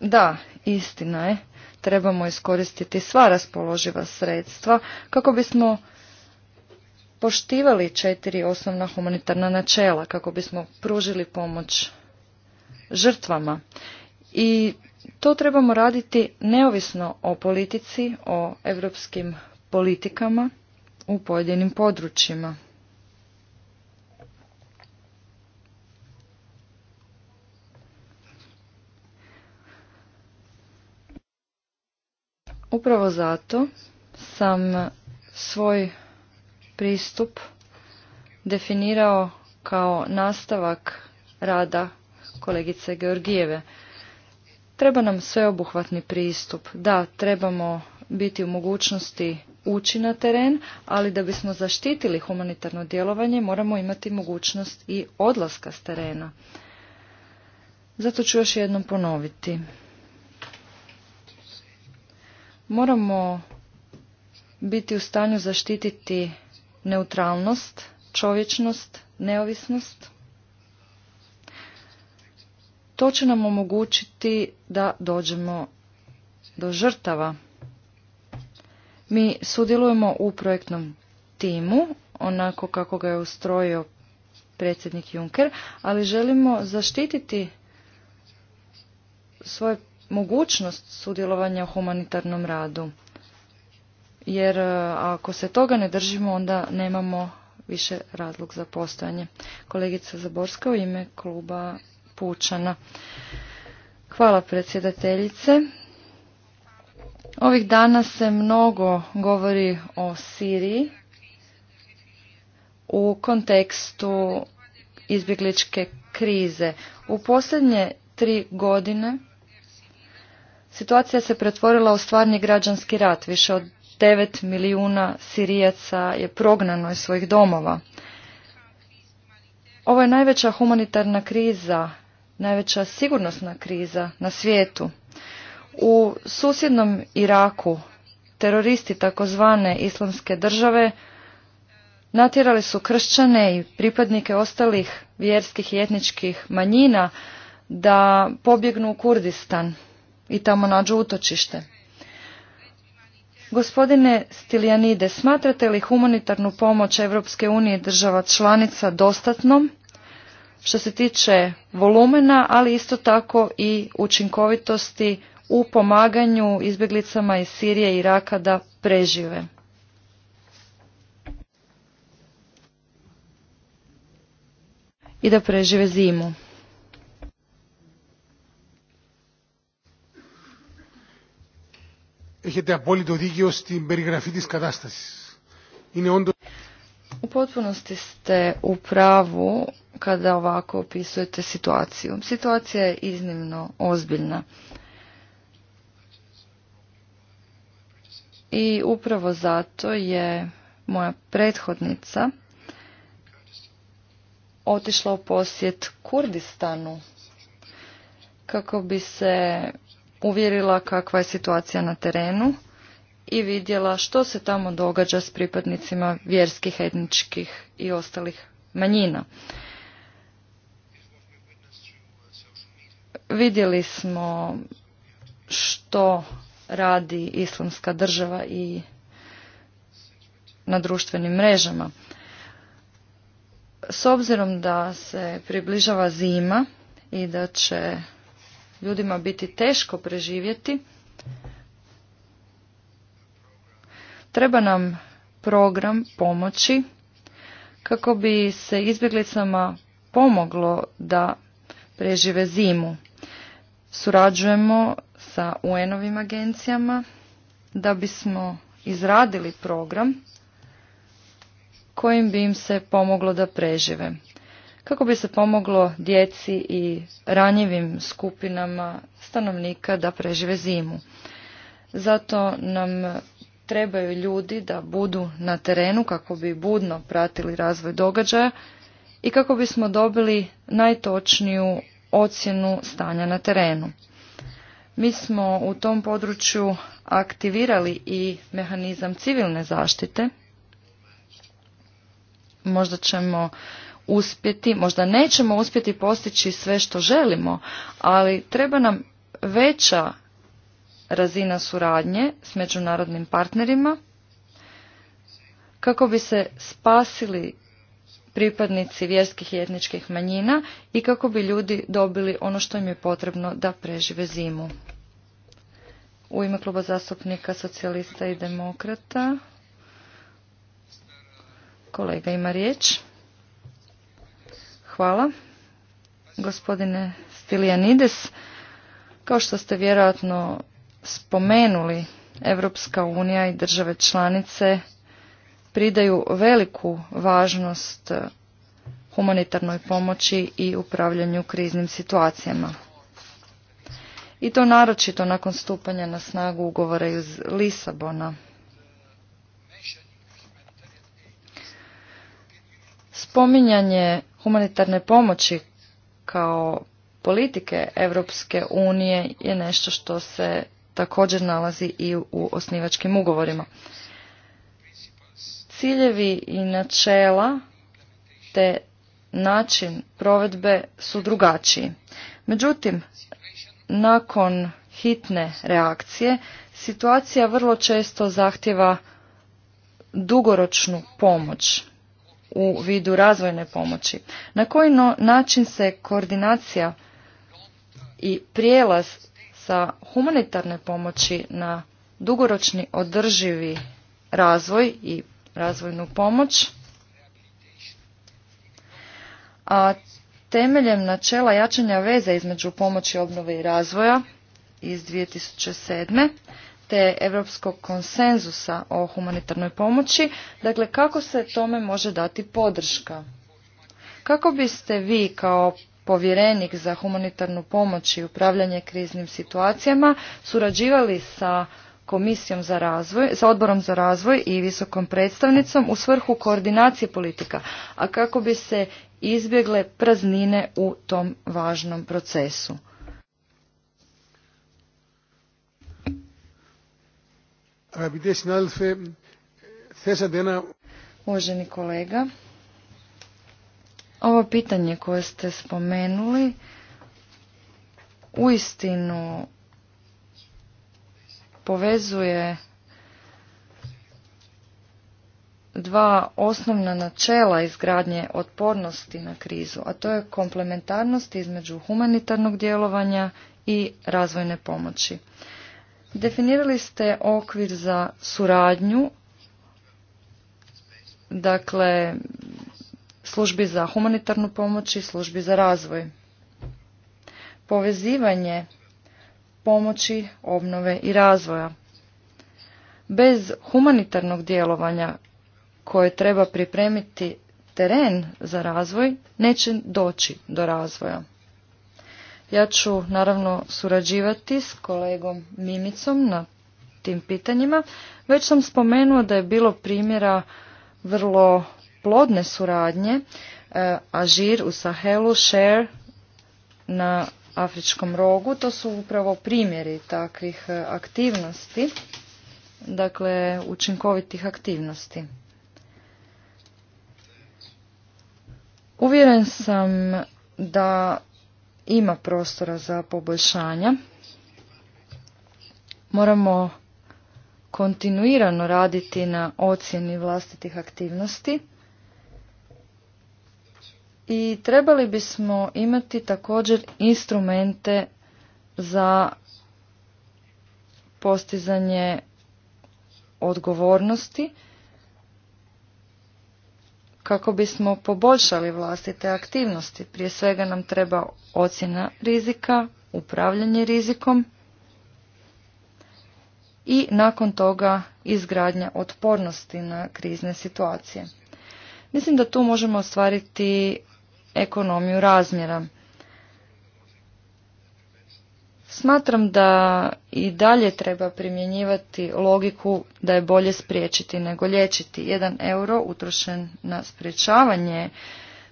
da, istina je. Trebamo iskoristiti sva raspoloživa sredstva kako bismo poštivali četiri osnovna humanitarna načela, kako bismo pružili pomoć žrtvama. I to trebamo raditi neovisno o politici, o europskim politikama u pojedinim područjima. Upravo zato sam svoj pristup definirao kao nastavak rada kolegice Georgijeve. Treba nam sveobuhvatni pristup. Da, trebamo biti u mogućnosti ući na teren, ali da bismo zaštitili humanitarno djelovanje moramo imati mogućnost i odlaska s terena. Zato ću još jednom ponoviti. Moramo biti u stanju zaštititi neutralnost, čovječnost, neovisnost. To će nam omogućiti da dođemo do žrtava. Mi sudjelujemo u projektnom timu, onako kako ga je ustrojio predsjednik Juncker, ali želimo zaštititi svoje mogućnost sudjelovanja u humanitarnom radu. Jer e, ako se toga ne držimo, onda nemamo više razlog za postojanje. Kolegica Zaborska u ime kluba Pučana. Hvala predsjedateljice. Ovih dana se mnogo govori o Siriji u kontekstu izbjegličke krize. U posljednje tri godine Situacija se pretvorila u stvarni građanski rat. Više od 9 milijuna Sirijaca je prognano iz svojih domova. Ovo je najveća humanitarna kriza, najveća sigurnosna kriza na svijetu. U susjednom Iraku teroristi takozvane islamske države natjerali su kršćane i pripadnike ostalih vjerskih i etničkih manjina da pobjegnu u Kurdistan i tamo nađu utočište. Gospodine Stiljanide, smatrate li humanitarnu pomoć Europske unije država članica dostatnom što se tiče volumena, ali isto tako i učinkovitosti u pomaganju izbjeglicama iz Sirije i Iraka da prežive? I da prežive zimu. Έχετε U potpunosti ste u pravu kada ovako opisujete situaciju. Situacija je iznimno ozbiljna. I upravo zato je moja prethodnica otišla u posjet Kurdistanu kako bi se uvjerila kakva je situacija na terenu i vidjela što se tamo događa s pripadnicima vjerskih, etničkih i ostalih manjina. Vidjeli smo što radi islamska država i na društvenim mrežama. S obzirom da se približava zima i da će ljudima biti teško preživjeti. Treba nam program pomoći kako bi se izbjeglicama pomoglo da prežive zimu. Surađujemo sa UN-ovim agencijama da bismo izradili program kojim bi im se pomoglo da prežive kako bi se pomoglo djeci i ranjivim skupinama stanovnika da prežive zimu. Zato nam trebaju ljudi da budu na terenu kako bi budno pratili razvoj događaja i kako bismo dobili najtočniju ocjenu stanja na terenu. Mi smo u tom području aktivirali i mehanizam civilne zaštite. Možda ćemo uspjeti, možda nećemo uspjeti postići sve što želimo, ali treba nam veća razina suradnje s međunarodnim partnerima kako bi se spasili pripadnici vjerskih i etničkih manjina i kako bi ljudi dobili ono što im je potrebno da prežive zimu. U ime kluba zastupnika socijalista i demokrata kolega ima riječ. Hvala. Gospodine stilianides, kao što ste vjerojatno spomenuli, Evropska unija i države članice pridaju veliku važnost humanitarnoj pomoći i upravljanju kriznim situacijama. I to naročito nakon stupanja na snagu ugovora iz Lisabona spominjanje humanitarne pomoći kao politike Europske unije je nešto što se također nalazi i u osnivačkim ugovorima. Ciljevi i načela te način provedbe su drugačiji. Međutim, nakon hitne reakcije, situacija vrlo često zahtjeva dugoročnu pomoć u vidu razvojne pomoći. Na koji način se koordinacija i prijelaz sa humanitarne pomoći na dugoročni održivi razvoj i razvojnu pomoć, a temeljem načela jačanja veze između pomoći obnove i razvoja iz 2007 te europskog konsenzusa o humanitarnoj pomoći, dakle kako se tome može dati podrška? Kako biste vi kao povjerenik za humanitarnu pomoć i upravljanje kriznim situacijama surađivali sa Komisijom za razvoj, sa odborom za razvoj i visokom predstavnicom u svrhu koordinacije politika, a kako bi se izbjegle praznine u tom važnom procesu. Uvaženi kolega, ovo pitanje koje ste spomenuli uistinu povezuje dva osnovna načela izgradnje otpornosti na krizu, a to je komplementarnost između humanitarnog djelovanja i razvojne pomoći. Definirali ste okvir za suradnju, dakle službi za humanitarnu pomoć i službi za razvoj. Povezivanje pomoći, obnove i razvoja. Bez humanitarnog djelovanja koje treba pripremiti teren za razvoj, neće doći do razvoja. Ja ću naravno surađivati s kolegom Mimicom na tim pitanjima. Već sam spomenuo da je bilo primjera vrlo plodne suradnje e, Ažir u Sahelu, Share na Afričkom rogu. To su upravo primjeri takvih e, aktivnosti, dakle učinkovitih aktivnosti. Uvjeren sam da ima prostora za poboljšanja. Moramo kontinuirano raditi na ocjeni vlastitih aktivnosti i trebali bismo imati također instrumente za postizanje odgovornosti kako bismo poboljšali vlastite aktivnosti. Prije svega nam treba ocjena rizika, upravljanje rizikom i nakon toga izgradnja otpornosti na krizne situacije. Mislim da tu možemo ostvariti ekonomiju razmjera. Smatram da i dalje treba primjenjivati logiku da je bolje spriječiti nego liječiti. Jedan euro utrošen na spriječavanje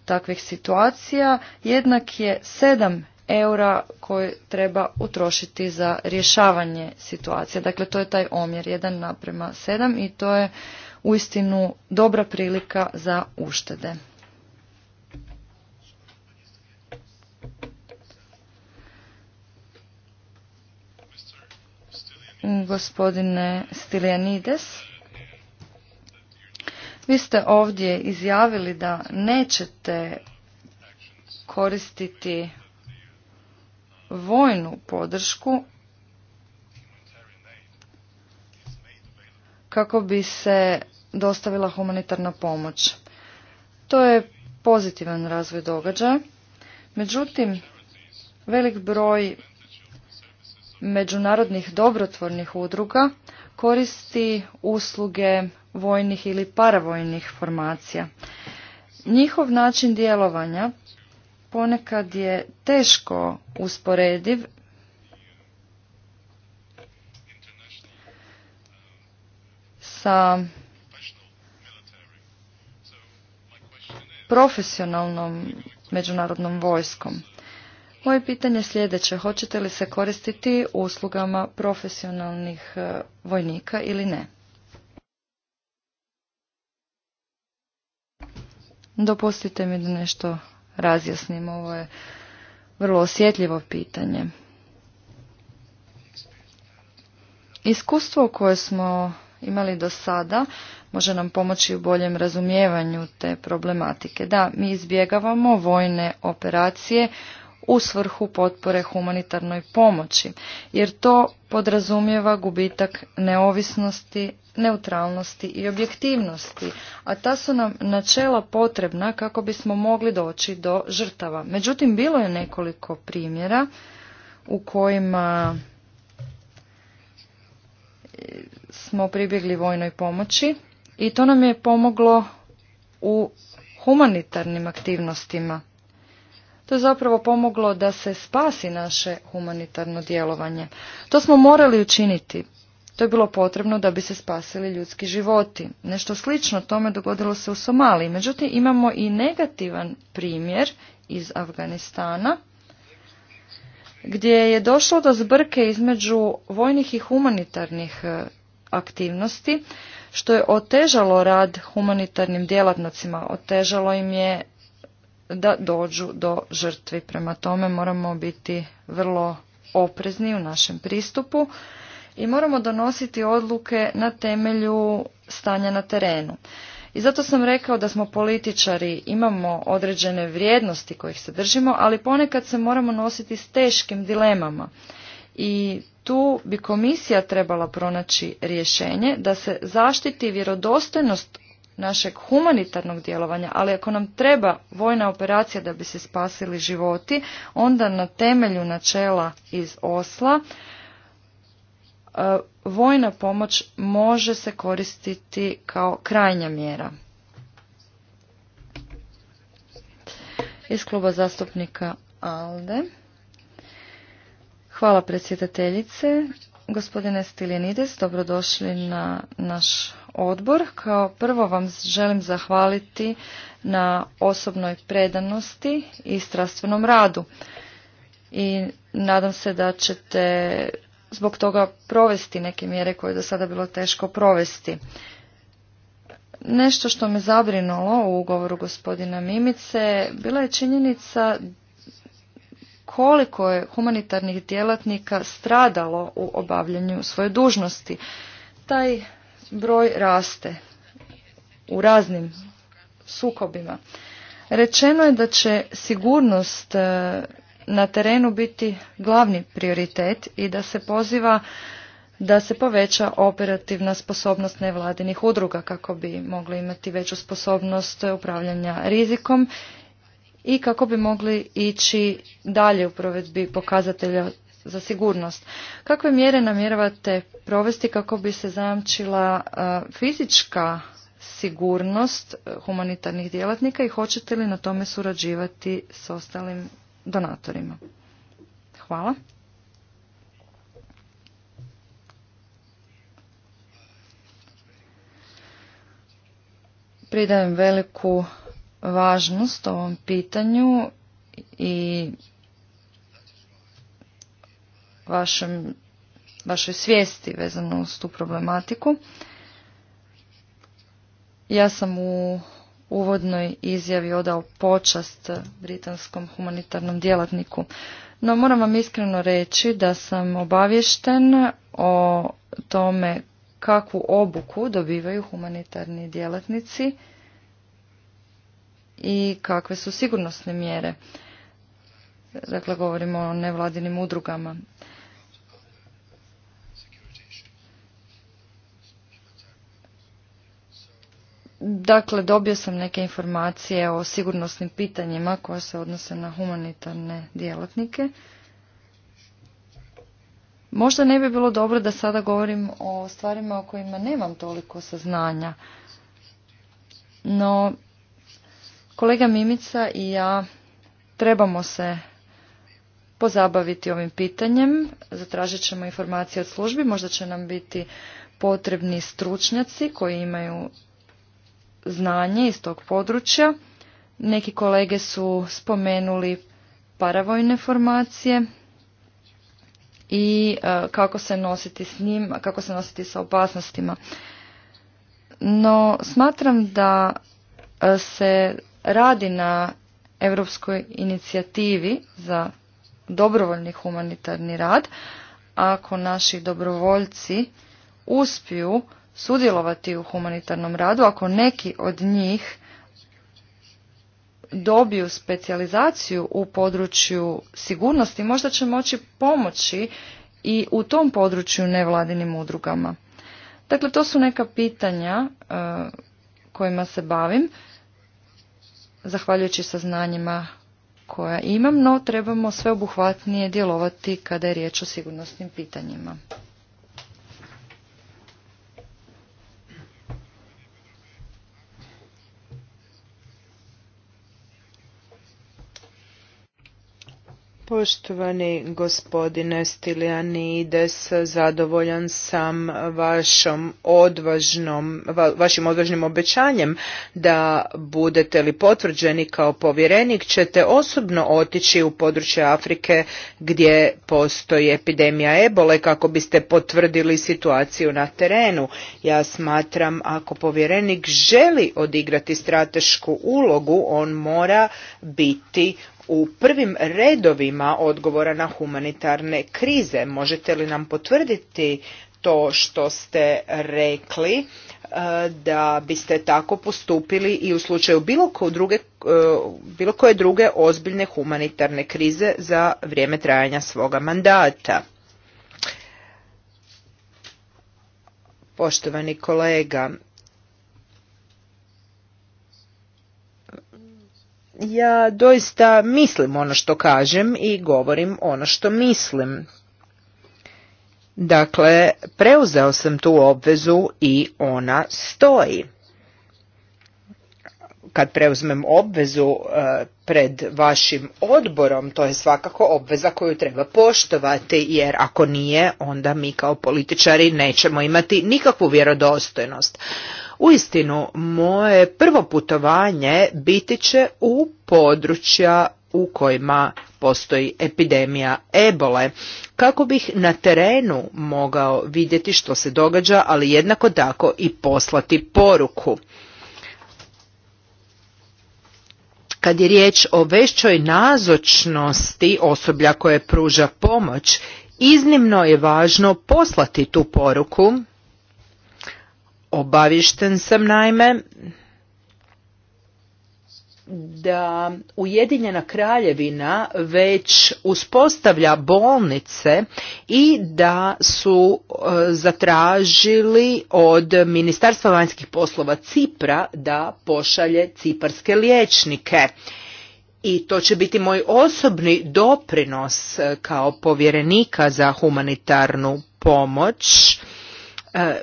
takvih situacija jednak je sedam eura koje treba utrošiti za rješavanje situacije. Dakle, to je taj omjer 1 naprema 7 i to je uistinu dobra prilika za uštede. gospodine Stiljanides. Vi ste ovdje izjavili da nećete koristiti vojnu podršku kako bi se dostavila humanitarna pomoć. To je pozitivan razvoj događaja. Međutim, velik broj međunarodnih dobrotvornih udruga koristi usluge vojnih ili paravojnih formacija. Njihov način djelovanja ponekad je teško usporediv sa profesionalnom međunarodnom vojskom. Moje pitanje je sljedeće. Hoćete li se koristiti uslugama profesionalnih e, vojnika ili ne? Dopustite mi da nešto razjasnim. Ovo je vrlo osjetljivo pitanje. Iskustvo koje smo imali do sada može nam pomoći u boljem razumijevanju te problematike. Da, mi izbjegavamo vojne operacije u svrhu potpore humanitarnoj pomoći, jer to podrazumijeva gubitak neovisnosti, neutralnosti i objektivnosti, a ta su nam načela potrebna kako bismo mogli doći do žrtava. Međutim, bilo je nekoliko primjera u kojima e, smo pribjegli vojnoj pomoći i to nam je pomoglo u humanitarnim aktivnostima. To je zapravo pomoglo da se spasi naše humanitarno djelovanje. To smo morali učiniti. To je bilo potrebno da bi se spasili ljudski životi. Nešto slično tome dogodilo se u Somaliji. Međutim, imamo i negativan primjer iz Afganistana gdje je došlo do zbrke između vojnih i humanitarnih e, aktivnosti, što je otežalo rad humanitarnim djelatnicima, otežalo im je da dođu do žrtvi. Prema tome moramo biti vrlo oprezni u našem pristupu i moramo donositi odluke na temelju stanja na terenu. I zato sam rekao da smo političari, imamo određene vrijednosti kojih se držimo, ali ponekad se moramo nositi s teškim dilemama. I tu bi komisija trebala pronaći rješenje da se zaštiti vjerodostojnost našeg humanitarnog djelovanja, ali ako nam treba vojna operacija da bi se spasili životi, onda na temelju načela iz Osla e, vojna pomoć može se koristiti kao krajnja mjera. Iz kluba zastupnika ALDE. Hvala predsjedateljice. Gospodine Stiljenides, dobrodošli na naš odbor. Kao prvo vam želim zahvaliti na osobnoj predanosti i strastvenom radu. I nadam se da ćete zbog toga provesti neke mjere koje je do sada bilo teško provesti. Nešto što me zabrinulo u ugovoru gospodina Mimice bila je činjenica koliko je humanitarnih djelatnika stradalo u obavljanju svoje dužnosti. Taj broj raste u raznim sukobima. Rečeno je da će sigurnost e, na terenu biti glavni prioritet i da se poziva da se poveća operativna sposobnost nevladinih udruga kako bi mogli imati veću sposobnost upravljanja rizikom i kako bi mogli ići dalje u provedbi pokazatelja za sigurnost. Kakve mjere namjeravate provesti kako bi se zajamčila e, fizička sigurnost e, humanitarnih djelatnika i hoćete li na tome surađivati s ostalim donatorima? Hvala. Pridajem veliku važnost ovom pitanju i vašem, vašoj svijesti vezano uz tu problematiku. Ja sam u uvodnoj izjavi odao počast britanskom humanitarnom djelatniku. No moram vam iskreno reći da sam obavješten o tome kakvu obuku dobivaju humanitarni djelatnici i kakve su sigurnosne mjere. Dakle, govorimo o nevladinim udrugama. Dakle, dobio sam neke informacije o sigurnosnim pitanjima koja se odnose na humanitarne djelatnike. Možda ne bi bilo dobro da sada govorim o stvarima o kojima nemam toliko saznanja. No, kolega Mimica i ja trebamo se pozabaviti ovim pitanjem. Zatražit ćemo informacije od službi. Možda će nam biti potrebni stručnjaci koji imaju znanje iz tog područja. Neki kolege su spomenuli paravojne formacije i e, kako se nositi s njim, kako se nositi sa opasnostima. No, smatram da e, se radi na europskoj inicijativi za dobrovoljni humanitarni rad. Ako naši dobrovoljci uspiju sudjelovati u humanitarnom radu ako neki od njih dobiju specijalizaciju u području sigurnosti možda će moći pomoći i u tom području nevladinim udrugama. Dakle, to su neka pitanja e, kojima se bavim, zahvaljujući saznanjima koja imam, no trebamo sve obuhvatnije djelovati kada je riječ o sigurnosnim pitanjima. Poštovani gospodine Stilianides, zadovoljan sam vašom odvažnom, vašim odvažnim obećanjem da budete li potvrđeni kao povjerenik ćete osobno otići u područje Afrike gdje postoji epidemija ebole kako biste potvrdili situaciju na terenu. Ja smatram ako povjerenik želi odigrati stratešku ulogu on mora biti u prvim redovima odgovora na humanitarne krize. Možete li nam potvrditi to što ste rekli e, da biste tako postupili i u slučaju bilo, druge, e, bilo koje druge ozbiljne humanitarne krize za vrijeme trajanja svoga mandata. Poštovani kolega, ja doista mislim ono što kažem i govorim ono što mislim. Dakle, preuzeo sam tu obvezu i ona stoji. Kad preuzmem obvezu e, pred vašim odborom, to je svakako obveza koju treba poštovati, jer ako nije, onda mi kao političari nećemo imati nikakvu vjerodostojnost. Uistinu, moje prvo putovanje biti će u područja u kojima postoji epidemija ebole, kako bih na terenu mogao vidjeti što se događa, ali jednako tako i poslati poruku. Kad je riječ o većoj nazočnosti osoblja koje pruža pomoć, iznimno je važno poslati tu poruku Obavišten sam naime da Ujedinjena kraljevina već uspostavlja bolnice i da su e, zatražili od Ministarstva vanjskih poslova Cipra da pošalje ciparske liječnike. I to će biti moj osobni doprinos e, kao povjerenika za humanitarnu pomoć. E,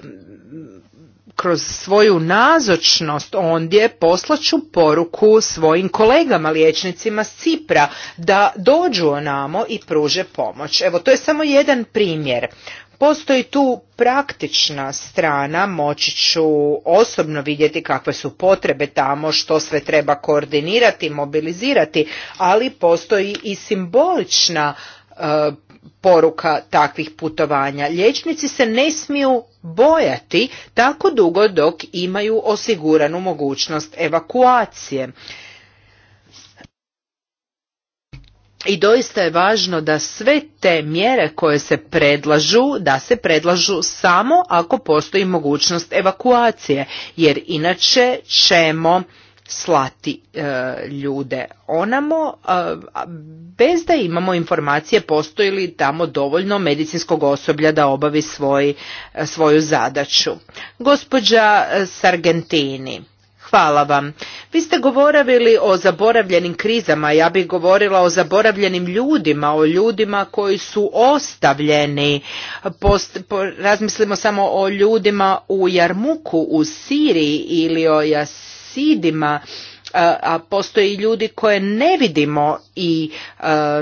kroz svoju nazočnost ondje poslaću poruku svojim kolegama liječnicima s Cipra da dođu onamo i pruže pomoć. Evo, to je samo jedan primjer. Postoji tu praktična strana, moći ću osobno vidjeti kakve su potrebe tamo, što sve treba koordinirati, mobilizirati, ali postoji i simbolična e, poruka takvih putovanja. Liječnici se ne smiju bojati tako dugo dok imaju osiguranu mogućnost evakuacije. I doista je važno da sve te mjere koje se predlažu, da se predlažu samo ako postoji mogućnost evakuacije, jer inače ćemo slati e, ljude onamo e, bez da imamo informacije postoji li tamo dovoljno medicinskog osoblja da obavi svoj, e, svoju zadaću. Gospođa Sargentini, hvala vam. Vi ste govorili o zaboravljenim krizama, ja bih govorila o zaboravljenim ljudima, o ljudima koji su ostavljeni. razmislimo samo o ljudima u Jarmuku, u Siriji ili o Jas a postoje ljudi koje ne vidimo i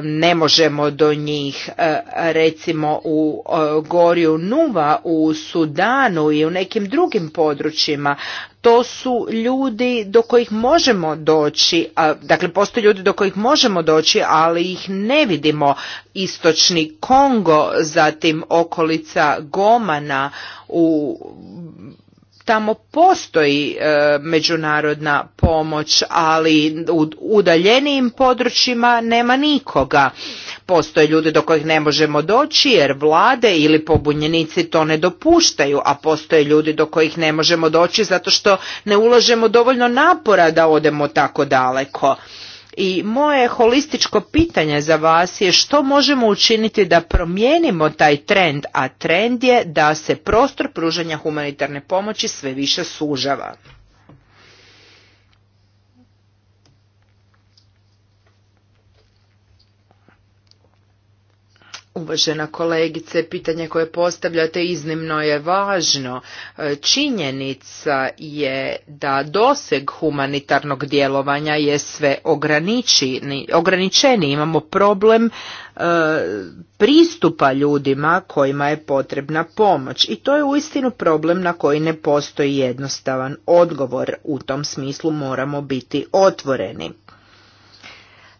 ne možemo do njih recimo u Goriju Nuva u Sudanu i u nekim drugim područjima to su ljudi do kojih možemo doći dakle postoje ljudi do kojih možemo doći ali ih ne vidimo istočni Kongo zatim okolica Gomana u tamo postoji e, međunarodna pomoć, ali u udaljenijim područjima nema nikoga. Postoje ljudi do kojih ne možemo doći jer vlade ili pobunjenici to ne dopuštaju, a postoje ljudi do kojih ne možemo doći zato što ne ulažemo dovoljno napora da odemo tako daleko. I moje holističko pitanje za vas je što možemo učiniti da promijenimo taj trend, a trend je da se prostor pružanja humanitarne pomoći sve više sužava. Uvažena kolegice, pitanje koje postavljate iznimno je važno. E, činjenica je da doseg humanitarnog djelovanja je sve ograničeni. Imamo problem e, pristupa ljudima kojima je potrebna pomoć i to je uistinu problem na koji ne postoji jednostavan odgovor. U tom smislu moramo biti otvoreni.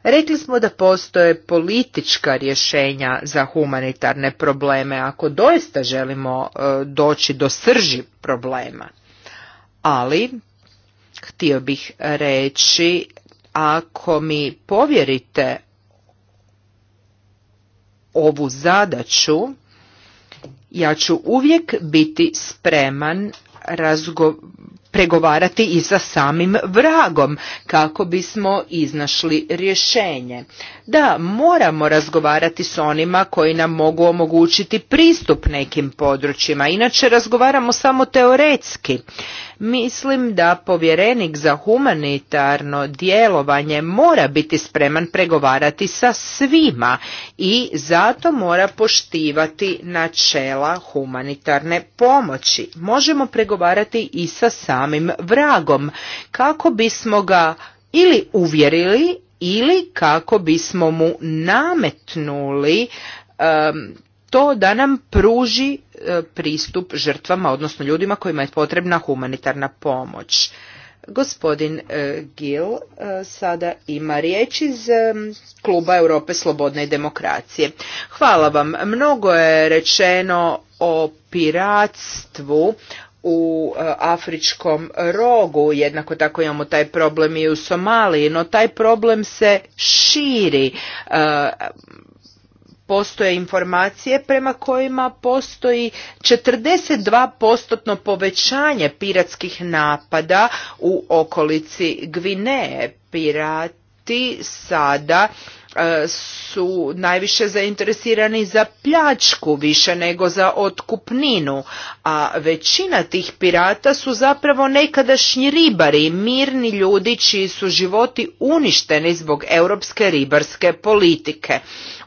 Rekli smo da postoje politička rješenja za humanitarne probleme ako doista želimo e, doći do srži problema. Ali, htio bih reći, ako mi povjerite ovu zadaću, ja ću uvijek biti spreman razgovoriti pregovarati i sa samim vragom kako bismo iznašli rješenje. Da, moramo razgovarati s onima koji nam mogu omogućiti pristup nekim područjima, inače razgovaramo samo teoretski. Mislim da povjerenik za humanitarno djelovanje mora biti spreman pregovarati sa svima i zato mora poštivati načela humanitarne pomoći. Možemo pregovarati i sa samim vragom kako bismo ga ili uvjerili ili kako bismo mu nametnuli to da nam pruži e, pristup žrtvama, odnosno ljudima kojima je potrebna humanitarna pomoć. Gospodin e, Gil e, sada ima riječ iz Kluba Europe Slobodne i Demokracije. Hvala vam. Mnogo je rečeno o piratstvu u afričkom rogu, jednako tako imamo taj problem i u Somaliji, no taj problem se širi postoje informacije prema kojima postoji 42% povećanje piratskih napada u okolici Gvineje. Pirati sada e, su najviše zainteresirani za pljačku više nego za otkupninu, a većina tih pirata su zapravo nekadašnji ribari, mirni ljudi čiji su životi uništeni zbog europske ribarske politike.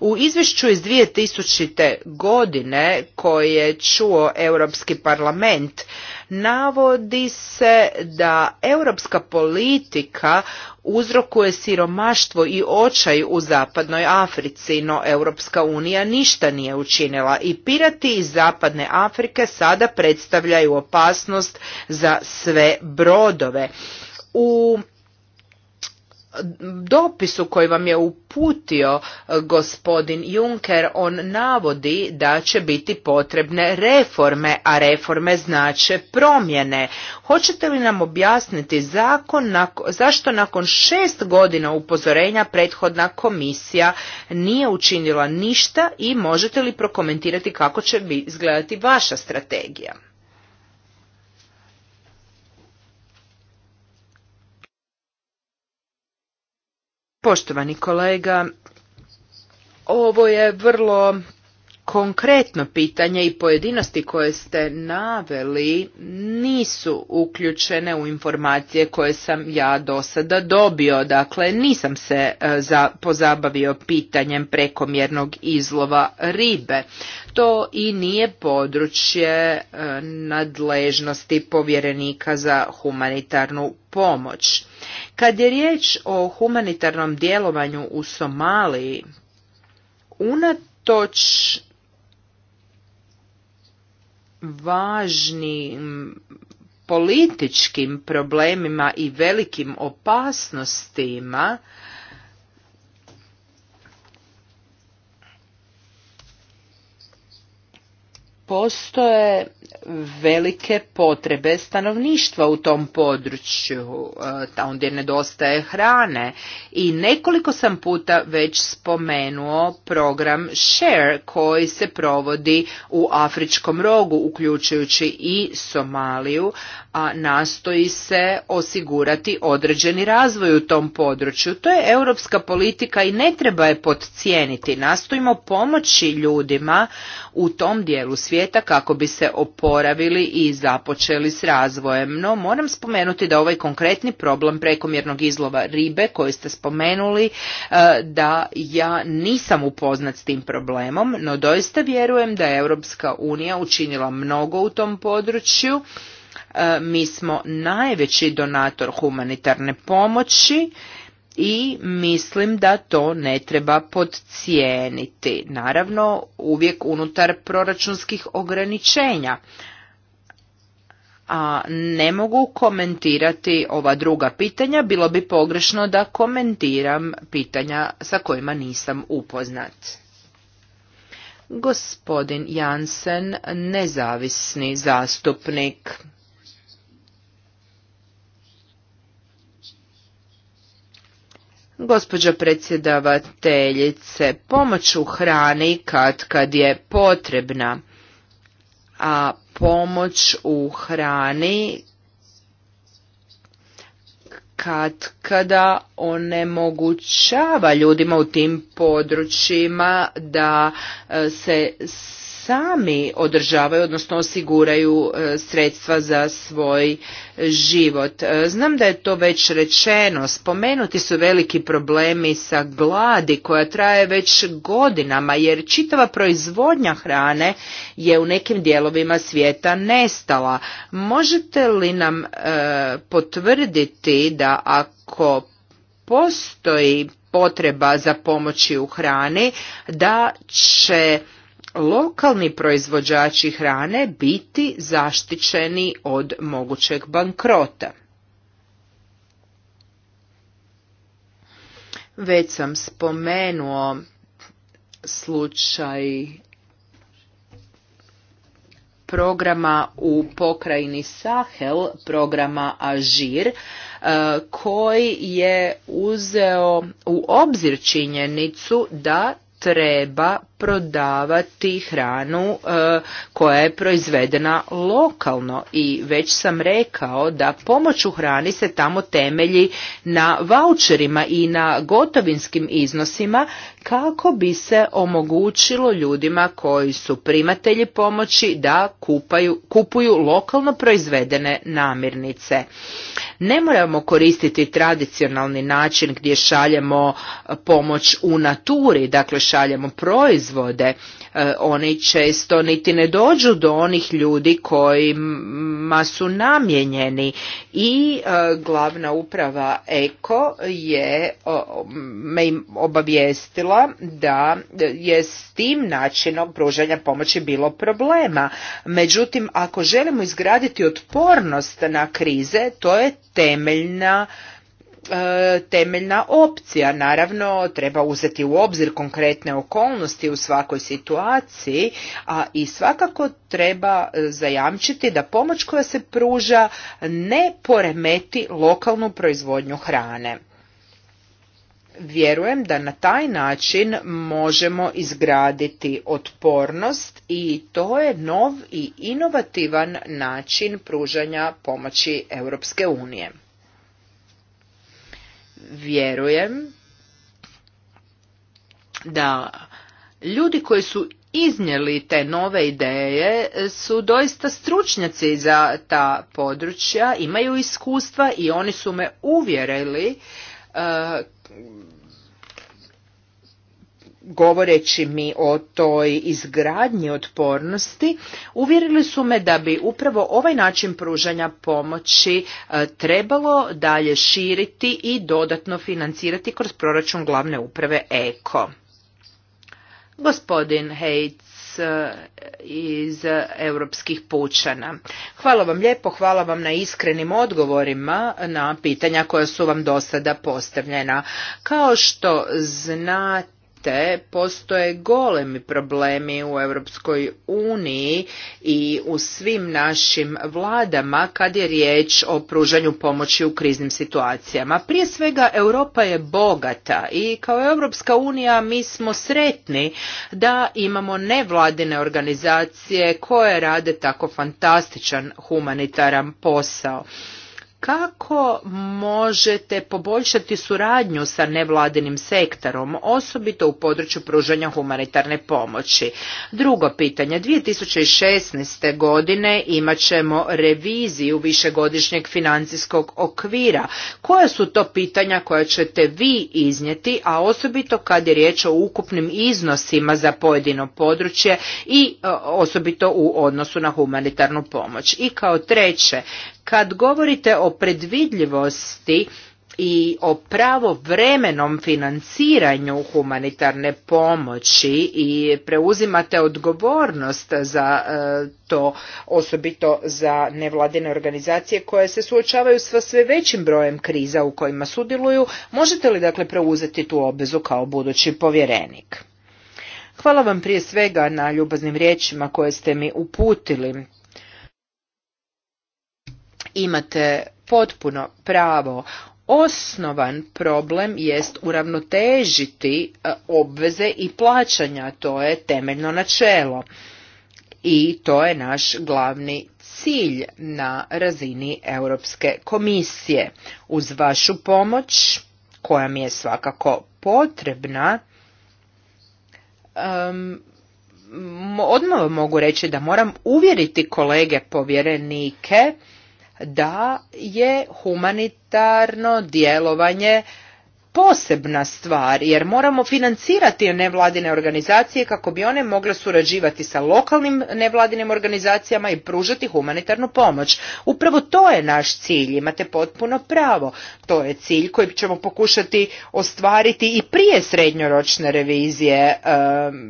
U izvješću iz 2000. godine koje je čuo Europski parlament navodi se da europska politika uzrokuje siromaštvo i očaj u zapadnoj Africi, no Europska unija ništa nije učinila i pirati iz zapadne Afrike sada predstavljaju opasnost za sve brodove. U dopisu koji vam je uputio e, gospodin Juncker on navodi da će biti potrebne reforme, a reforme znače promjene. Hoćete li nam objasniti zakon, zašto nakon šest godina upozorenja prethodna komisija nije učinila ništa i možete li prokomentirati kako će izgledati vaša strategija? Poštovani kolega, ovo je vrlo konkretno pitanje i pojedinosti koje ste naveli nisu uključene u informacije koje sam ja do sada dobio. Dakle, nisam se e, pozabavio pitanjem prekomjernog izlova ribe. To i nije područje e, nadležnosti povjerenika za humanitarnu pomoć. Kad je riječ o humanitarnom djelovanju u Somaliji, unatoč važnim političkim problemima i velikim opasnostima postoje velike potrebe stanovništva u tom području, gdje e, nedostaje hrane. I nekoliko sam puta već spomenuo program Share koji se provodi u Afričkom rogu, uključujući i Somaliju, a nastoji se osigurati određeni razvoj u tom području. To je europska politika i ne treba je podcijeniti. Nastojimo pomoći ljudima u tom dijelu svijeta kako bi se opoznali zaboravili i započeli s razvojem. No moram spomenuti da ovaj konkretni problem prekomjernog izlova ribe koji ste spomenuli, e, da ja nisam upoznat s tim problemom, no doista vjerujem da je Europska unija učinila mnogo u tom području. E, mi smo najveći donator humanitarne pomoći i mislim da to ne treba podcijeniti. Naravno, uvijek unutar proračunskih ograničenja. A ne mogu komentirati ova druga pitanja, bilo bi pogrešno da komentiram pitanja sa kojima nisam upoznat. Gospodin Jansen, nezavisni zastupnik. Gospođo predsjedavateljice, pomoć u hrani kad kad je potrebna, a pomoć u hrani kad kada onemogućava ljudima u tim područjima da e, se sami održavaju, odnosno osiguraju e, sredstva za svoj život. E, znam da je to već rečeno, spomenuti su veliki problemi sa gladi koja traje već godinama jer čitava proizvodnja hrane je u nekim dijelovima svijeta nestala. Možete li nam e, potvrditi da ako postoji potreba za pomoći u hrani, da će lokalni proizvođači hrane biti zaštićeni od mogućeg bankrota. Već sam spomenuo slučaj programa u pokrajini Sahel, programa Ažir, e, koji je uzeo u obzir činjenicu da treba prodavati hranu e, koja je proizvedena lokalno i već sam rekao da pomoć u hrani se tamo temelji na voucherima i na gotovinskim iznosima kako bi se omogućilo ljudima koji su primatelji pomoći da kupaju, kupuju lokalno proizvedene namirnice. Ne moramo koristiti tradicionalni način gdje šaljemo pomoć u naturi, dakle šaljemo proizvod proizvode. E, oni često niti ne dođu do onih ljudi kojima su namjenjeni i e, glavna uprava Eko je me obavijestila da je s tim načinom pružanja pomoći bilo problema. Međutim, ako želimo izgraditi otpornost na krize, to je temeljna E, temeljna opcija. Naravno, treba uzeti u obzir konkretne okolnosti u svakoj situaciji, a i svakako treba zajamčiti da pomoć koja se pruža ne poremeti lokalnu proizvodnju hrane. Vjerujem da na taj način možemo izgraditi otpornost i to je nov i inovativan način pružanja pomoći Europske unije vjerujem da ljudi koji su iznijeli te nove ideje su doista stručnjaci za ta područja, imaju iskustva i oni su me uvjerili e, govoreći mi o toj izgradnji otpornosti, uvjerili su me da bi upravo ovaj način pružanja pomoći e, trebalo dalje širiti i dodatno financirati kroz proračun glavne uprave EKO. Gospodin Hejc e, iz europskih pučana. Hvala vam lijepo, hvala vam na iskrenim odgovorima na pitanja koja su vam do sada postavljena. Kao što znate, te postoje golemi problemi u Europskoj uniji i u svim našim vladama kad je riječ o pružanju pomoći u kriznim situacijama. Prije svega Europa je bogata i kao Europska unija mi smo sretni da imamo nevladine organizacije koje rade tako fantastičan humanitaran posao kako možete poboljšati suradnju sa nevladinim sektorom, osobito u području pružanja humanitarne pomoći? Drugo pitanje, 2016. godine imat ćemo reviziju višegodišnjeg financijskog okvira. Koja su to pitanja koja ćete vi iznijeti, a osobito kad je riječ o ukupnim iznosima za pojedino područje i e, osobito u odnosu na humanitarnu pomoć? I kao treće, kad govorite o predvidljivosti i o pravovremenom financiranju humanitarne pomoći i preuzimate odgovornost za e, to, osobito za nevladine organizacije koje se suočavaju sa sve većim brojem kriza u kojima sudjeluju, možete li dakle preuzeti tu obvezu kao budući povjerenik? Hvala vam prije svega na ljubaznim riječima koje ste mi uputili Imate potpuno pravo osnovan problem jest uravnotežiti e, obveze i plaćanja to je temeljno načelo i to je naš glavni cilj na razini Europske komisije uz vašu pomoć koja mi je svakako potrebna odmah mogu reći da moram uvjeriti kolege povjerenike da je humanitarno djelovanje posebna stvar jer moramo financirati nevladine organizacije kako bi one mogle surađivati sa lokalnim nevladinim organizacijama i pružati humanitarnu pomoć. Upravo to je naš cilj, imate potpuno pravo. To je cilj koji ćemo pokušati ostvariti i prije srednjoročne revizije e,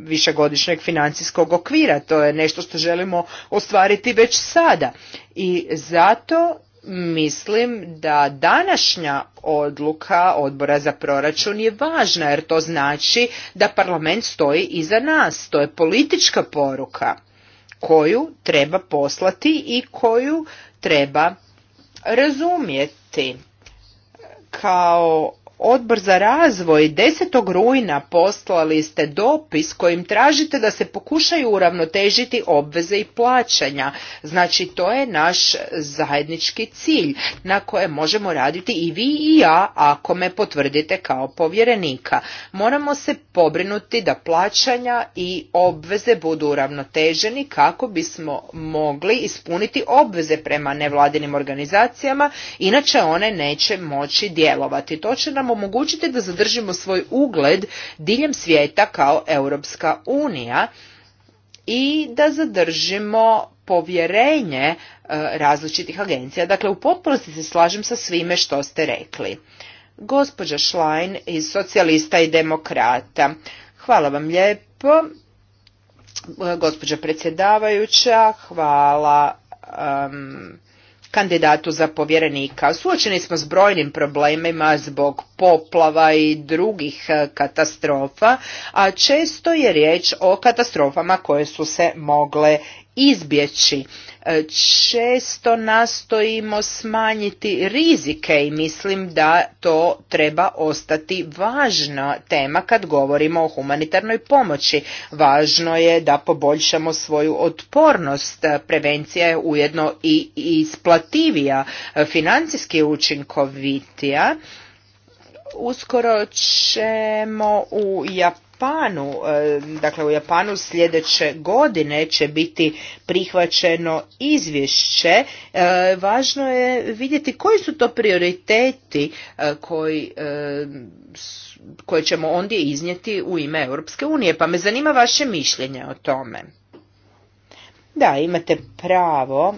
višegodišnjeg financijskog okvira. To je nešto što želimo ostvariti već sada. I zato mislim da današnja odluka odbora za proračun je važna jer to znači da parlament stoji iza nas. To je politička poruka koju treba poslati i koju treba razumjeti. Kao Odbor za razvoj 10. rujna poslali ste dopis kojim tražite da se pokušaju uravnotežiti obveze i plaćanja. Znači to je naš zajednički cilj na koje možemo raditi i vi i ja ako me potvrdite kao povjerenika. Moramo se pobrinuti da plaćanja i obveze budu uravnoteženi kako bismo mogli ispuniti obveze prema nevladinim organizacijama, inače one neće moći djelovati. To će nam omogućiti da zadržimo svoj ugled diljem svijeta kao Europska unija i da zadržimo povjerenje e, različitih agencija. Dakle, u potpunosti se slažem sa svime što ste rekli. Gospođa Šlajn iz Socijalista i Demokrata. Hvala vam lijepo. E, gospođa predsjedavajuća, hvala kandidatu za povjerenika. Suočeni smo s brojnim problemima zbog poplava i drugih e, katastrofa, a često je riječ o katastrofama koje su se mogle izbjeći često nastojimo smanjiti rizike i mislim da to treba ostati važna tema kad govorimo o humanitarnoj pomoći. Važno je da poboljšamo svoju otpornost. Prevencija je ujedno i isplativija, financijski učinkovitija. Uskoro ćemo u Japanu, dakle u Japanu sljedeće godine će biti prihvaćeno izvješće, e, važno je vidjeti koji su to prioriteti e, koji koje ćemo ondje iznijeti u ime Europske unije, pa me zanima vaše mišljenje o tome. Da, imate pravo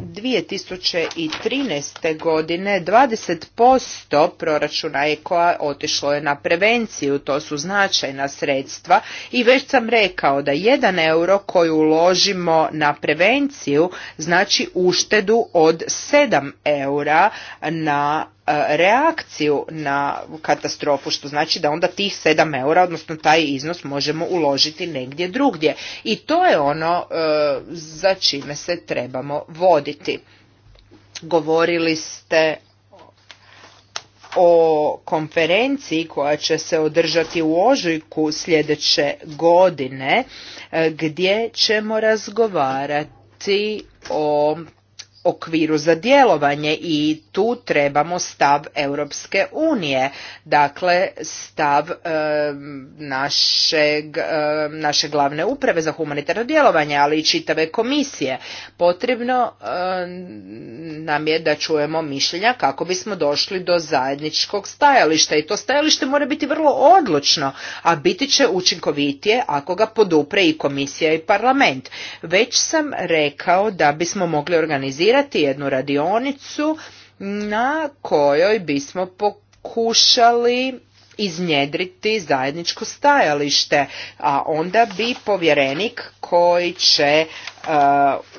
2013. godine 20% proračuna EKOA otišlo je na prevenciju, to su značajna sredstva i već sam rekao da 1 euro koju uložimo na prevenciju znači uštedu od 7 eura na E, reakciju na katastrofu, što znači da onda tih 7 eura, odnosno taj iznos možemo uložiti negdje drugdje. I to je ono e, za čime se trebamo voditi. Govorili ste o konferenciji koja će se održati u ožujku sljedeće godine e, gdje ćemo razgovarati o okviru za djelovanje i tu trebamo stav Europske unije, dakle stav eh, našeg, eh, naše glavne uprave za humanitarno djelovanje, ali i čitave komisije. Potrebno eh, nam je da čujemo mišljenja kako bismo došli do zajedničkog stajališta i to stajalište mora biti vrlo odlučno, a biti će učinkovitije ako ga podupre i komisija i parlament. Već sam rekao da bismo mogli organizirati organizirati jednu radionicu na kojoj bismo pokušali iznjedriti zajedničko stajalište, a onda bi povjerenik koji će e,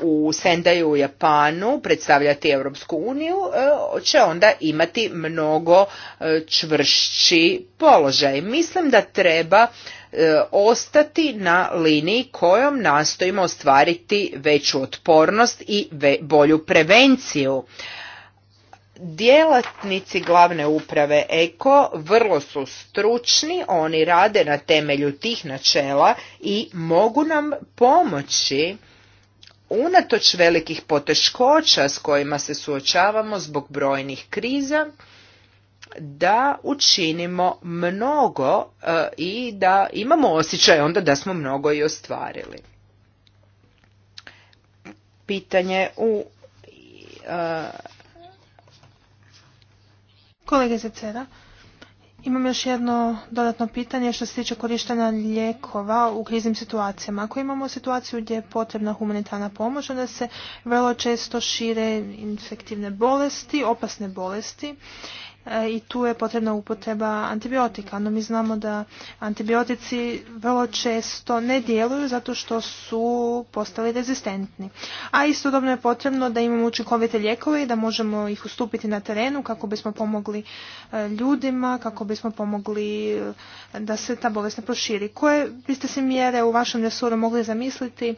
u Sendaju u Japanu predstavljati Europsku uniju e, će onda imati mnogo e, čvršći položaj. Mislim da treba E, ostati na liniji kojom nastojimo ostvariti veću otpornost i bolju prevenciju djelatnici glavne uprave eko vrlo su stručni oni rade na temelju tih načela i mogu nam pomoći unatoč velikih poteškoća s kojima se suočavamo zbog brojnih kriza da učinimo mnogo e, i da imamo osjećaj onda da smo mnogo i ostvarili. Pitanje u... E, Kolege Zecera, imam još jedno dodatno pitanje što se tiče korištenja lijekova u kriznim situacijama. Ako imamo situaciju gdje je potrebna humanitarna pomoć, onda se vrlo često šire infektivne bolesti, opasne bolesti i tu je potrebna upotreba antibiotika. No mi znamo da antibiotici vrlo često ne djeluju zato što su postali rezistentni. A istodobno je potrebno da imamo učinkovite lijekove i da možemo ih ustupiti na terenu kako bismo pomogli e, ljudima, kako bismo pomogli e, da se ta bolest ne proširi. Koje biste si mjere u vašem resoru mogli zamisliti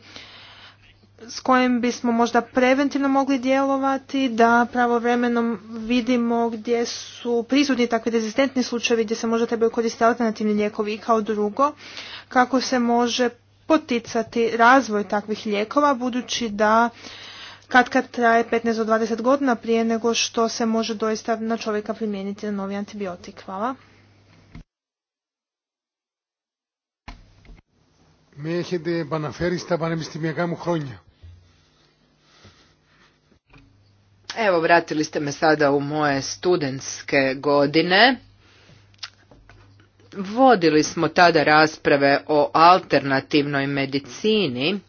s kojim bismo možda preventivno mogli djelovati, da pravovremeno vidimo gdje su prisutni takvi rezistentni slučajevi gdje se možda trebaju koristiti alternativni lijekovi i kao drugo, kako se može poticati razvoj takvih lijekova, budući da kad kad traje 15 do 20 godina prije nego što se može doista na čovjeka primijeniti na novi antibiotik. Hvala. με έχετε επαναφέρει στα πανεπιστημιακά μου Evo, vratili ste me sada u moje studentske godine. Vodili smo tada rasprave o alternativnoj medicini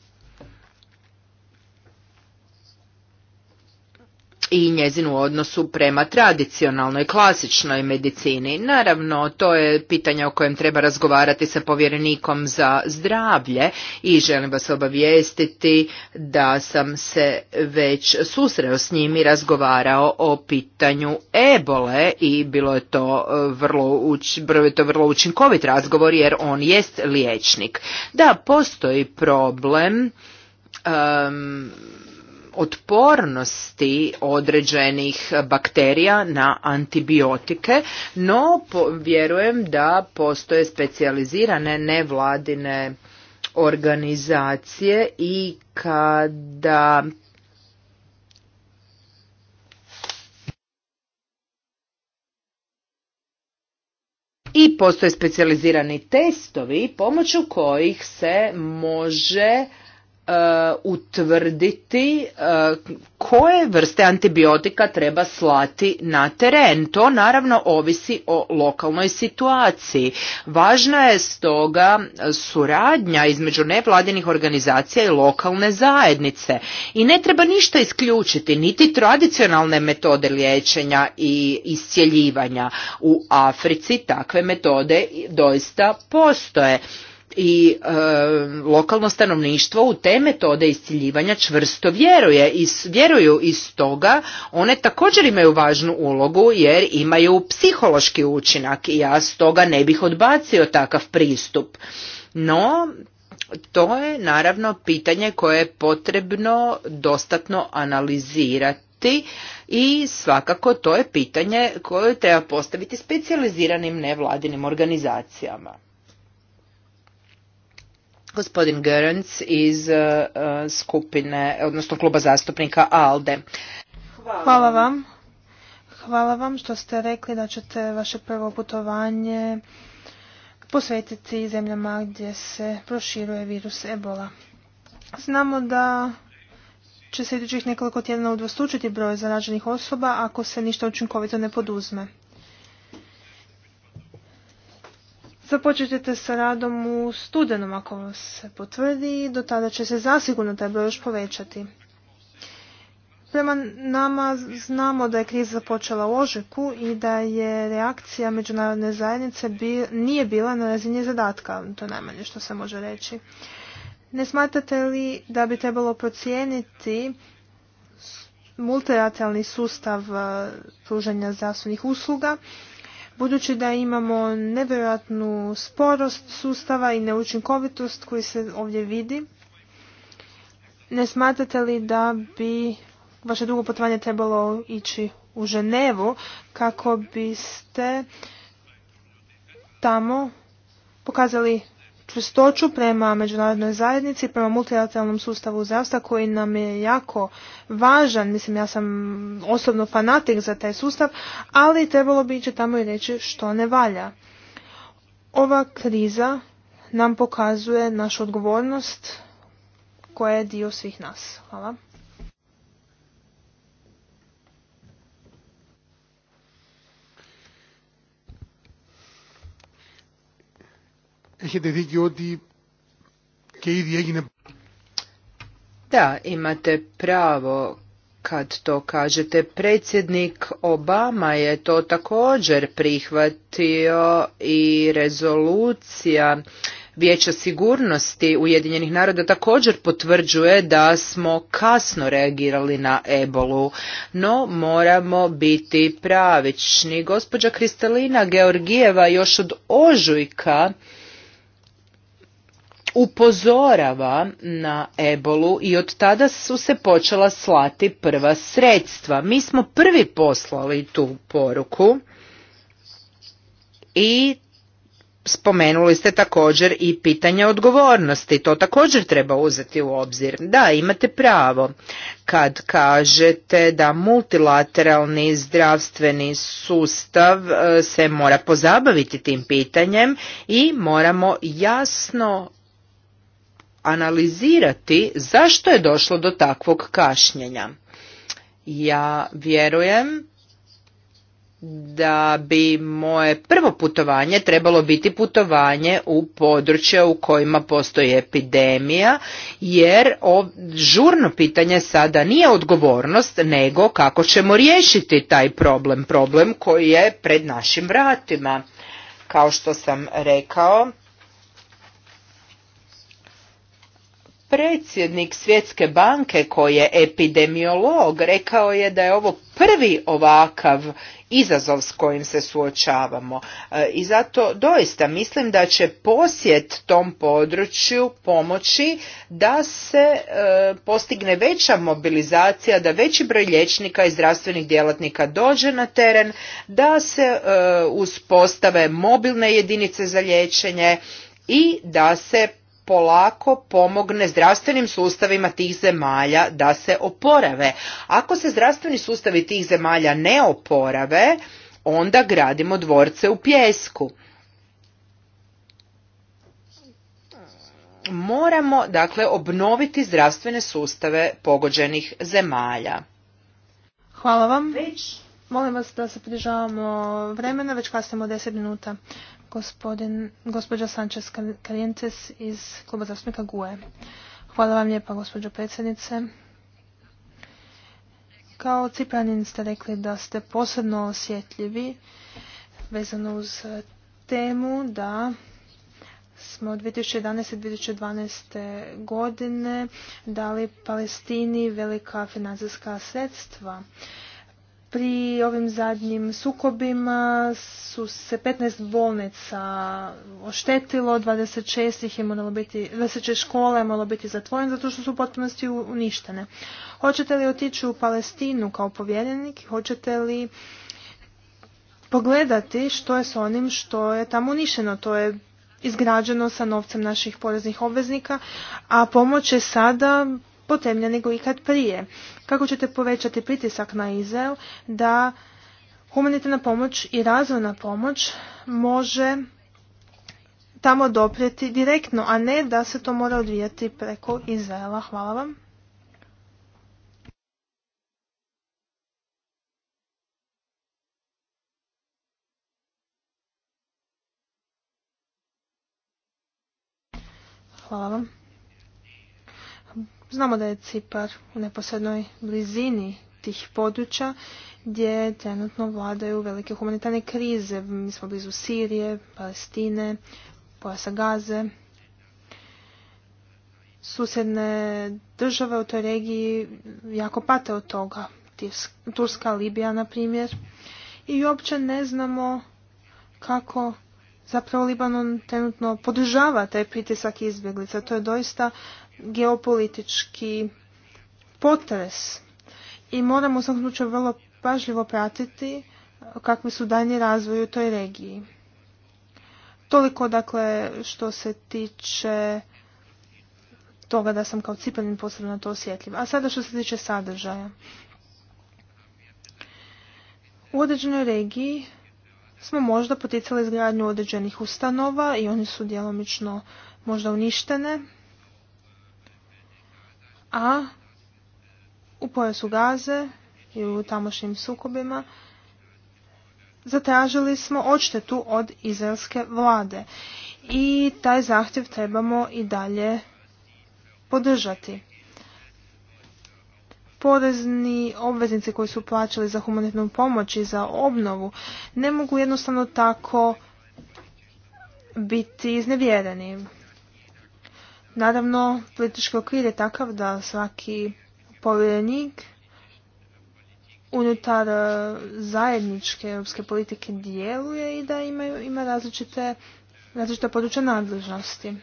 i njezinu odnosu prema tradicionalnoj klasičnoj medicini. Naravno, to je pitanje o kojem treba razgovarati sa povjerenikom za zdravlje i želim vas obavijestiti da sam se već susreo s njim i razgovarao o pitanju ebole i bilo je to e, vrlo, je to vrlo učinkovit razgovor jer on jest liječnik. Da, postoji problem otpornosti određenih bakterija na antibiotike, no vjerujem da postoje specijalizirane nevladine organizacije i kada i postoje specijalizirani testovi pomoću kojih se može Uh, utvrditi uh, koje vrste antibiotika treba slati na teren. To naravno ovisi o lokalnoj situaciji. Važna je stoga suradnja između nevladinih organizacija i lokalne zajednice. I ne treba ništa isključiti, niti tradicionalne metode liječenja i iscjeljivanja. U Africi takve metode doista postoje i e, lokalno stanovništvo u te metode isciljivanja čvrsto vjeruje i vjeruju iz toga, one također imaju važnu ulogu jer imaju psihološki učinak i ja stoga ne bih odbacio takav pristup no to je naravno pitanje koje je potrebno dostatno analizirati i svakako to je pitanje koje treba postaviti specijaliziranim nevladinim organizacijama gospodin iz e, skupine, odnosno kluba zastupnika ALDE. Hvala, vam. Hvala vam što ste rekli da ćete vaše prvo putovanje posvetiti zemljama gdje se proširuje virus ebola. Znamo da će se idućih nekoliko tjedana udvostručiti broj zarađenih osoba ako se ništa učinkovito ne poduzme. Započet ćete sa radom u studenom ako se potvrdi do tada će se zasigurno taj još povećati. Prema nama znamo da je kriza počela u ožeku i da je reakcija međunarodne zajednice nije bila na razini zadatka, to najmanje što se može reći. Ne smatrate li da bi trebalo procijeniti multilateralni sustav eh, pružanja zdravstvenih usluga budući da imamo nevjerojatnu sporost sustava i neučinkovitost koji se ovdje vidi. Ne smatrate li da bi vaše drugo putovanje trebalo ići u Ženevu kako biste tamo pokazali čvrstoću prema međunarodnoj zajednici, prema multilateralnom sustavu zdravstva koji nam je jako važan. Mislim, ja sam osobno fanatik za taj sustav, ali trebalo bi ići tamo i reći što ne valja. Ova kriza nam pokazuje našu odgovornost koja je dio svih nas. Hvala. Έχετε Da, imate pravo kad to kažete. Predsjednik Obama je to također prihvatio i rezolucija Vijeća sigurnosti Ujedinjenih naroda također potvrđuje da smo kasno reagirali na ebolu, no moramo biti pravični. Gospođa Kristalina Georgijeva još od ožujka upozorava na ebolu i od tada su se počela slati prva sredstva. Mi smo prvi poslali tu poruku i spomenuli ste također i pitanje odgovornosti. To također treba uzeti u obzir. Da, imate pravo kad kažete da multilateralni zdravstveni sustav e, se mora pozabaviti tim pitanjem i moramo jasno analizirati zašto je došlo do takvog kašnjenja. Ja vjerujem da bi moje prvo putovanje trebalo biti putovanje u područja u kojima postoji epidemija, jer žurno pitanje sada nije odgovornost, nego kako ćemo riješiti taj problem, problem koji je pred našim vratima. Kao što sam rekao, predsjednik Svjetske banke koji je epidemiolog rekao je da je ovo prvi ovakav izazov s kojim se suočavamo. E, I zato doista mislim da će posjet tom području pomoći da se e, postigne veća mobilizacija, da veći broj liječnika i zdravstvenih djelatnika dođe na teren, da se e, uspostave mobilne jedinice za liječenje i da se polako pomogne zdravstvenim sustavima tih zemalja da se oporave. Ako se zdravstveni sustavi tih zemalja ne oporave, onda gradimo dvorce u pjesku. Moramo dakle obnoviti zdravstvene sustave pogođenih zemalja. Hvala vam. Molim vas da se pridržavamo vremena, već kasnimo 10 minuta gospođa Sanchez Calientes iz kluba zastupnika GUE. Hvala vam lijepa, gospođo predsjednice. Kao Cipranin ste rekli da ste posebno osjetljivi vezano uz e, temu da smo od 2011. i 2012. godine dali Palestini velika financijska sredstva pri ovim zadnjim sukobima su se 15 bolnica oštetilo, 26 ih je moralo biti, 26 malo biti zatvorene zato što su u potpunosti uništene. Hoćete li otići u Palestinu kao povjerenik? Hoćete li pogledati što je s onim što je tamo uništeno? To je izgrađeno sa novcem naših poreznih obveznika, a pomoć je sada potrebnija nego ikad prije. Kako ćete povećati pritisak na Izrael da humanitarna pomoć i razvojna pomoć može tamo doprijeti direktno, a ne da se to mora odvijati preko Izraela. Hvala vam. Hvala vam. Znamo da je Cipar u neposrednoj blizini tih područja gdje trenutno vladaju velike humanitarne krize. Mi smo blizu Sirije, Palestine, pojasa Gaze. Susjedne države u toj regiji jako pate od toga. Turska, Libija, na primjer. I uopće ne znamo kako zapravo Libanon trenutno podržava taj pritisak izbjeglica. To je doista geopolitički potres i moramo u svakom slučaju vrlo pažljivo pratiti e, kakvi su daljnji razvoj u toj regiji. Toliko dakle što se tiče toga da sam kao cipanin posebno na to osjetljiv. A sada što se tiče sadržaja. U određenoj regiji smo možda poticali izgradnju određenih ustanova i oni su djelomično možda uništene a u pojasu Gaze i u tamošnjim sukobima zatražili smo odštetu od izraelske vlade i taj zahtjev trebamo i dalje podržati. Porezni obveznici koji su plaćali za humanitarnu pomoć i za obnovu ne mogu jednostavno tako biti iznevjereni. Naravno, politički okvir je takav da svaki povjerenik unutar e, zajedničke europske politike djeluje i da ima, različite, različite područja nadležnosti.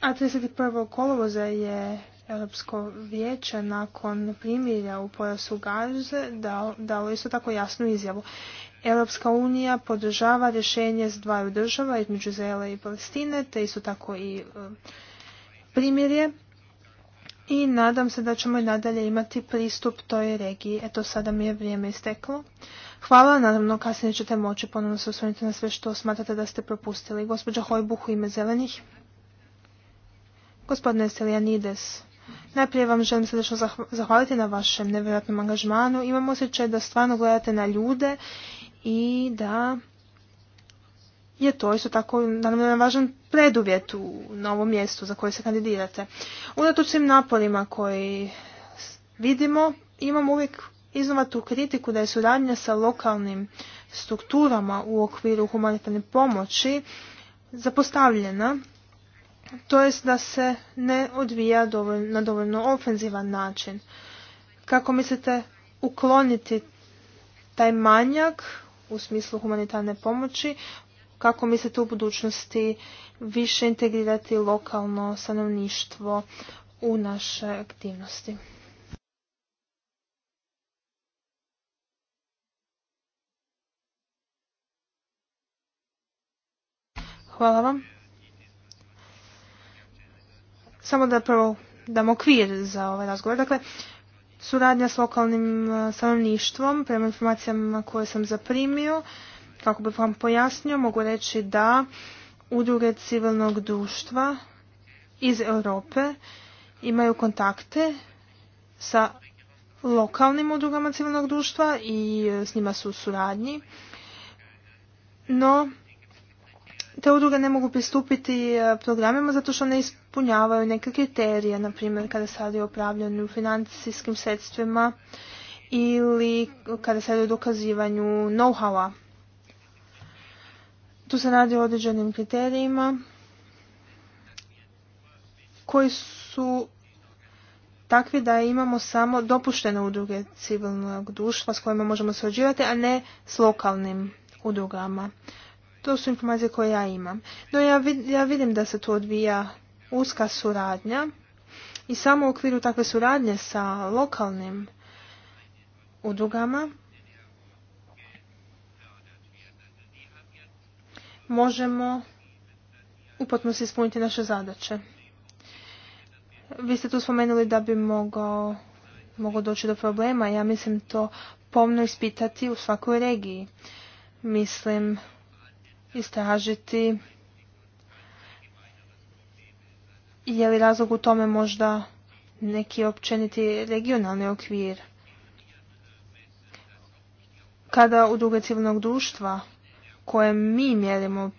A 31. kolovoza je Europsko vijeće nakon primjerja u pojasu Gaze dalo isto tako jasnu izjavu. Europska unija podržava rješenje s dvaju država između Izraela i Palestine, te isto tako i e, primjerje. I nadam se da ćemo i nadalje imati pristup toj regiji. Eto, sada mi je vrijeme isteklo. Hvala, naravno kasnije ćete moći ponovno se osvrnuti na sve što smatrate da ste propustili. Gospođa Hojbuh u ime zelenih. Gospodine Stelijanides, najprije vam želim srdečno zahvaliti na vašem nevjerojatnom angažmanu. Imam osjećaj da stvarno gledate na ljude i da je to isto tako naravno važan preduvjet u novom mjestu za koje se kandidirate. Unatoč svim naporima koji vidimo, imamo uvijek iznova tu kritiku da je suradnja sa lokalnim strukturama u okviru humanitarne pomoći zapostavljena, to jest da se ne odvija na dovoljno ofenzivan način. Kako mislite ukloniti taj manjak u smislu humanitarne pomoći, kako mislite u budućnosti više integrirati lokalno stanovništvo u naše aktivnosti. Hvala vam. Samo da prvo damo okvir za ovaj razgovor. Dakle, Suradnja s lokalnim e, stanovništvom, prema informacijama koje sam zaprimio, kako bih vam pojasnio, mogu reći da udruge civilnog društva iz Europe imaju kontakte sa lokalnim udrugama civilnog društva i e, s njima su u suradnji. No, te udruge ne mogu pristupiti e, programima zato što ne ispunjavaju neke kriterije, na primjer kada se radi o upravljanju financijskim sredstvima ili kada se radi o dokazivanju know a Tu se radi o određenim kriterijima koji su takvi da imamo samo dopuštene udruge civilnog društva s kojima možemo surađivati, a ne s lokalnim udrugama. To su informacije koje ja imam. No ja, ja vidim da se tu odvija uska suradnja i samo u okviru takve suradnje sa lokalnim udrugama možemo u potpunosti ispuniti naše zadaće. Vi ste tu spomenuli da bi mogao, moglo doći do problema. Ja mislim to pomno ispitati u svakoj regiji. Mislim istražiti je li razlog u tome možda neki općeniti regionalni okvir. Kada udruge civilnog društva koje mi mjerimo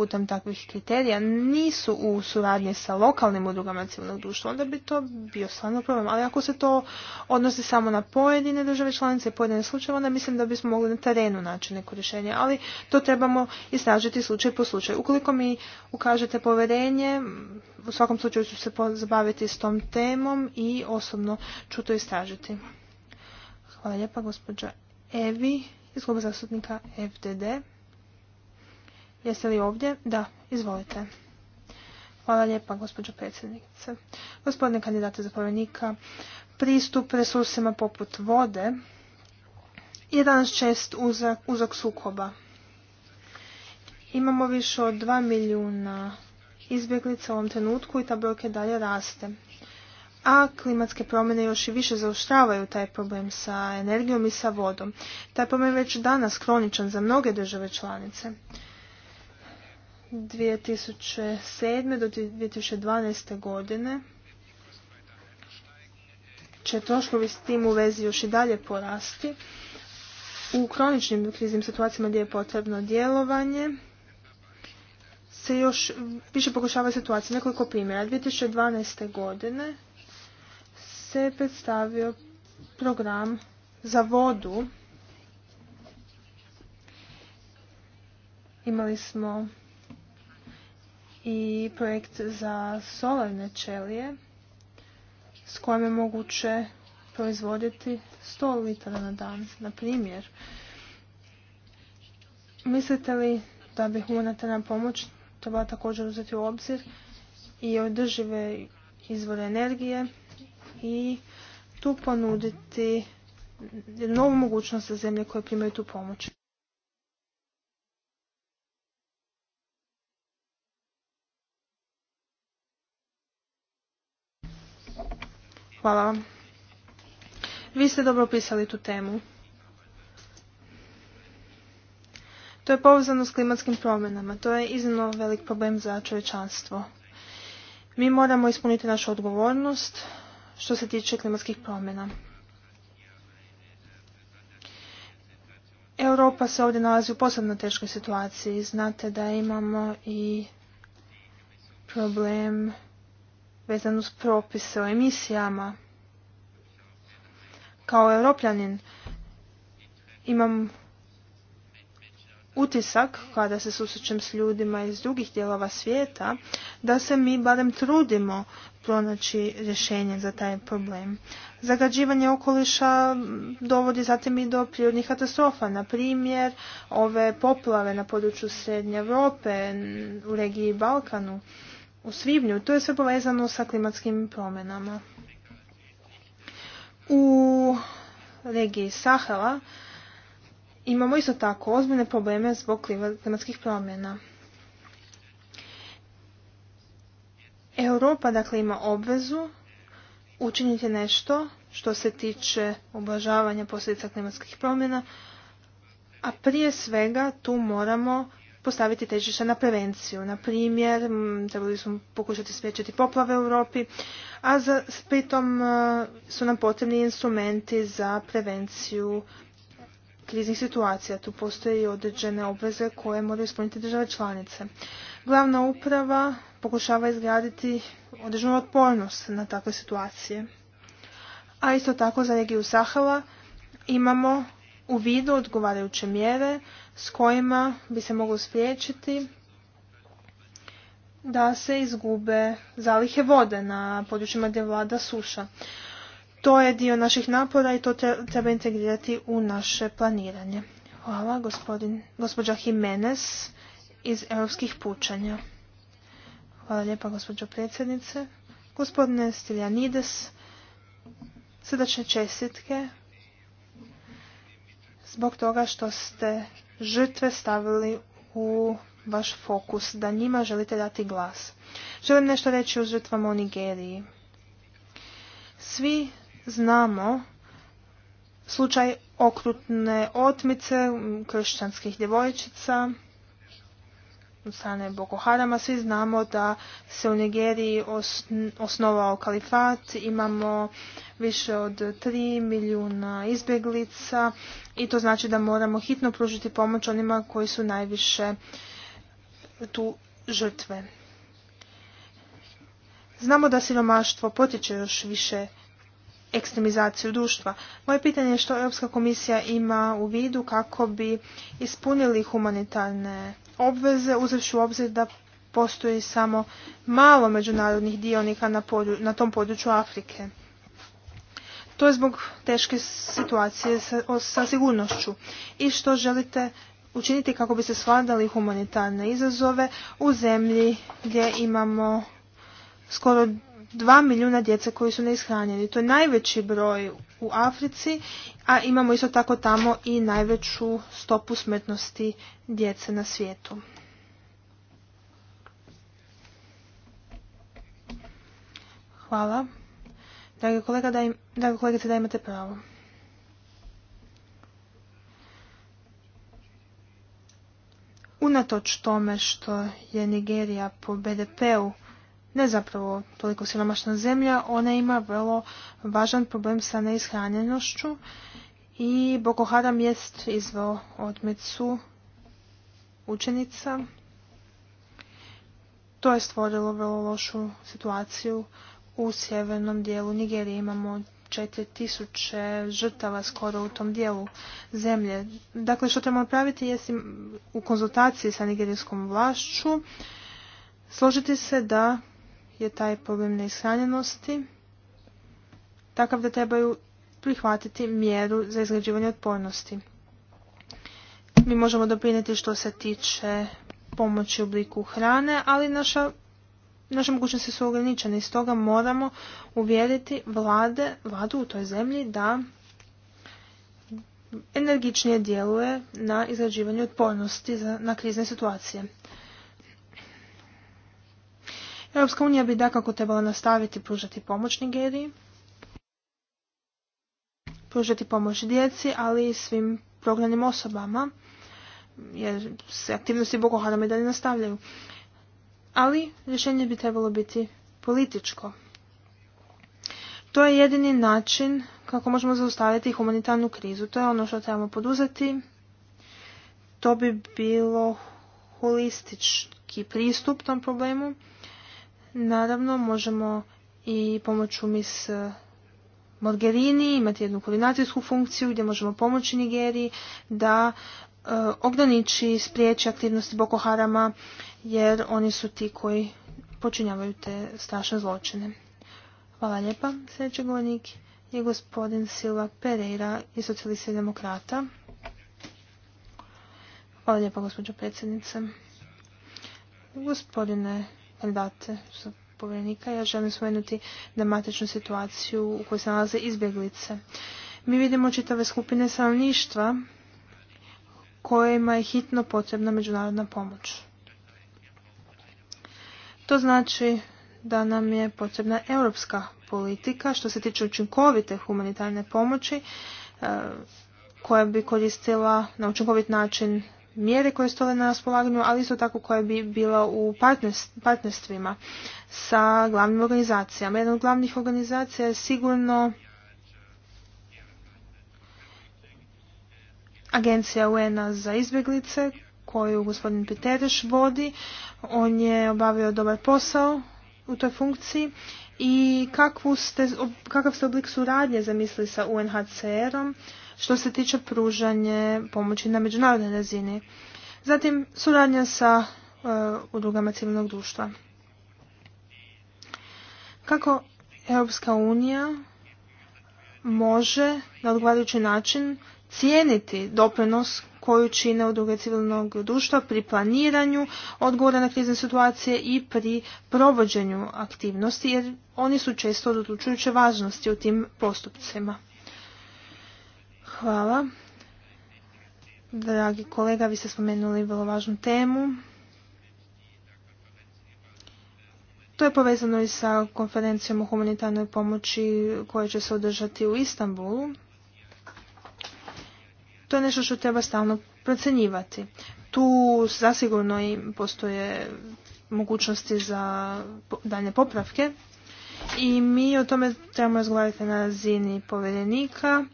putem takvih kriterija nisu u suradnji sa lokalnim udrugama civilnog društva, onda bi to bio stvarno problem. Ali ako se to odnosi samo na pojedine države članice i pojedine slučaje, onda mislim da bismo mogli na terenu naći neko rješenje. Ali to trebamo istražiti slučaj po slučaju. Ukoliko mi ukažete povjerenje, u svakom slučaju ću se zabaviti s tom temom i osobno ću to istražiti. Hvala lijepa gospođa Evi iz kluba zastupnika FDD. Jeste li ovdje? Da, izvolite. Hvala lijepa, gospođo predsjednice. Gospodine kandidate zapovjednika, pristup resursima poput vode je danas čest uzak sukoba. Imamo više od 2 milijuna izbjeglica u ovom trenutku i ta brojka dalje raste. A klimatske promjene još i više zaoštravaju taj problem sa energijom i sa vodom. Taj problem je već danas kroničan za mnoge države članice. 2007. do 2012. godine će troškovi s tim u vezi još i dalje porasti. U kroničnim kriznim situacijama gdje je potrebno djelovanje se još više pokušava situacija. Nekoliko primjera. 2012. godine se predstavio program za vodu. Imali smo i projekt za solarne čelije s kojim je moguće proizvoditi 100 litara na dan, na primjer. Mislite li da bi humanitarna pomoć treba također uzeti u obzir i održive izvore energije i tu ponuditi novu mogućnost za zemlje koje primaju tu pomoć. Hvala vam. Vi ste dobro opisali tu temu. To je povezano s klimatskim promjenama. To je iznimno velik problem za čovječanstvo. Mi moramo ispuniti našu odgovornost što se tiče klimatskih promjena. Europa se ovdje nalazi u posebno teškoj situaciji. Znate da imamo i problem vezan uz propise o emisijama. Kao europljanin imam utisak kada se susrećem s ljudima iz drugih dijelova svijeta da se mi barem trudimo pronaći rješenje za taj problem. Zagađivanje okoliša dovodi zatim i do prirodnih katastrofa, na primjer ove poplave na području Srednje Europe u regiji Balkanu u svibnju. To je sve povezano sa klimatskim promjenama. U regiji Sahela imamo isto tako ozbiljne probleme zbog klimatskih promjena. Europa dakle ima obvezu učiniti nešto što se tiče ublažavanja posljedica klimatskih promjena, a prije svega tu moramo postaviti težište na prevenciju. Na primjer, trebali smo pokušati spriječiti poplave u Europi, a za, pritom e, su nam potrebni instrumenti za prevenciju kriznih situacija. Tu postoje i određene obveze koje moraju ispuniti države članice. Glavna uprava pokušava izgraditi određenu otpornost na takve situacije. A isto tako za regiju Sahala imamo u vidu odgovarajuće mjere s kojima bi se moglo spriječiti da se izgube zalihe vode na područjima gdje vlada suša. To je dio naših napora i to treba integrirati u naše planiranje. Hvala, gospodin, gospođa Jimenez iz Europskih pučanja. Hvala lijepa, gospođo predsjednice. Gospodine Stiljanides, srdačne čestitke zbog toga što ste žrtve stavili u vaš fokus, da njima želite dati glas. Želim nešto reći o žrtvama u Nigeriji. Svi znamo slučaj okrutne otmice kršćanskih djevojčica, od strane Boko Harama. Svi znamo da se u Nigeriji osnovao kalifat, imamo više od 3 milijuna izbjeglica i to znači da moramo hitno pružiti pomoć onima koji su najviše tu žrtve. Znamo da siromaštvo potiče još više ekstremizaciju društva. Moje pitanje je što Europska komisija ima u vidu kako bi ispunili humanitarne obveze uzevši u obzir da postoji samo malo međunarodnih dionika na, tom području Afrike. To je zbog teške situacije sa, o, sa sigurnošću. I što želite učiniti kako bi se svladali humanitarne izazove u zemlji gdje imamo skoro dva milijuna djece koji su neishranjeni. To je najveći broj u Africi, a imamo isto tako tamo i najveću stopu smrtnosti djece na svijetu. Hvala. Dragi kolega, kolegice, da imate pravo. Unatoč tome što je Nigerija po BDP-u ne zapravo toliko siromašna zemlja, ona ima vrlo važan problem sa neishranjenošću i Boko Haram jest izveo otmicu učenica. To je stvorilo vrlo lošu situaciju u sjevernom dijelu Nigerije. Imamo 4000 žrtava skoro u tom dijelu zemlje. Dakle, što trebamo praviti je u konzultaciji sa nigerijskom vlašću složiti se da je taj problem neishranjenosti takav da trebaju prihvatiti mjeru za izgrađivanje otpornosti. Mi možemo doprinijeti što se tiče pomoći u obliku hrane, ali naša, naše mogućnosti su ograničene i stoga moramo uvjeriti vlade, vladu u toj zemlji da energičnije djeluje na izrađivanje otpornosti na krizne situacije. Europska unija bi dakako trebala nastaviti pružati pomoć Nigeriji, pružati pomoć djeci, ali i svim prognanim osobama, jer se aktivnosti Boko Haram i dalje nastavljaju. Ali rješenje bi trebalo biti političko. To je jedini način kako možemo zaustaviti humanitarnu krizu. To je ono što trebamo poduzeti. To bi bilo holistički pristup tom problemu. Naravno, možemo i pomoću mis eh, Morgerini imati jednu koordinacijsku funkciju gdje možemo pomoći Nigeriji da eh, ograniči i spriječi aktivnosti Boko Harama jer oni su ti koji počinjavaju te strašne zločine. Hvala lijepa. Sljedeći govornik je gospodin Silva Pereira iz Socialista i Demokrata. Hvala lijepa gospođo predsjednice. Gospodine kandidate za povjerenika, ja želim spomenuti dramatičnu situaciju u kojoj se nalaze izbjeglice. Mi vidimo čitave skupine stanovništva kojima je hitno potrebna međunarodna pomoć. To znači da nam je potrebna europska politika što se tiče učinkovite humanitarne pomoći eh, koja bi koristila na učinkovit način mjere koje stole na raspolaganju, ali isto tako koja bi bila u partnerstvima sa glavnim organizacijama. Jedna od glavnih organizacija je sigurno Agencija UN-a za izbjeglice koju gospodin Piteriš vodi. On je obavio dobar posao u toj funkciji i ste, kakav ste oblik suradnje zamislili sa UNHCR-om što se tiče pružanje pomoći na međunarodnoj razini. Zatim suradnja sa e, udrugama civilnog društva. Kako Europska unija može na odgovarajući način cijeniti doprinos koju čine udruge civilnog društva pri planiranju odgovora na krizne situacije i pri provođenju aktivnosti, jer oni su često od odlučujuće važnosti u tim postupcima. Hvala. Dragi kolega, vi ste spomenuli vrlo važnu temu. To je povezano i sa konferencijom o humanitarnoj pomoći koja će se održati u Istanbulu. To je nešto što treba stalno procjenjivati. Tu zasigurno i postoje mogućnosti za dalje popravke i mi o tome trebamo razgovarati na razini povjerenika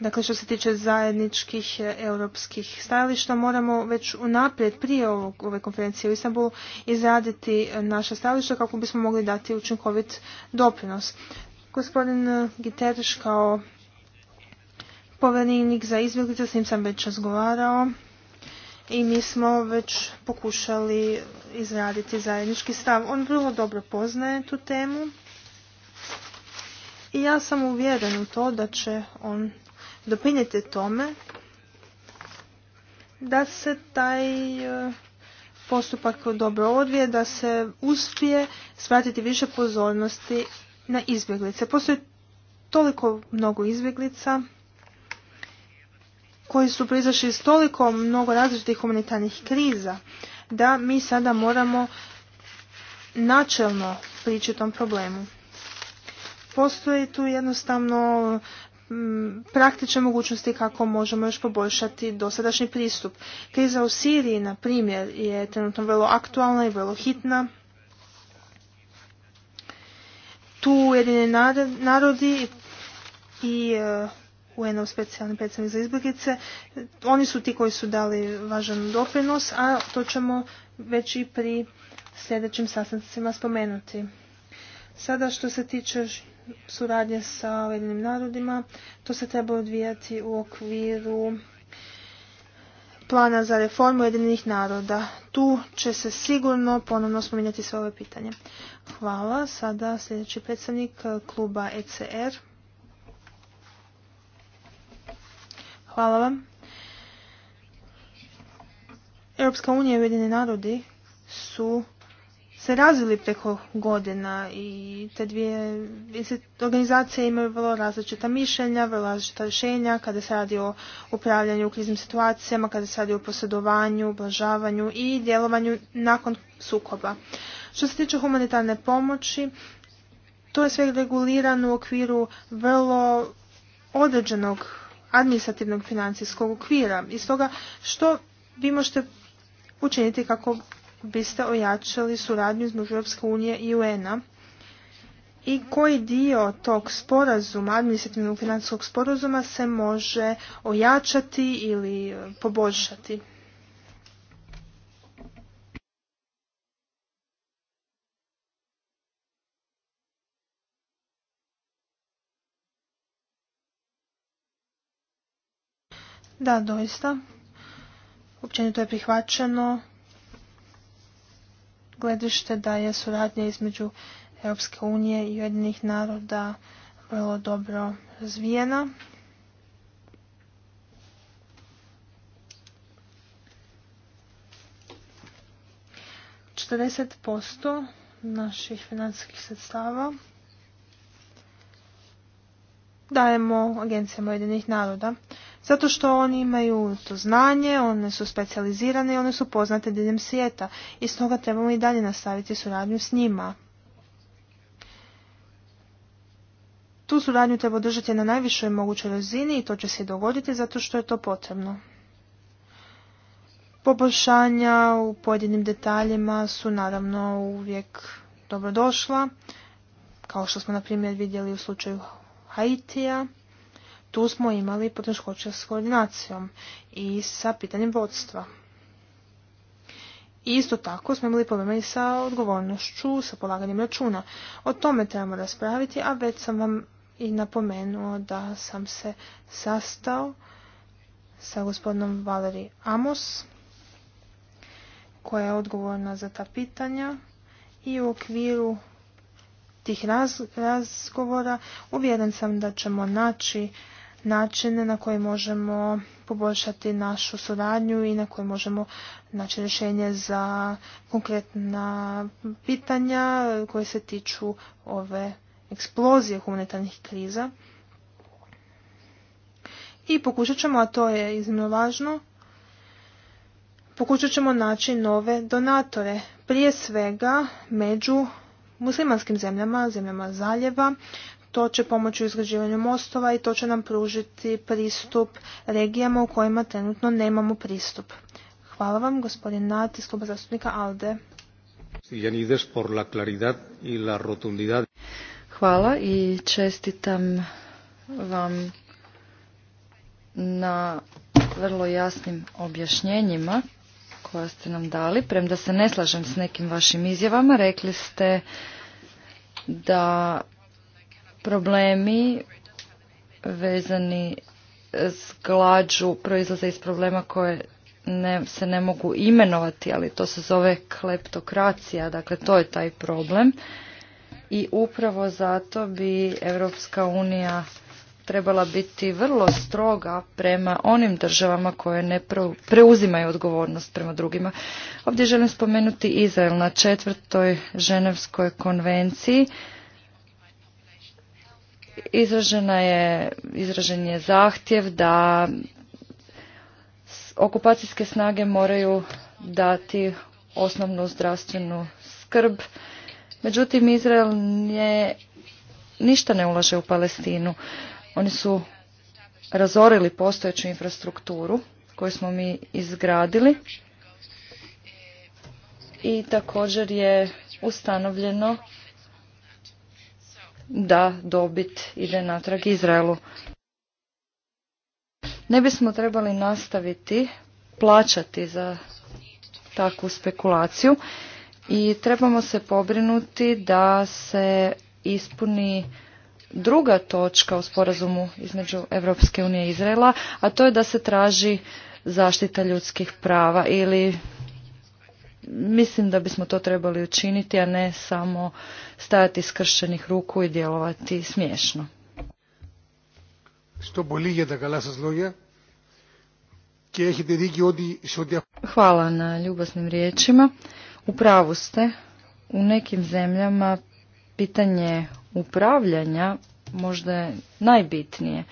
Dakle, što se tiče zajedničkih e, europskih stajališta, moramo već unaprijed prije ovog, ove konferencije u Istanbulu izraditi e, naša stajališta kako bismo mogli dati učinkovit doprinos. Gospodin e, Giteriš kao povjerenik za izbjeglice, s njim sam već razgovarao i mi smo već pokušali izraditi zajednički stav. On vrlo dobro poznaje tu temu i ja sam uvjeren u to da će on doprinijeti tome da se taj e, postupak dobro odvije, da se uspije svratiti više pozornosti na izbjeglice. Postoji toliko mnogo izbjeglica koji su prizašli iz toliko mnogo različitih humanitarnih kriza da mi sada moramo načelno prići tom problemu. Postoji tu jednostavno Mm, praktične mogućnosti kako možemo još poboljšati dosadašnji pristup. Kriza u Siriji, na primjer, je trenutno vrlo aktualna i vrlo hitna. Tu Ujedine narodi i e, UN-ov specijalni predstavnik za izbjeglice, oni su ti koji su dali važan doprinos, a to ćemo već i pri sljedećim sastancima spomenuti. Sada što se tiče suradnje sa Ujedinim narodima. To se treba odvijati u okviru plana za reformu Ujedinih naroda. Tu će se sigurno ponovno spominjati sve ove pitanje. Hvala. Sada sljedeći predstavnik kluba ECR. Hvala vam. Europska unija i Ujedini narodi su se razvili preko godina i te dvije organizacije imaju vrlo različita mišljenja, vrlo različita rješenja kada se radi o upravljanju u kriznim situacijama, kada se radi o posjedovanju, ublažavanju i djelovanju nakon sukoba. Što se tiče humanitarne pomoći, to je sve regulirano u okviru vrlo određenog administrativnog financijskog okvira. I stoga što vi možete učiniti kako biste ojačali suradnju između Europske unije i UN-a i koji dio tog sporazuma, administrativnog financijskog sporazuma se može ojačati ili poboljšati? Da, doista. Općenito je prihvaćeno gledište da je suradnja između Europske unije i jedinih naroda vrlo dobro razvijena. Četrdeset posto naših financijskih sredstava dajemo agencijama jedinih naroda. Zato što oni imaju to znanje, one su specijalizirane i one su poznate diljem svijeta i stoga trebamo i dalje nastaviti suradnju s njima. Tu suradnju treba održati na najvišoj mogućoj razini i to će se dogoditi zato što je to potrebno. Poboljšanja u pojedinim detaljima su naravno uvijek dobrodošla, kao što smo na primjer vidjeli u slučaju Haitija tu smo imali poteškoće s koordinacijom i sa pitanjem vodstva. isto tako smo imali problema i sa odgovornošću, sa polaganjem računa. O tome trebamo raspraviti, a već sam vam i napomenuo da sam se sastao sa gospodinom Valeri Amos, koja je odgovorna za ta pitanja i u okviru tih razgovora uvjeren sam da ćemo naći načine na koje možemo poboljšati našu suradnju i na koje možemo naći rješenje za konkretna pitanja koje se tiču ove eksplozije humanitarnih kriza. I pokušat ćemo, a to je iznimno važno, pokušat ćemo naći nove donatore. Prije svega među muslimanskim zemljama, zemljama zaljeva, to će pomoći u izgrađivanju mostova i to će nam pružiti pristup regijama u kojima trenutno nemamo pristup. Hvala vam, gospodin Nat iz kluba zastupnika ALDE. Hvala i čestitam vam na vrlo jasnim objašnjenjima koja ste nam dali. Premda se ne slažem s nekim vašim izjavama, rekli ste da Problemi vezani s glađu proizlaze iz problema koje ne, se ne mogu imenovati, ali to se zove kleptokracija, dakle to je taj problem. I upravo zato bi Europska unija trebala biti vrlo stroga prema onim državama koje ne preuzimaju odgovornost prema drugima. Ovdje želim spomenuti Izrael na četvrtoj ženevskoj konvenciji izražena je, izražen je zahtjev da okupacijske snage moraju dati osnovnu zdravstvenu skrb. Međutim, Izrael ništa ne ulaže u Palestinu. Oni su razorili postojeću infrastrukturu koju smo mi izgradili i također je ustanovljeno da dobit ide natrag Izraelu. Ne bismo trebali nastaviti plaćati za takvu spekulaciju i trebamo se pobrinuti da se ispuni druga točka u sporazumu između Europske unije i Izraela, a to je da se traži zaštita ljudskih prava ili mislim da bismo to trebali učiniti, a ne samo stajati skršenih ruku i djelovati smiješno. Hvala na ljubasnim riječima. U pravu ste, u nekim zemljama pitanje upravljanja možda je najbitnije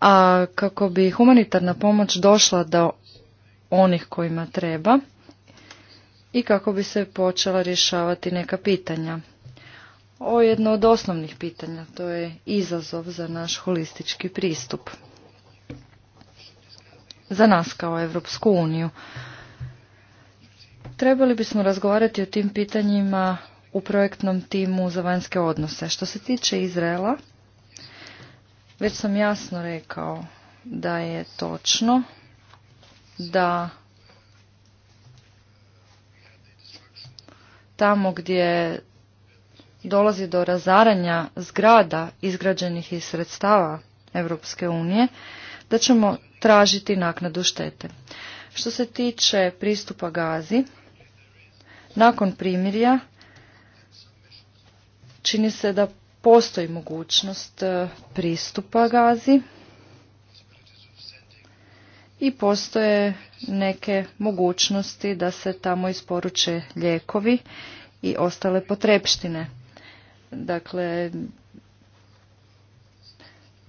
a kako bi humanitarna pomoć došla do onih kojima treba i kako bi se počela rješavati neka pitanja. Ovo je jedno od osnovnih pitanja, to je izazov za naš holistički pristup. Za nas kao Evropsku uniju. Trebali bismo razgovarati o tim pitanjima u projektnom timu za vanjske odnose. Što se tiče Izraela, već sam jasno rekao da je točno da tamo gdje dolazi do razaranja zgrada izgrađenih iz sredstava Europske unije, da ćemo tražiti naknadu štete. Što se tiče pristupa gazi, nakon primirja čini se da postoji mogućnost e, pristupa Gazi i postoje neke mogućnosti da se tamo isporuče lijekovi i ostale potrepštine. Dakle,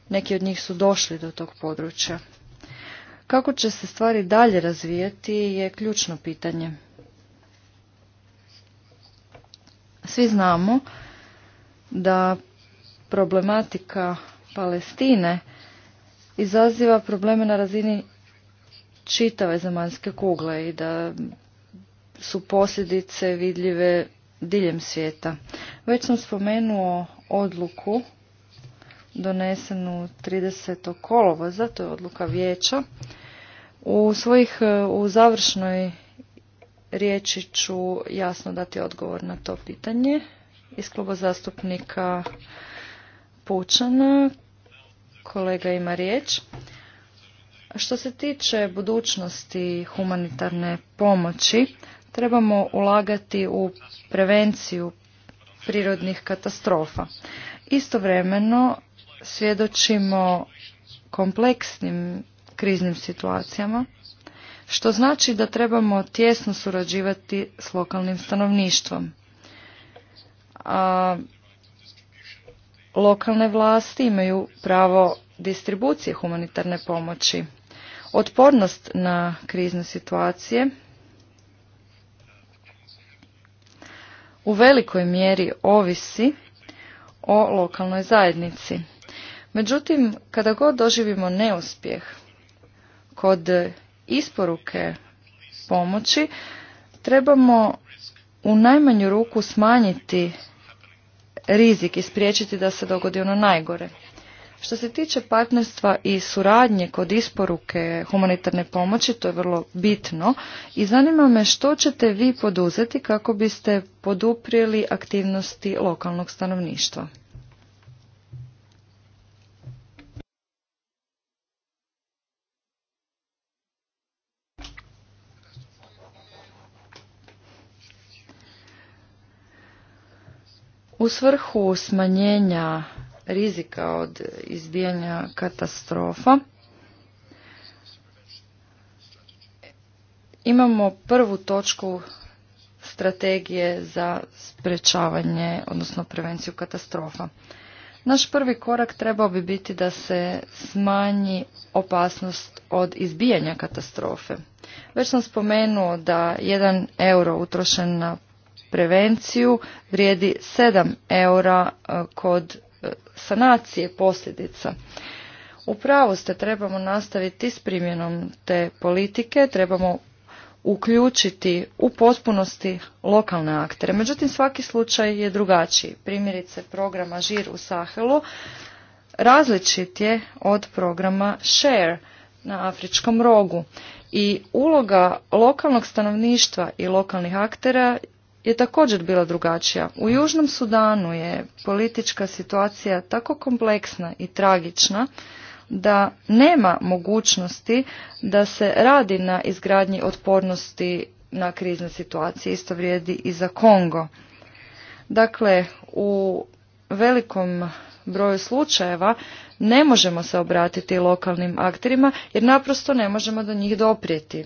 neki od njih su došli do tog područja. Kako će se stvari dalje razvijeti je ključno pitanje. Svi znamo da problematika Palestine izaziva probleme na razini čitave zemaljske kugle i da su posljedice vidljive diljem svijeta. Već sam spomenuo odluku donesenu 30. kolovoza, to je odluka vijeća. U svojih u završnoj riječi ću jasno dati odgovor na to pitanje iz kluba zastupnika Pučana. Kolega ima riječ. Što se tiče budućnosti humanitarne pomoći, trebamo ulagati u prevenciju prirodnih katastrofa. Istovremeno svjedočimo kompleksnim kriznim situacijama, što znači da trebamo tjesno surađivati s lokalnim stanovništvom a lokalne vlasti imaju pravo distribucije humanitarne pomoći. Otpornost na krizne situacije u velikoj mjeri ovisi o lokalnoj zajednici. Međutim, kada god doživimo neuspjeh kod isporuke pomoći, trebamo u najmanju ruku smanjiti rizik i spriječiti da se dogodi ono najgore. Što se tiče partnerstva i suradnje kod isporuke humanitarne pomoći, to je vrlo bitno i zanima me što ćete vi poduzeti kako biste poduprijeli aktivnosti lokalnog stanovništva. U svrhu smanjenja rizika od izbijanja katastrofa imamo prvu točku strategije za sprečavanje, odnosno prevenciju katastrofa. Naš prvi korak trebao bi biti da se smanji opasnost od izbijanja katastrofe. Već sam spomenuo da jedan euro utrošen na prevenciju vrijedi 7 eura e, kod e, sanacije posljedica. U pravu ste, trebamo nastaviti s primjenom te politike, trebamo uključiti u potpunosti lokalne aktere. Međutim, svaki slučaj je drugačiji. Primjerice programa Žir u Sahelu različit je od programa Share na Afričkom rogu. I uloga lokalnog stanovništva i lokalnih aktera je također bila drugačija. U Južnom Sudanu je politička situacija tako kompleksna i tragična da nema mogućnosti da se radi na izgradnji otpornosti na krizne situacije. Isto vrijedi i za Kongo. Dakle, u velikom broju slučajeva ne možemo se obratiti lokalnim akterima jer naprosto ne možemo do njih doprijeti.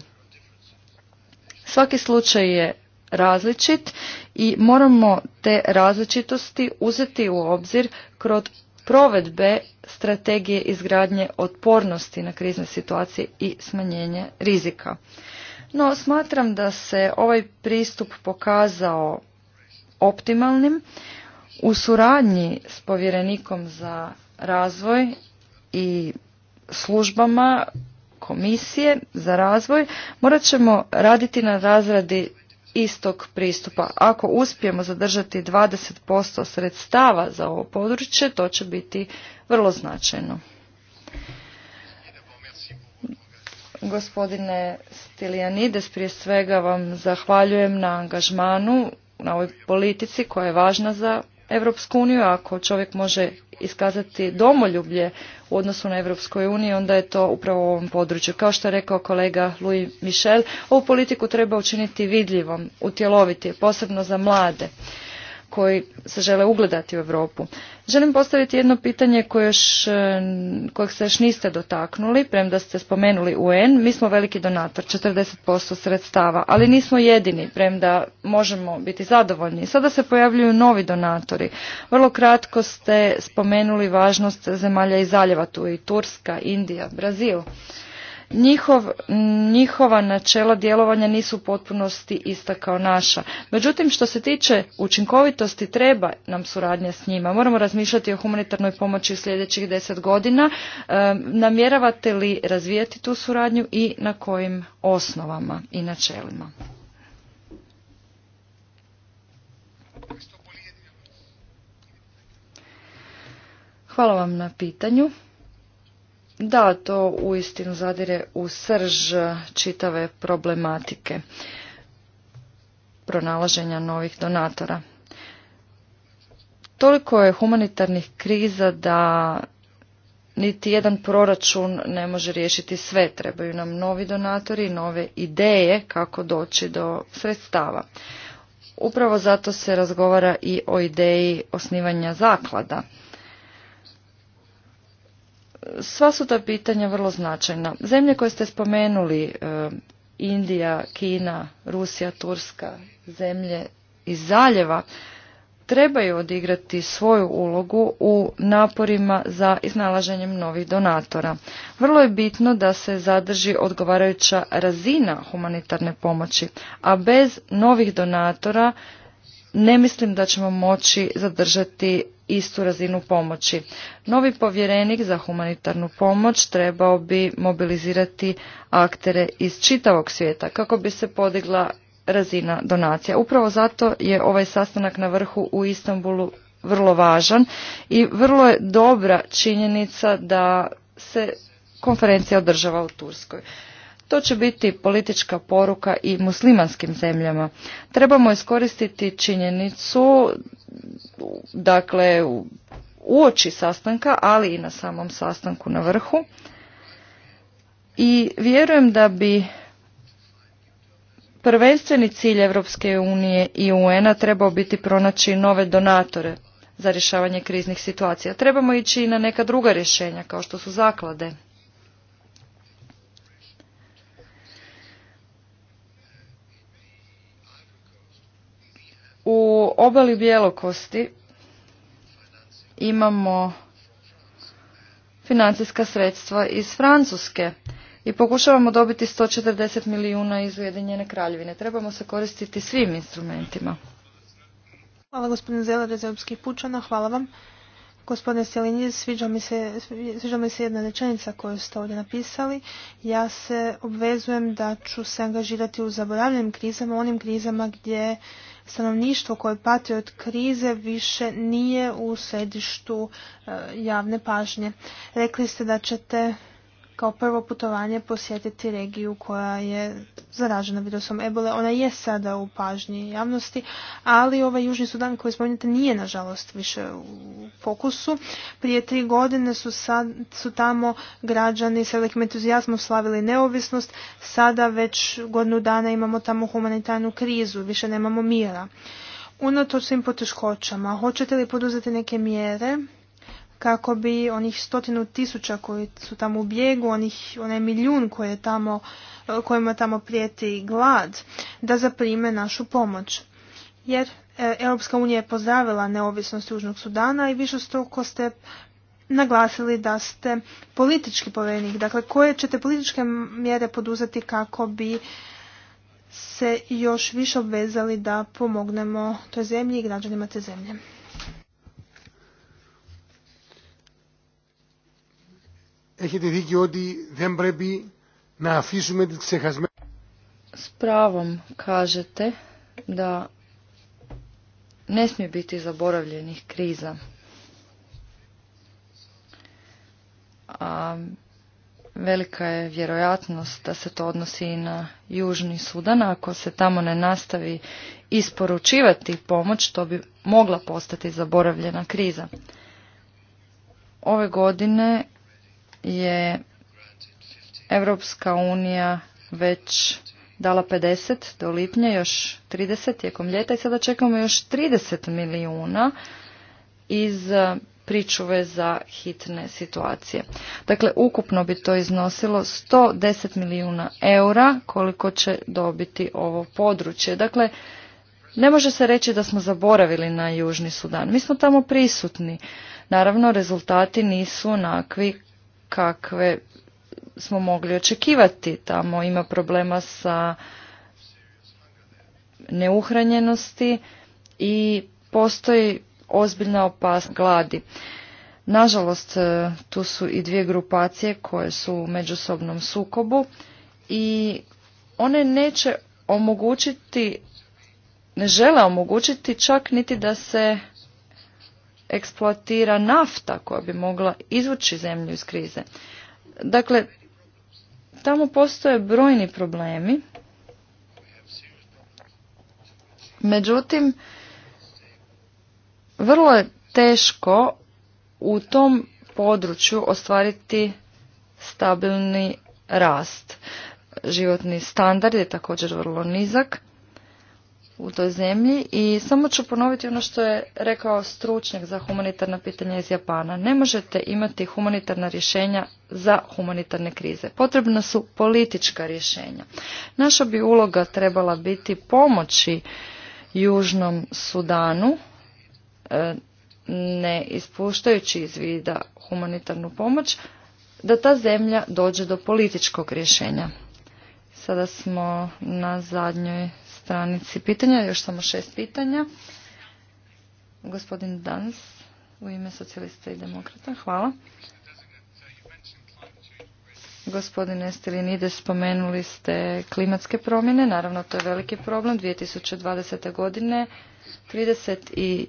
Svaki slučaj je različit i moramo te različitosti uzeti u obzir kroz provedbe strategije izgradnje otpornosti na krizne situacije i smanjenje rizika. No, smatram da se ovaj pristup pokazao optimalnim u suradnji s povjerenikom za razvoj i službama komisije za razvoj morat ćemo raditi na razradi istog pristupa. Ako uspijemo zadržati 20% sredstava za ovo područje, to će biti vrlo značajno. Gospodine Stilianides, prije svega vam zahvaljujem na angažmanu, na ovoj politici koja je važna za Europsku uniju. Ako čovjek može iskazati domoljublje u odnosu na Europsku uniji, onda je to upravo u ovom području. Kao što je rekao kolega Louis Michel, ovu politiku treba učiniti vidljivom, utjeloviti, posebno za mlade koji se žele ugledati u Europu. Želim postaviti jedno pitanje koje e, kojeg se još niste dotaknuli, premda ste spomenuli UN. Mi smo veliki donator, 40% sredstava, ali nismo jedini, premda možemo biti zadovoljni. Sada se pojavljuju novi donatori. Vrlo kratko ste spomenuli važnost zemalja i zaljeva, tu i Turska, Indija, Brazil. Njihov, njihova načela djelovanja nisu u potpunosti ista kao naša. Međutim, što se tiče učinkovitosti, treba nam suradnja s njima. Moramo razmišljati o humanitarnoj pomoći u sljedećih deset godina. namjeravate li razvijati tu suradnju i na kojim osnovama i načelima? Hvala vam na pitanju. Da, to uistinu zadire u srž čitave problematike pronalaženja novih donatora. Toliko je humanitarnih kriza da niti jedan proračun ne može riješiti sve. Trebaju nam novi donatori, nove ideje kako doći do sredstava. Upravo zato se razgovara i o ideji osnivanja zaklada Sva su ta pitanja vrlo značajna. Zemlje koje ste spomenuli, e, Indija, Kina, Rusija, Turska, zemlje iz zaljeva, trebaju odigrati svoju ulogu u naporima za iznalaženjem novih donatora. Vrlo je bitno da se zadrži odgovarajuća razina humanitarne pomoći, a bez novih donatora ne mislim da ćemo moći zadržati istu razinu pomoći. Novi povjerenik za humanitarnu pomoć trebao bi mobilizirati aktere iz čitavog svijeta kako bi se podigla razina donacija. Upravo zato je ovaj sastanak na vrhu u Istanbulu vrlo važan i vrlo je dobra činjenica da se konferencija održava u Turskoj. To će biti politička poruka i muslimanskim zemljama. Trebamo iskoristiti činjenicu dakle uoči sastanka, ali i na samom sastanku na vrhu. I vjerujem da bi prvenstveni cilj Europske unije i UN-a trebao biti pronaći nove donatore za rješavanje kriznih situacija. Trebamo ići i na neka druga rješenja kao što su zaklade. U obali Bjelokosti imamo financijska sredstva iz Francuske i pokušavamo dobiti 140 milijuna iz Ujedinjene kraljevine. Trebamo se koristiti svim instrumentima. Hvala gospodin Zeler iz Europskih pučana, hvala vam. Gospodine Stjelinjiz, sviđa mi, se, mi jedna rečenica koju ste ovdje napisali. Ja se obvezujem da ću se angažirati u zaboravljenim krizama, onim krizama gdje stanovništvo koje pati od krize više nije u središtu e, javne pažnje. Rekli ste da ćete kao prvo putovanje posjetiti regiju koja je zaražena virusom ebole. Ona je sada u pažnji javnosti, ali ovaj Južni Sudan koji spominjate nije nažalost više u fokusu. Prije tri godine su, sad, su tamo građani s velikim entuzijazmom slavili neovisnost. Sada već godinu dana imamo tamo humanitarnu krizu, više nemamo mira. Unatoč svim poteškoćama, hoćete li poduzeti neke mjere kako bi onih stotinu tisuća koji su tamo u bijegu, onih, onaj milijun koji je tamo, kojima tamo prijeti glad, da zaprime našu pomoć. Jer e, Europska unija je pozdravila neovisnost Južnog Sudana i više stoko ste naglasili da ste politički povjerenik Dakle, koje ćete političke mjere poduzeti kako bi se još više obvezali da pomognemo toj zemlji i građanima te zemlje? S pravom kažete da ne smije biti zaboravljenih kriza. A velika je vjerojatnost da se to odnosi i na Južni Sudan. Ako se tamo ne nastavi isporučivati pomoć, to bi mogla postati zaboravljena kriza. Ove godine je Europska unija već dala 50 do lipnja, još 30 tijekom ljeta i sada čekamo još 30 milijuna iz e, pričuve za hitne situacije. Dakle, ukupno bi to iznosilo 110 milijuna eura koliko će dobiti ovo područje. Dakle, ne može se reći da smo zaboravili na Južni Sudan. Mi smo tamo prisutni. Naravno, rezultati nisu onakvi kakve smo mogli očekivati. Tamo ima problema sa neuhranjenosti i postoji ozbiljna opasnost gladi. Nažalost, e, tu su i dvije grupacije koje su u međusobnom sukobu i one neće omogućiti, ne žele omogućiti čak niti da se eksploatira nafta koja bi mogla izvući zemlju iz krize. Dakle, tamo postoje brojni problemi. Međutim, vrlo je teško u tom području ostvariti stabilni rast. Životni standard je također vrlo nizak u toj zemlji i samo ću ponoviti ono što je rekao stručnjak za humanitarna pitanja iz Japana. Ne možete imati humanitarna rješenja za humanitarne krize. Potrebna su politička rješenja. Naša bi uloga trebala biti pomoći Južnom Sudanu, e, ne ispuštajući iz vida humanitarnu pomoć, da ta zemlja dođe do političkog rješenja. Sada smo na zadnjoj stranici pitanja, još samo šest pitanja. Gospodin Dans u ime socijalista i demokrata, hvala. Gospodine Stilinide, spomenuli ste klimatske promjene, naravno to je veliki problem. 2020. godine 32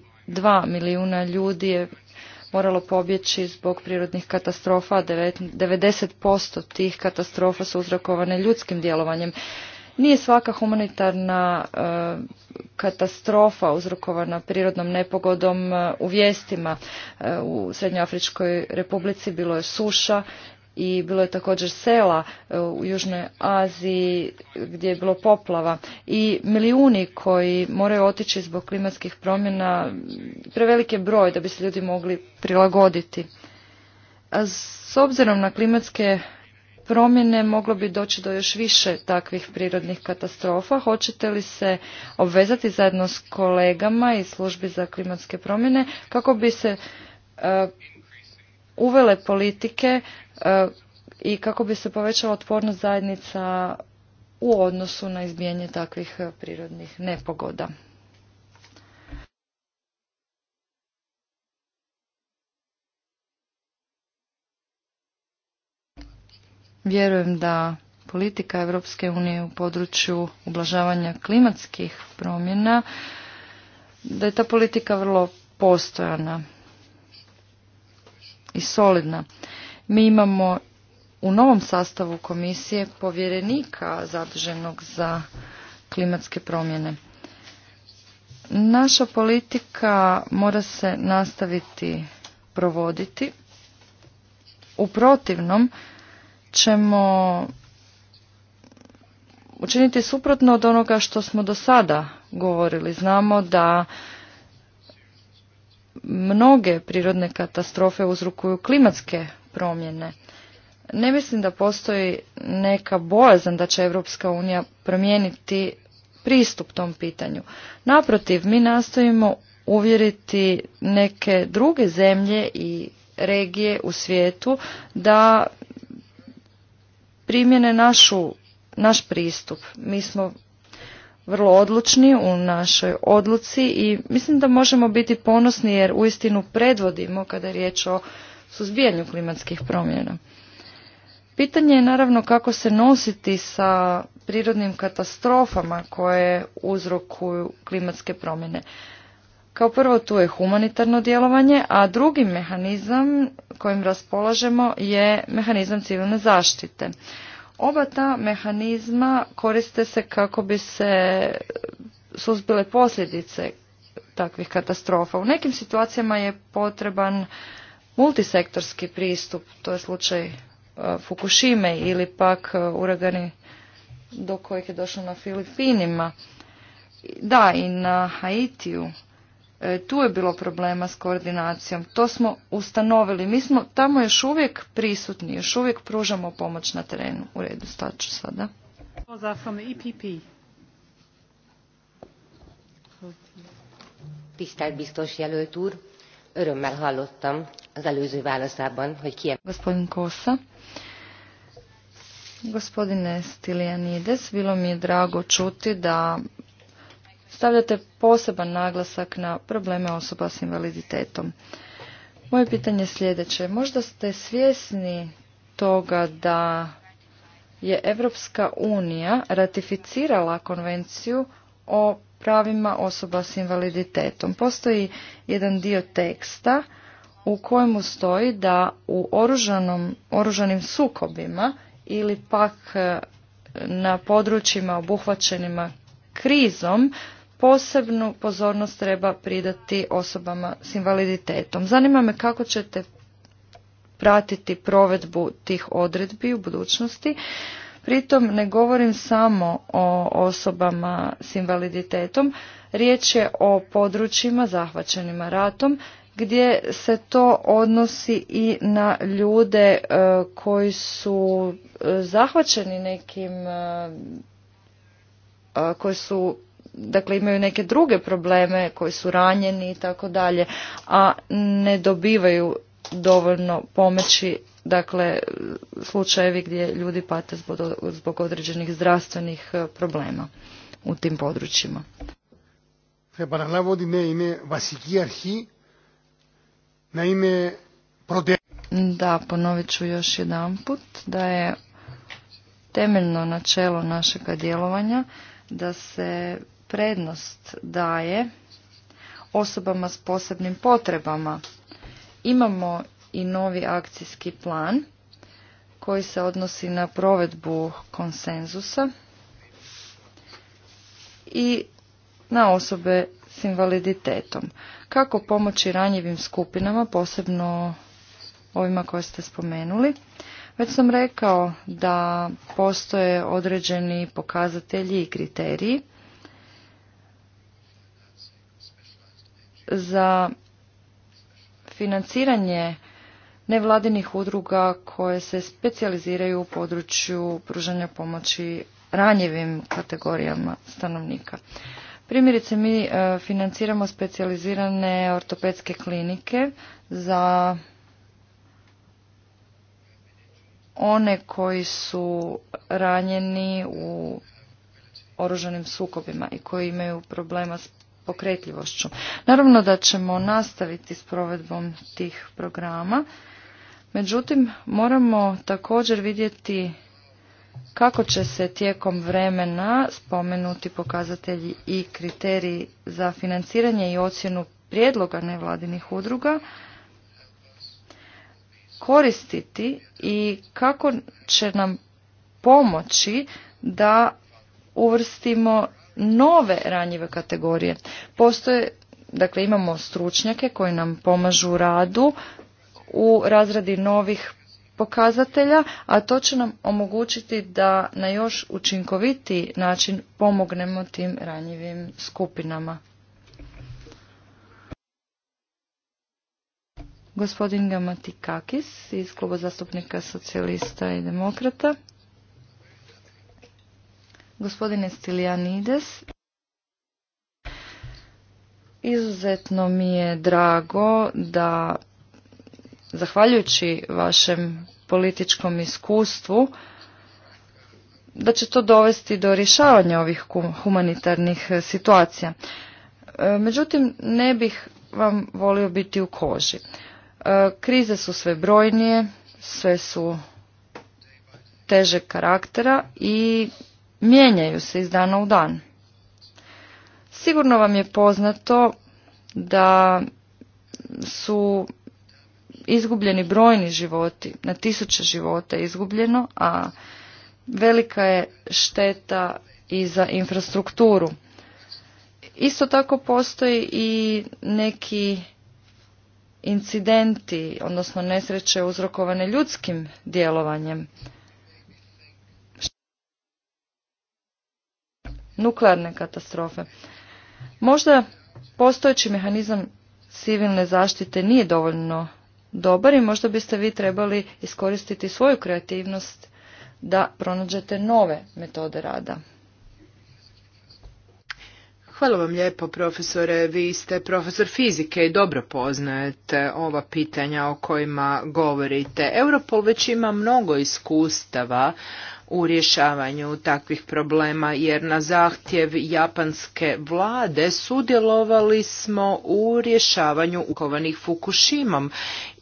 milijuna ljudi je moralo pobjeći zbog prirodnih katastrofa, 90% tih katastrofa su uzrokovane ljudskim djelovanjem. Nije svaka humanitarna e, katastrofa uzrokovana prirodnom nepogodom e, u vijestima. E, u Srednjoafričkoj republici bilo je suša i bilo je također sela u Južnoj Aziji gdje je bilo poplava i milijuni koji moraju otići zbog klimatskih promjena prevelik je broj da bi se ljudi mogli prilagoditi. A s obzirom na klimatske promjene moglo bi doći do još više takvih prirodnih katastrofa. Hoćete li se obvezati zajedno s kolegama iz službi za klimatske promjene kako bi se e, uvele politike e, i kako bi se povećala otpornost zajednica u odnosu na izbijanje takvih prirodnih nepogoda? Vjerujem da politika Europske unije u području ublažavanja klimatskih promjena, da je ta politika vrlo postojana i solidna. Mi imamo u novom sastavu komisije povjerenika zaduženog za klimatske promjene. Naša politika mora se nastaviti provoditi. U protivnom, ćemo učiniti suprotno od onoga što smo do sada govorili. Znamo da mnoge prirodne katastrofe uzrokuju klimatske promjene. Ne mislim da postoji neka bojazan da će Europska unija promijeniti pristup tom pitanju. Naprotiv, mi nastojimo uvjeriti neke druge zemlje i regije u svijetu da primjene našu, naš pristup. Mi smo vrlo odlučni u našoj odluci i mislim da možemo biti ponosni jer uistinu predvodimo kada je riječ o suzbijanju klimatskih promjena. Pitanje je naravno kako se nositi sa prirodnim katastrofama koje uzrokuju klimatske promjene. Kao prvo tu je humanitarno djelovanje, a drugi mehanizam kojim raspolažemo je mehanizam civilne zaštite. Oba ta mehanizma koriste se kako bi se suzbile posljedice takvih katastrofa. U nekim situacijama je potreban multisektorski pristup, to je slučaj e, Fukushime ili pak e, uragani do kojih je došlo na Filipinima. Da, i na Haitiju E, tu je bilo problema s koordinacijom. To smo ustanovili. Mi smo tamo još uvijek prisutni, još uvijek pružamo pomoć na terenu. U redu, stat ću sada. E biztos Gospodin Kosa, gospodine Stilianides, bilo mi je drago čuti da stavljate poseban naglasak na probleme osoba s invaliditetom. Moje pitanje je sljedeće. Možda ste svjesni toga da je Europska unija ratificirala konvenciju o pravima osoba s invaliditetom. Postoji jedan dio teksta u kojemu stoji da u oružanom, oružanim sukobima ili pak eh, na područjima obuhvaćenima krizom posebnu pozornost treba pridati osobama s invaliditetom. Zanima me kako ćete pratiti provedbu tih odredbi u budućnosti. Pritom ne govorim samo o osobama s invaliditetom, riječ je o područjima zahvaćenima ratom gdje se to odnosi i na ljude e, koji su e, zahvaćeni nekim e, koji su dakle imaju neke druge probleme koji su ranjeni i tako dalje, a ne dobivaju dovoljno pomoći dakle slučajevi gdje ljudi pate zbog određenih zdravstvenih e, problema u tim područjima. Da, ponovit ću još jedan put da je temeljno načelo našega djelovanja da se prednost daje osobama s posebnim potrebama. Imamo i novi akcijski plan koji se odnosi na provedbu konsenzusa i na osobe s invaliditetom. Kako pomoći ranjivim skupinama, posebno ovima koje ste spomenuli? Već sam rekao da postoje određeni pokazatelji i kriteriji za financiranje nevladinih udruga koje se specijaliziraju u području pružanja pomoći ranjivim kategorijama stanovnika. Primjerice mi e, financiramo specijalizirane ortopedske klinike za one koji su ranjeni u oružanim sukobima i koji imaju problema s pokretljivošću. Naravno da ćemo nastaviti s provedbom tih programa, međutim moramo također vidjeti kako će se tijekom vremena spomenuti pokazatelji i kriteriji za financiranje i ocjenu prijedloga nevladinih udruga koristiti i kako će nam pomoći da uvrstimo nove ranjive kategorije. Postoje, dakle imamo stručnjake koji nam pomažu u radu u razradi novih pokazatelja, a to će nam omogućiti da na još učinkovitiji način pomognemo tim ranjivim skupinama. Gospodin Gamatikakis iz Kluba zastupnika socijalista i demokrata. Gospodine Stilianides, izuzetno mi je drago da zahvaljujući vašem političkom iskustvu da će to dovesti do rješavanja ovih humanitarnih e, situacija. E, međutim, ne bih vam volio biti u koži. E, krize su sve brojnije, sve su težeg karaktera i mijenjaju se iz dana u dan. Sigurno vam je poznato da su izgubljeni brojni životi, na tisuće života izgubljeno, a velika je šteta i za infrastrukturu. Isto tako postoji i neki incidenti, odnosno nesreće uzrokovane ljudskim djelovanjem. nuklearne katastrofe. Možda postojeći mehanizam civilne zaštite nije dovoljno dobar i možda biste vi trebali iskoristiti svoju kreativnost da pronađete nove metode rada. Hvala vam lijepo profesore, vi ste profesor fizike i dobro poznajete ova pitanja o kojima govorite. Europol već ima mnogo iskustava u rješavanju takvih problema jer na zahtjev japanske vlade sudjelovali smo u rješavanju ukovanih Fukushimom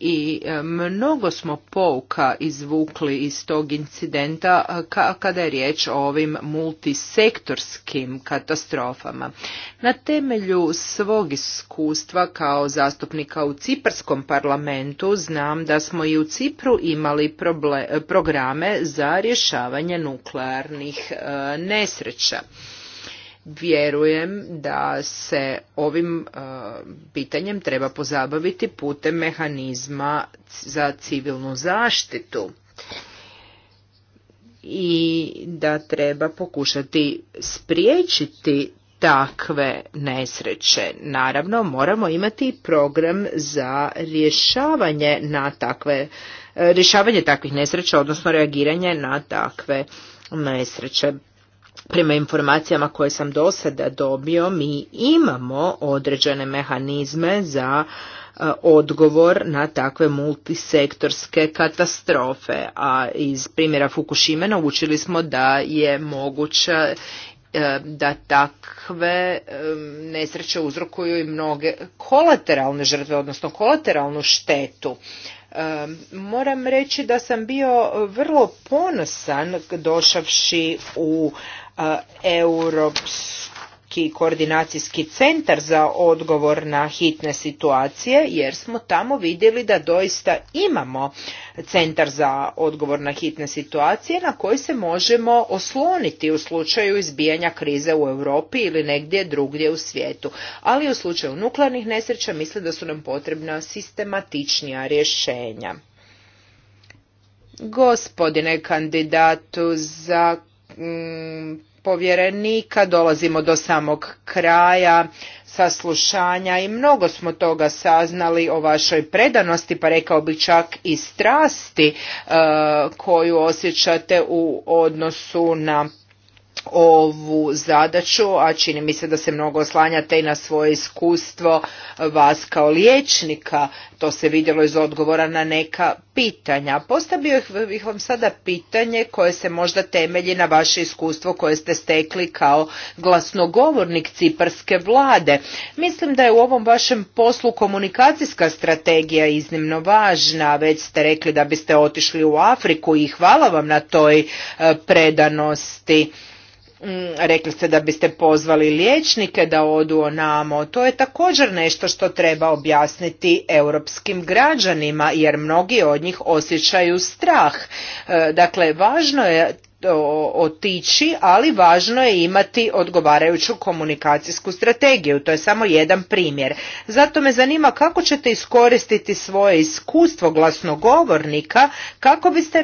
i e, mnogo smo pouka izvukli iz tog incidenta e, kada je riječ o ovim multisektorskim katastrofama. Na temelju svog iskustva kao zastupnika u Ciparskom parlamentu znam da smo i u Cipru imali programe za rješavanje nuklearnih e, nesreća vjerujem da se ovim e, pitanjem treba pozabaviti putem mehanizma za civilnu zaštitu i da treba pokušati spriječiti takve nesreće. Naravno, moramo imati program za rješavanje na takve e, rješavanje takvih nesreća, odnosno reagiranje na takve nesreće. Prema informacijama koje sam do sada dobio, mi imamo određene mehanizme za e, odgovor na takve multisektorske katastrofe. A iz primjera Fukushima naučili smo da je moguće e, da takve e, nesreće uzrokuju i mnoge kolateralne žrtve, odnosno kolateralnu štetu. Moram reći da sam bio vrlo ponosan došavši u E, Europski koordinacijski centar za odgovor na hitne situacije jer smo tamo vidjeli da doista imamo centar za odgovor na hitne situacije na koji se možemo osloniti u slučaju izbijanja krize u Europi ili negdje drugdje u svijetu. Ali u slučaju nuklearnih nesreća mislim da su nam potrebna sistematičnija rješenja. Gospodine kandidatu za Mm, povjerenika, dolazimo do samog kraja saslušanja i mnogo smo toga saznali o vašoj predanosti, pa rekao bih čak i strasti e, koju osjećate u odnosu na ovu zadaću, a čini mi se da se mnogo oslanjate i na svoje iskustvo vas kao liječnika. To se vidjelo iz odgovora na neka pitanja. Postavio bih vam sada pitanje koje se možda temelji na vaše iskustvo koje ste stekli kao glasnogovornik Ciparske vlade. Mislim da je u ovom vašem poslu komunikacijska strategija iznimno važna. Već ste rekli da biste otišli u Afriku i hvala vam na toj e, predanosti. Mm, rekli ste da biste pozvali liječnike da odu namo. To je također nešto što treba objasniti europskim građanima jer mnogi od njih osjećaju strah. E, dakle, važno je otići, ali važno je imati odgovarajuću komunikacijsku strategiju. To je samo jedan primjer. Zato me zanima kako ćete iskoristiti svoje iskustvo glasnogovornika kako biste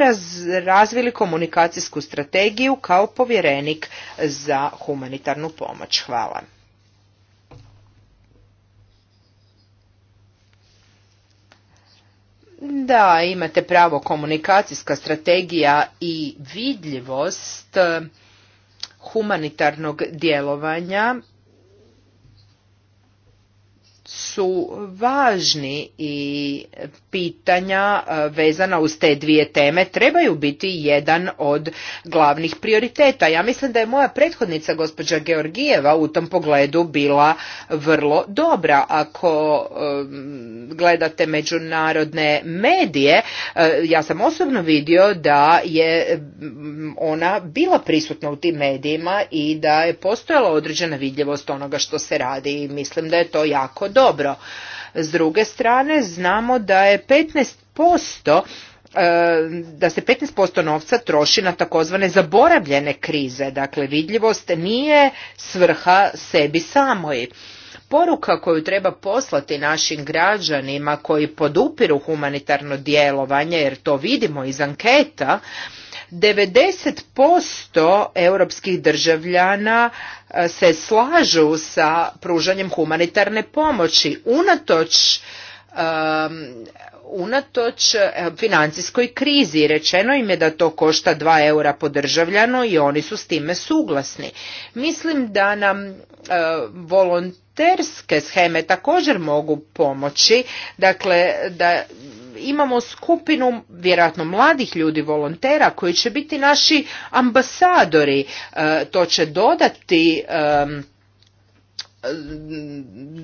razvili komunikacijsku strategiju kao povjerenik za humanitarnu pomoć. Hvala. Da, imate pravo komunikacijska strategija i vidljivost eh, humanitarnog djelovanja su važni i pitanja e, vezana uz te dvije teme trebaju biti jedan od glavnih prioriteta. Ja mislim da je moja prethodnica gospođa Georgijeva u tom pogledu bila vrlo dobra. Ako gledate međunarodne medije, e, ja sam osobno vidio da je ona bila prisutna u tim medijima i da je postojala određena vidljivost onoga što se radi i mislim da je to jako dobro dobro. S druge strane znamo da je 15% e, da se 15% novca troši na takozvane zaboravljene krize. Dakle, vidljivost nije svrha sebi samoj. Poruka koju treba poslati našim građanima koji podupiru humanitarno djelovanje, jer to vidimo iz anketa, 90% europskih državljana e, se slažu sa pružanjem humanitarne pomoći unatoč unatoč e, financijskoj krizi. Rečeno im je da to košta 2 eura po državljanu i oni su s time suglasni. Mislim da nam e, volonterske sheme također mogu pomoći, dakle da imamo skupinu vjerojatno mladih ljudi volontera koji će biti naši ambasadori e, to će dodati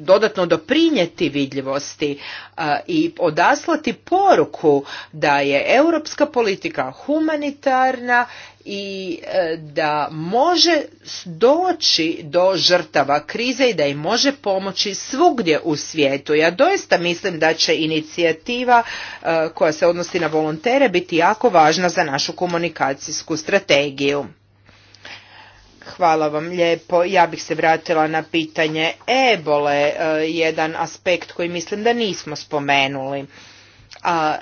dodatno doprinijeti vidljivosti e, i odaslati poruku da je europska politika humanitarna i e, da može doći do žrtava krize i da im može pomoći svugdje u svijetu. Ja doista mislim da će inicijativa e, koja se odnosi na volontere biti jako važna za našu komunikacijsku strategiju. Hvala vam lijepo. Ja bih se vratila na pitanje ebole, e, jedan aspekt koji mislim da nismo spomenuli. A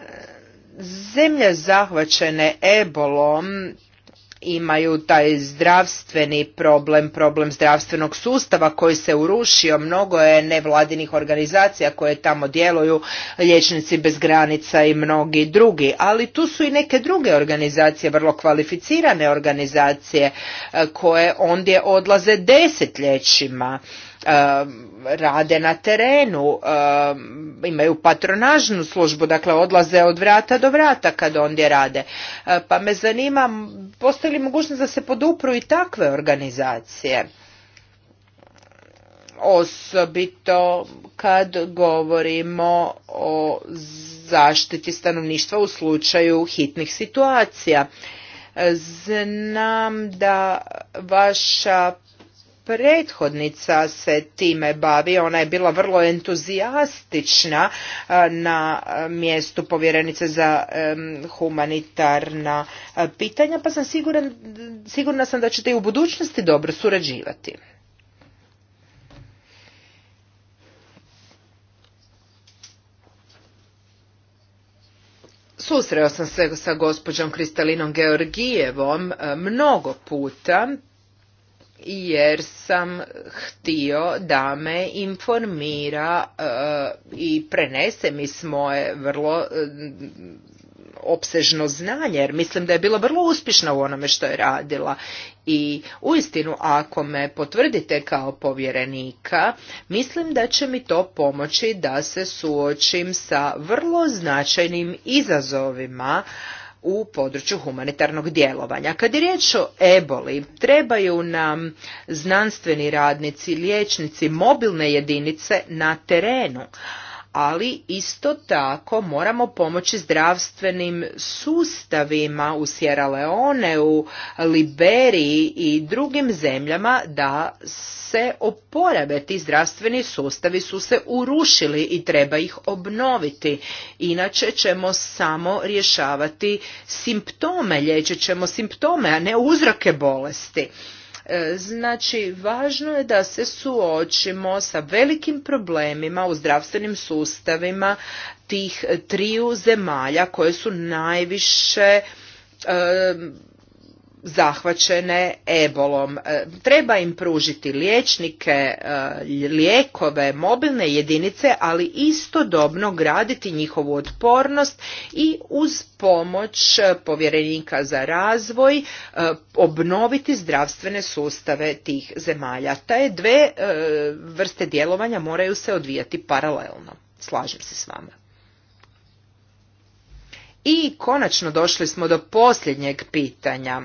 zemlje zahvaćene ebolom imaju taj zdravstveni problem, problem zdravstvenog sustava koji se urušio, mnogo je nevladinih organizacija koje tamo djeluju, liječnici bez granica i mnogi drugi, ali tu su i neke druge organizacije, vrlo kvalificirane organizacije e, koje ondje odlaze desetljećima Um, rade na terenu, um, imaju patronažnu službu, dakle odlaze od vrata do vrata kad ondje rade. Uh, pa me zanima, postoji li mogućnost da se podupru i takve organizacije? osobito kad govorimo o zaštiti stanovništva u slučaju hitnih situacija. Znam da vaša prethodnica se time bavi, ona je bila vrlo entuzijastična e, na mjestu povjerenice za humanitarna e, pitanja, pa sam sigurna sam da ćete i u budućnosti dobro surađivati. Susreo sam se sa gospođom Kristalinom Georgijevom e, mnogo puta, jer sam htio da me informira e, i prenese mi moje vrlo e, opsežno znanje jer mislim da je bila vrlo uspješna u onome što je radila i uistinu ako me potvrdite kao povjerenika mislim da će mi to pomoći da se suočim sa vrlo značajnim izazovima u području humanitarnog djelovanja. Kad je riječ o eboli, trebaju nam znanstveni radnici, liječnici, mobilne jedinice na terenu, ali isto tako moramo pomoći zdravstvenim sustavima u Sierra Leone, u Liberiji i drugim zemljama da se oporabe. Ti zdravstveni sustavi su se urušili i treba ih obnoviti. Inače ćemo samo rješavati simptome, liječit ćemo simptome, a ne uzroke bolesti. E, znači, važno je da se suočimo sa velikim problemima u zdravstvenim sustavima tih triju zemalja koje su najviše e, zahvaćene ebolom. E, treba im pružiti liječnike, e, lijekove, mobilne jedinice, ali istodobno graditi njihovu otpornost i uz pomoć povjerenika za razvoj e, obnoviti zdravstvene sustave tih zemalja. Te dve vrste djelovanja moraju se odvijati paralelno. Slažem se s vama. I konačno došli smo do posljednjeg pitanja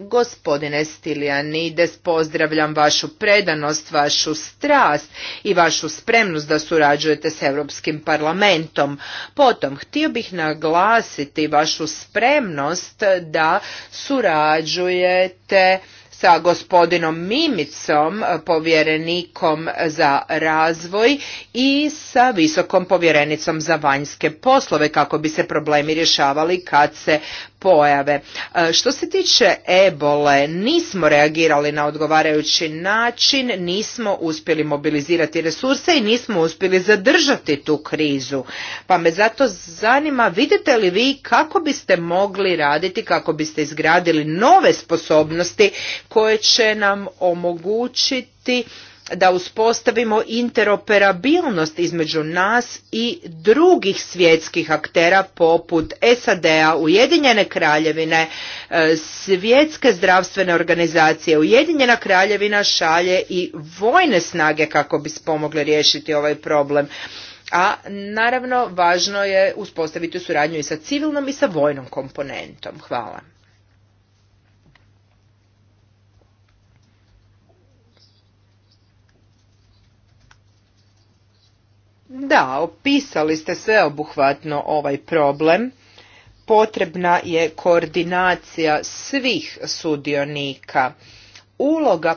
Gospodine Stilijani, pozdravljam vašu predanost, vašu strast i vašu spremnost da surađujete s Europskim parlamentom. Potom, htio bih naglasiti vašu spremnost da surađujete sa gospodinom Mimicom, povjerenikom za razvoj i sa visokom povjerenicom za vanjske poslove kako bi se problemi rješavali kad se pojave. E, što se tiče ebole, nismo reagirali na odgovarajući način, nismo uspjeli mobilizirati resurse i nismo uspjeli zadržati tu krizu. Pa me zato zanima, vidite li vi kako biste mogli raditi, kako biste izgradili nove sposobnosti koje će nam omogućiti da uspostavimo interoperabilnost između nas i drugih svjetskih aktera poput SAD-a, Ujedinjene kraljevine, e, svjetske zdravstvene organizacije. Ujedinjena kraljevina šalje i vojne snage kako bi pomogle riješiti ovaj problem. A naravno važno je uspostaviti suradnju i sa civilnom i sa vojnom komponentom. Hvala. Da, opisali ste sveobuhvatno ovaj problem. Potrebna je koordinacija svih sudionika. Uloga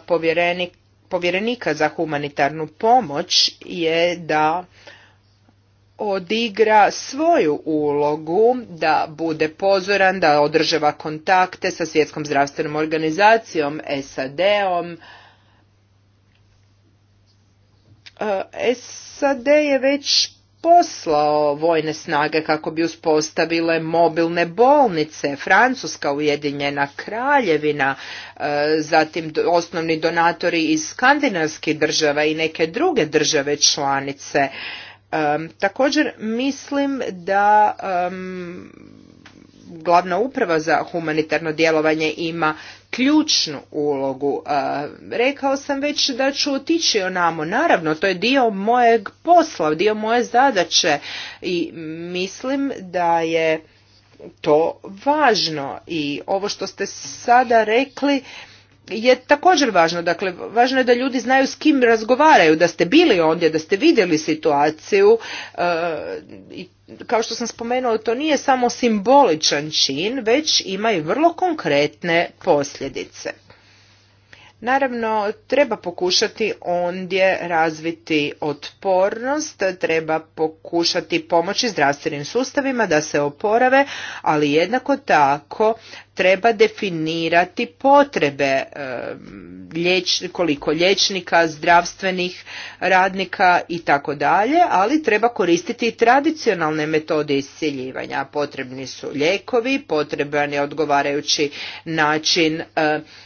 povjerenika za humanitarnu pomoć je da odigra svoju ulogu, da bude pozoran, da održava kontakte sa Svjetskom zdravstvenom organizacijom, SAD-om, E, SAD je već poslao vojne snage kako bi uspostavile mobilne bolnice, Francuska ujedinjena kraljevina, e, zatim osnovni donatori iz skandinavskih država i neke druge države članice. E, također mislim da glavna uprava za humanitarno djelovanje ima ključnu ulogu. Rekao sam već da ću otići onamo. Naravno, to je dio mojeg posla, dio moje zadaće i mislim da je to važno i ovo što ste sada rekli je također važno. Dakle, važno je da ljudi znaju s kim razgovaraju, da ste bili ondje, da ste vidjeli situaciju. E, I kao što sam spomenula, to nije samo simboličan čin, već ima i vrlo konkretne posljedice. Naravno, treba pokušati ondje razviti otpornost, treba pokušati pomoći zdravstvenim sustavima da se oporave, ali jednako tako treba definirati potrebe e, koliko liječnika, zdravstvenih radnika i tako dalje, ali treba koristiti i tradicionalne metode isciljivanja. Potrebni su lijekovi, potreban je odgovarajući način e,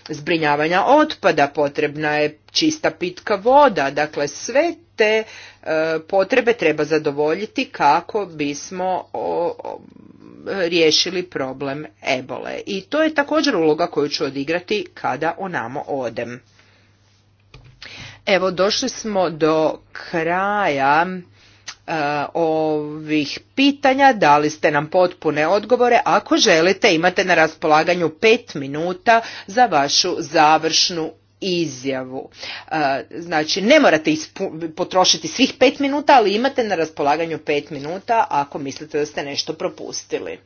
zbrinjavanja otpada, potrebna je čista pitka voda, dakle sve te e, potrebe treba zadovoljiti kako bismo riješili problem ebole. I to je također uloga koju ću odigrati kada onamo odem. Evo, došli smo do kraja e, ovih pitanja, dali ste nam potpune odgovore. Ako želite, imate na raspolaganju pet minuta za vašu završnu izjavu. E, znači, ne morate potrošiti svih pet minuta, ali imate na raspolaganju pet minuta ako mislite da ste nešto propustili.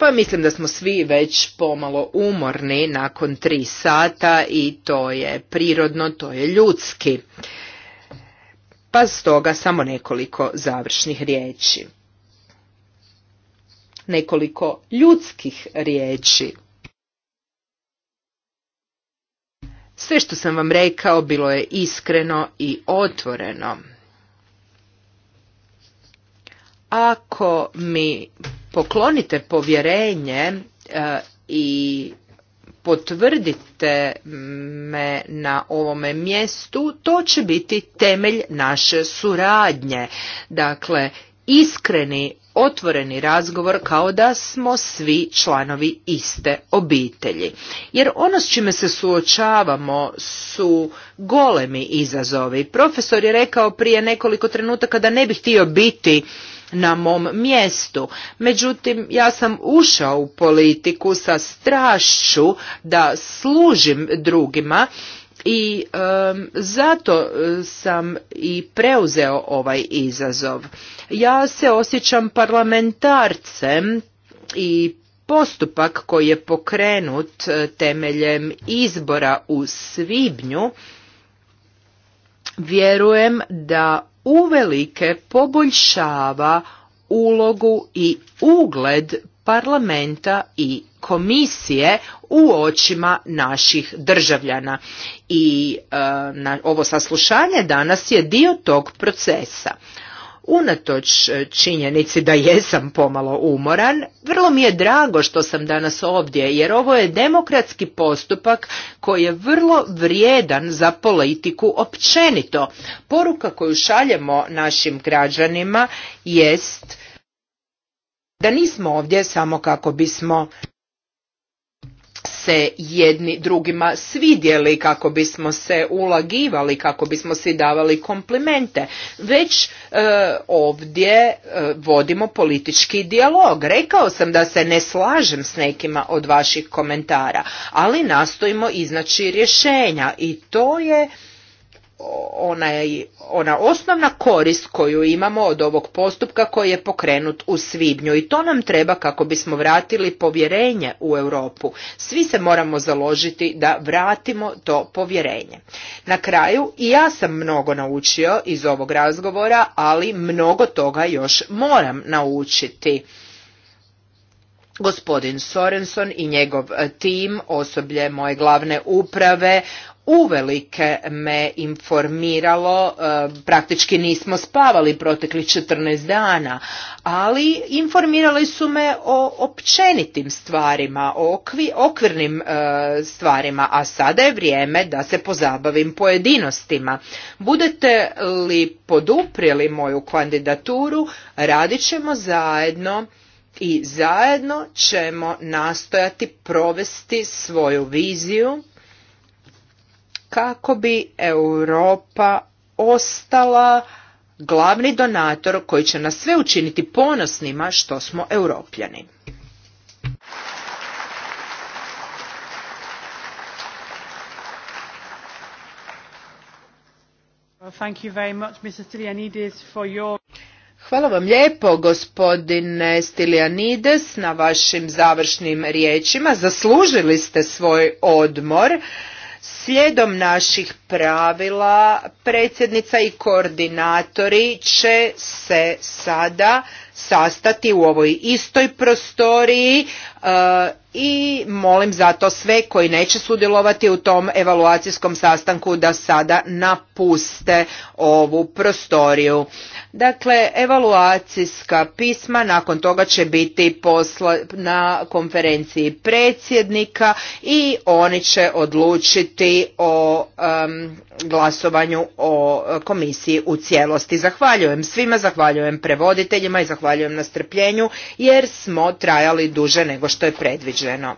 Pa mislim da smo svi već pomalo umorni nakon tri sata i to je prirodno, to je ljudski. Pa stoga samo nekoliko završnih riječi nekoliko ljudskih riječi. Sve što sam vam rekao bilo je iskreno i otvoreno. Ako mi poklonite povjerenje e, i potvrdite me na ovome mjestu, to će biti temelj naše suradnje. Dakle, iskreni otvoreni razgovor kao da smo svi članovi iste obitelji. Jer ono s čime se suočavamo su golemi izazovi. Profesor je rekao prije nekoliko trenutaka da ne bih htio biti na mom mjestu. Međutim, ja sam ušao u politiku sa strašću da služim drugima i zato e, sam i preuzeo ovaj izazov. Ja se osjećam parlamentarcem i postupak koji je pokrenut e, temeljem izbora u svibnju vjerujem da uvelike poboljšava ulogu i ugled parlamenta i komisije u očima naših državljana. I e, ovo saslušanje danas je dio tog procesa. Unatoč e, činjenici da jesam pomalo umoran, vrlo mi je drago što sam danas ovdje, jer ovo je demokratski postupak koji je vrlo vrijedan za politiku općenito. Poruka koju šaljemo našim građanima jest da nismo ovdje samo kako bismo se jedni drugima svidjeli, kako bismo se ulagivali, kako bismo si davali komplimente. Već e, ovdje e, vodimo politički dijalog. Rekao sam da se ne slažem s nekima od vaših komentara, ali nastojimo iznaći rješenja i to je onaj, ona osnovna korist koju imamo od ovog postupka koji je pokrenut u svibnju i to nam treba kako bismo vratili povjerenje u Europu. Svi se moramo založiti da vratimo to povjerenje. Na kraju i ja sam mnogo naučio iz ovog razgovora, ali mnogo toga još moram naučiti. Gospodin Sorenson i njegov tim, osoblje moje glavne uprave, uvelike me informiralo, e, praktički nismo spavali proteklih 14 dana, ali informirali su me o općenitim stvarima, o okvirnim e, stvarima, a sada je vrijeme da se pozabavim pojedinostima. Budete li poduprijeli moju kandidaturu, radit ćemo zajedno i zajedno ćemo nastojati provesti svoju viziju kako bi Europa ostala glavni donator koji će nas sve učiniti ponosnima što smo europljani. Hvala vam lijepo gospodine Stilianides na vašim završnim riječima. Zaslužili ste svoj odmor. Slijedom naših pravila predsjednica i koordinatori će se sada sastati u ovoj istoj prostoriji e, i molim zato sve koji neće sudjelovati u tom evaluacijskom sastanku da sada napuste ovu prostoriju. Dakle, evaluacijska pisma nakon toga će biti posla na konferenciji predsjednika i oni će odlučiti o glasovanju o komisiji u cijelosti. Zahvaljujem svima, zahvaljujem prevoditeljima i zahvaljujem zahvaljujem na strpljenju jer smo trajali duže nego što je predviđeno.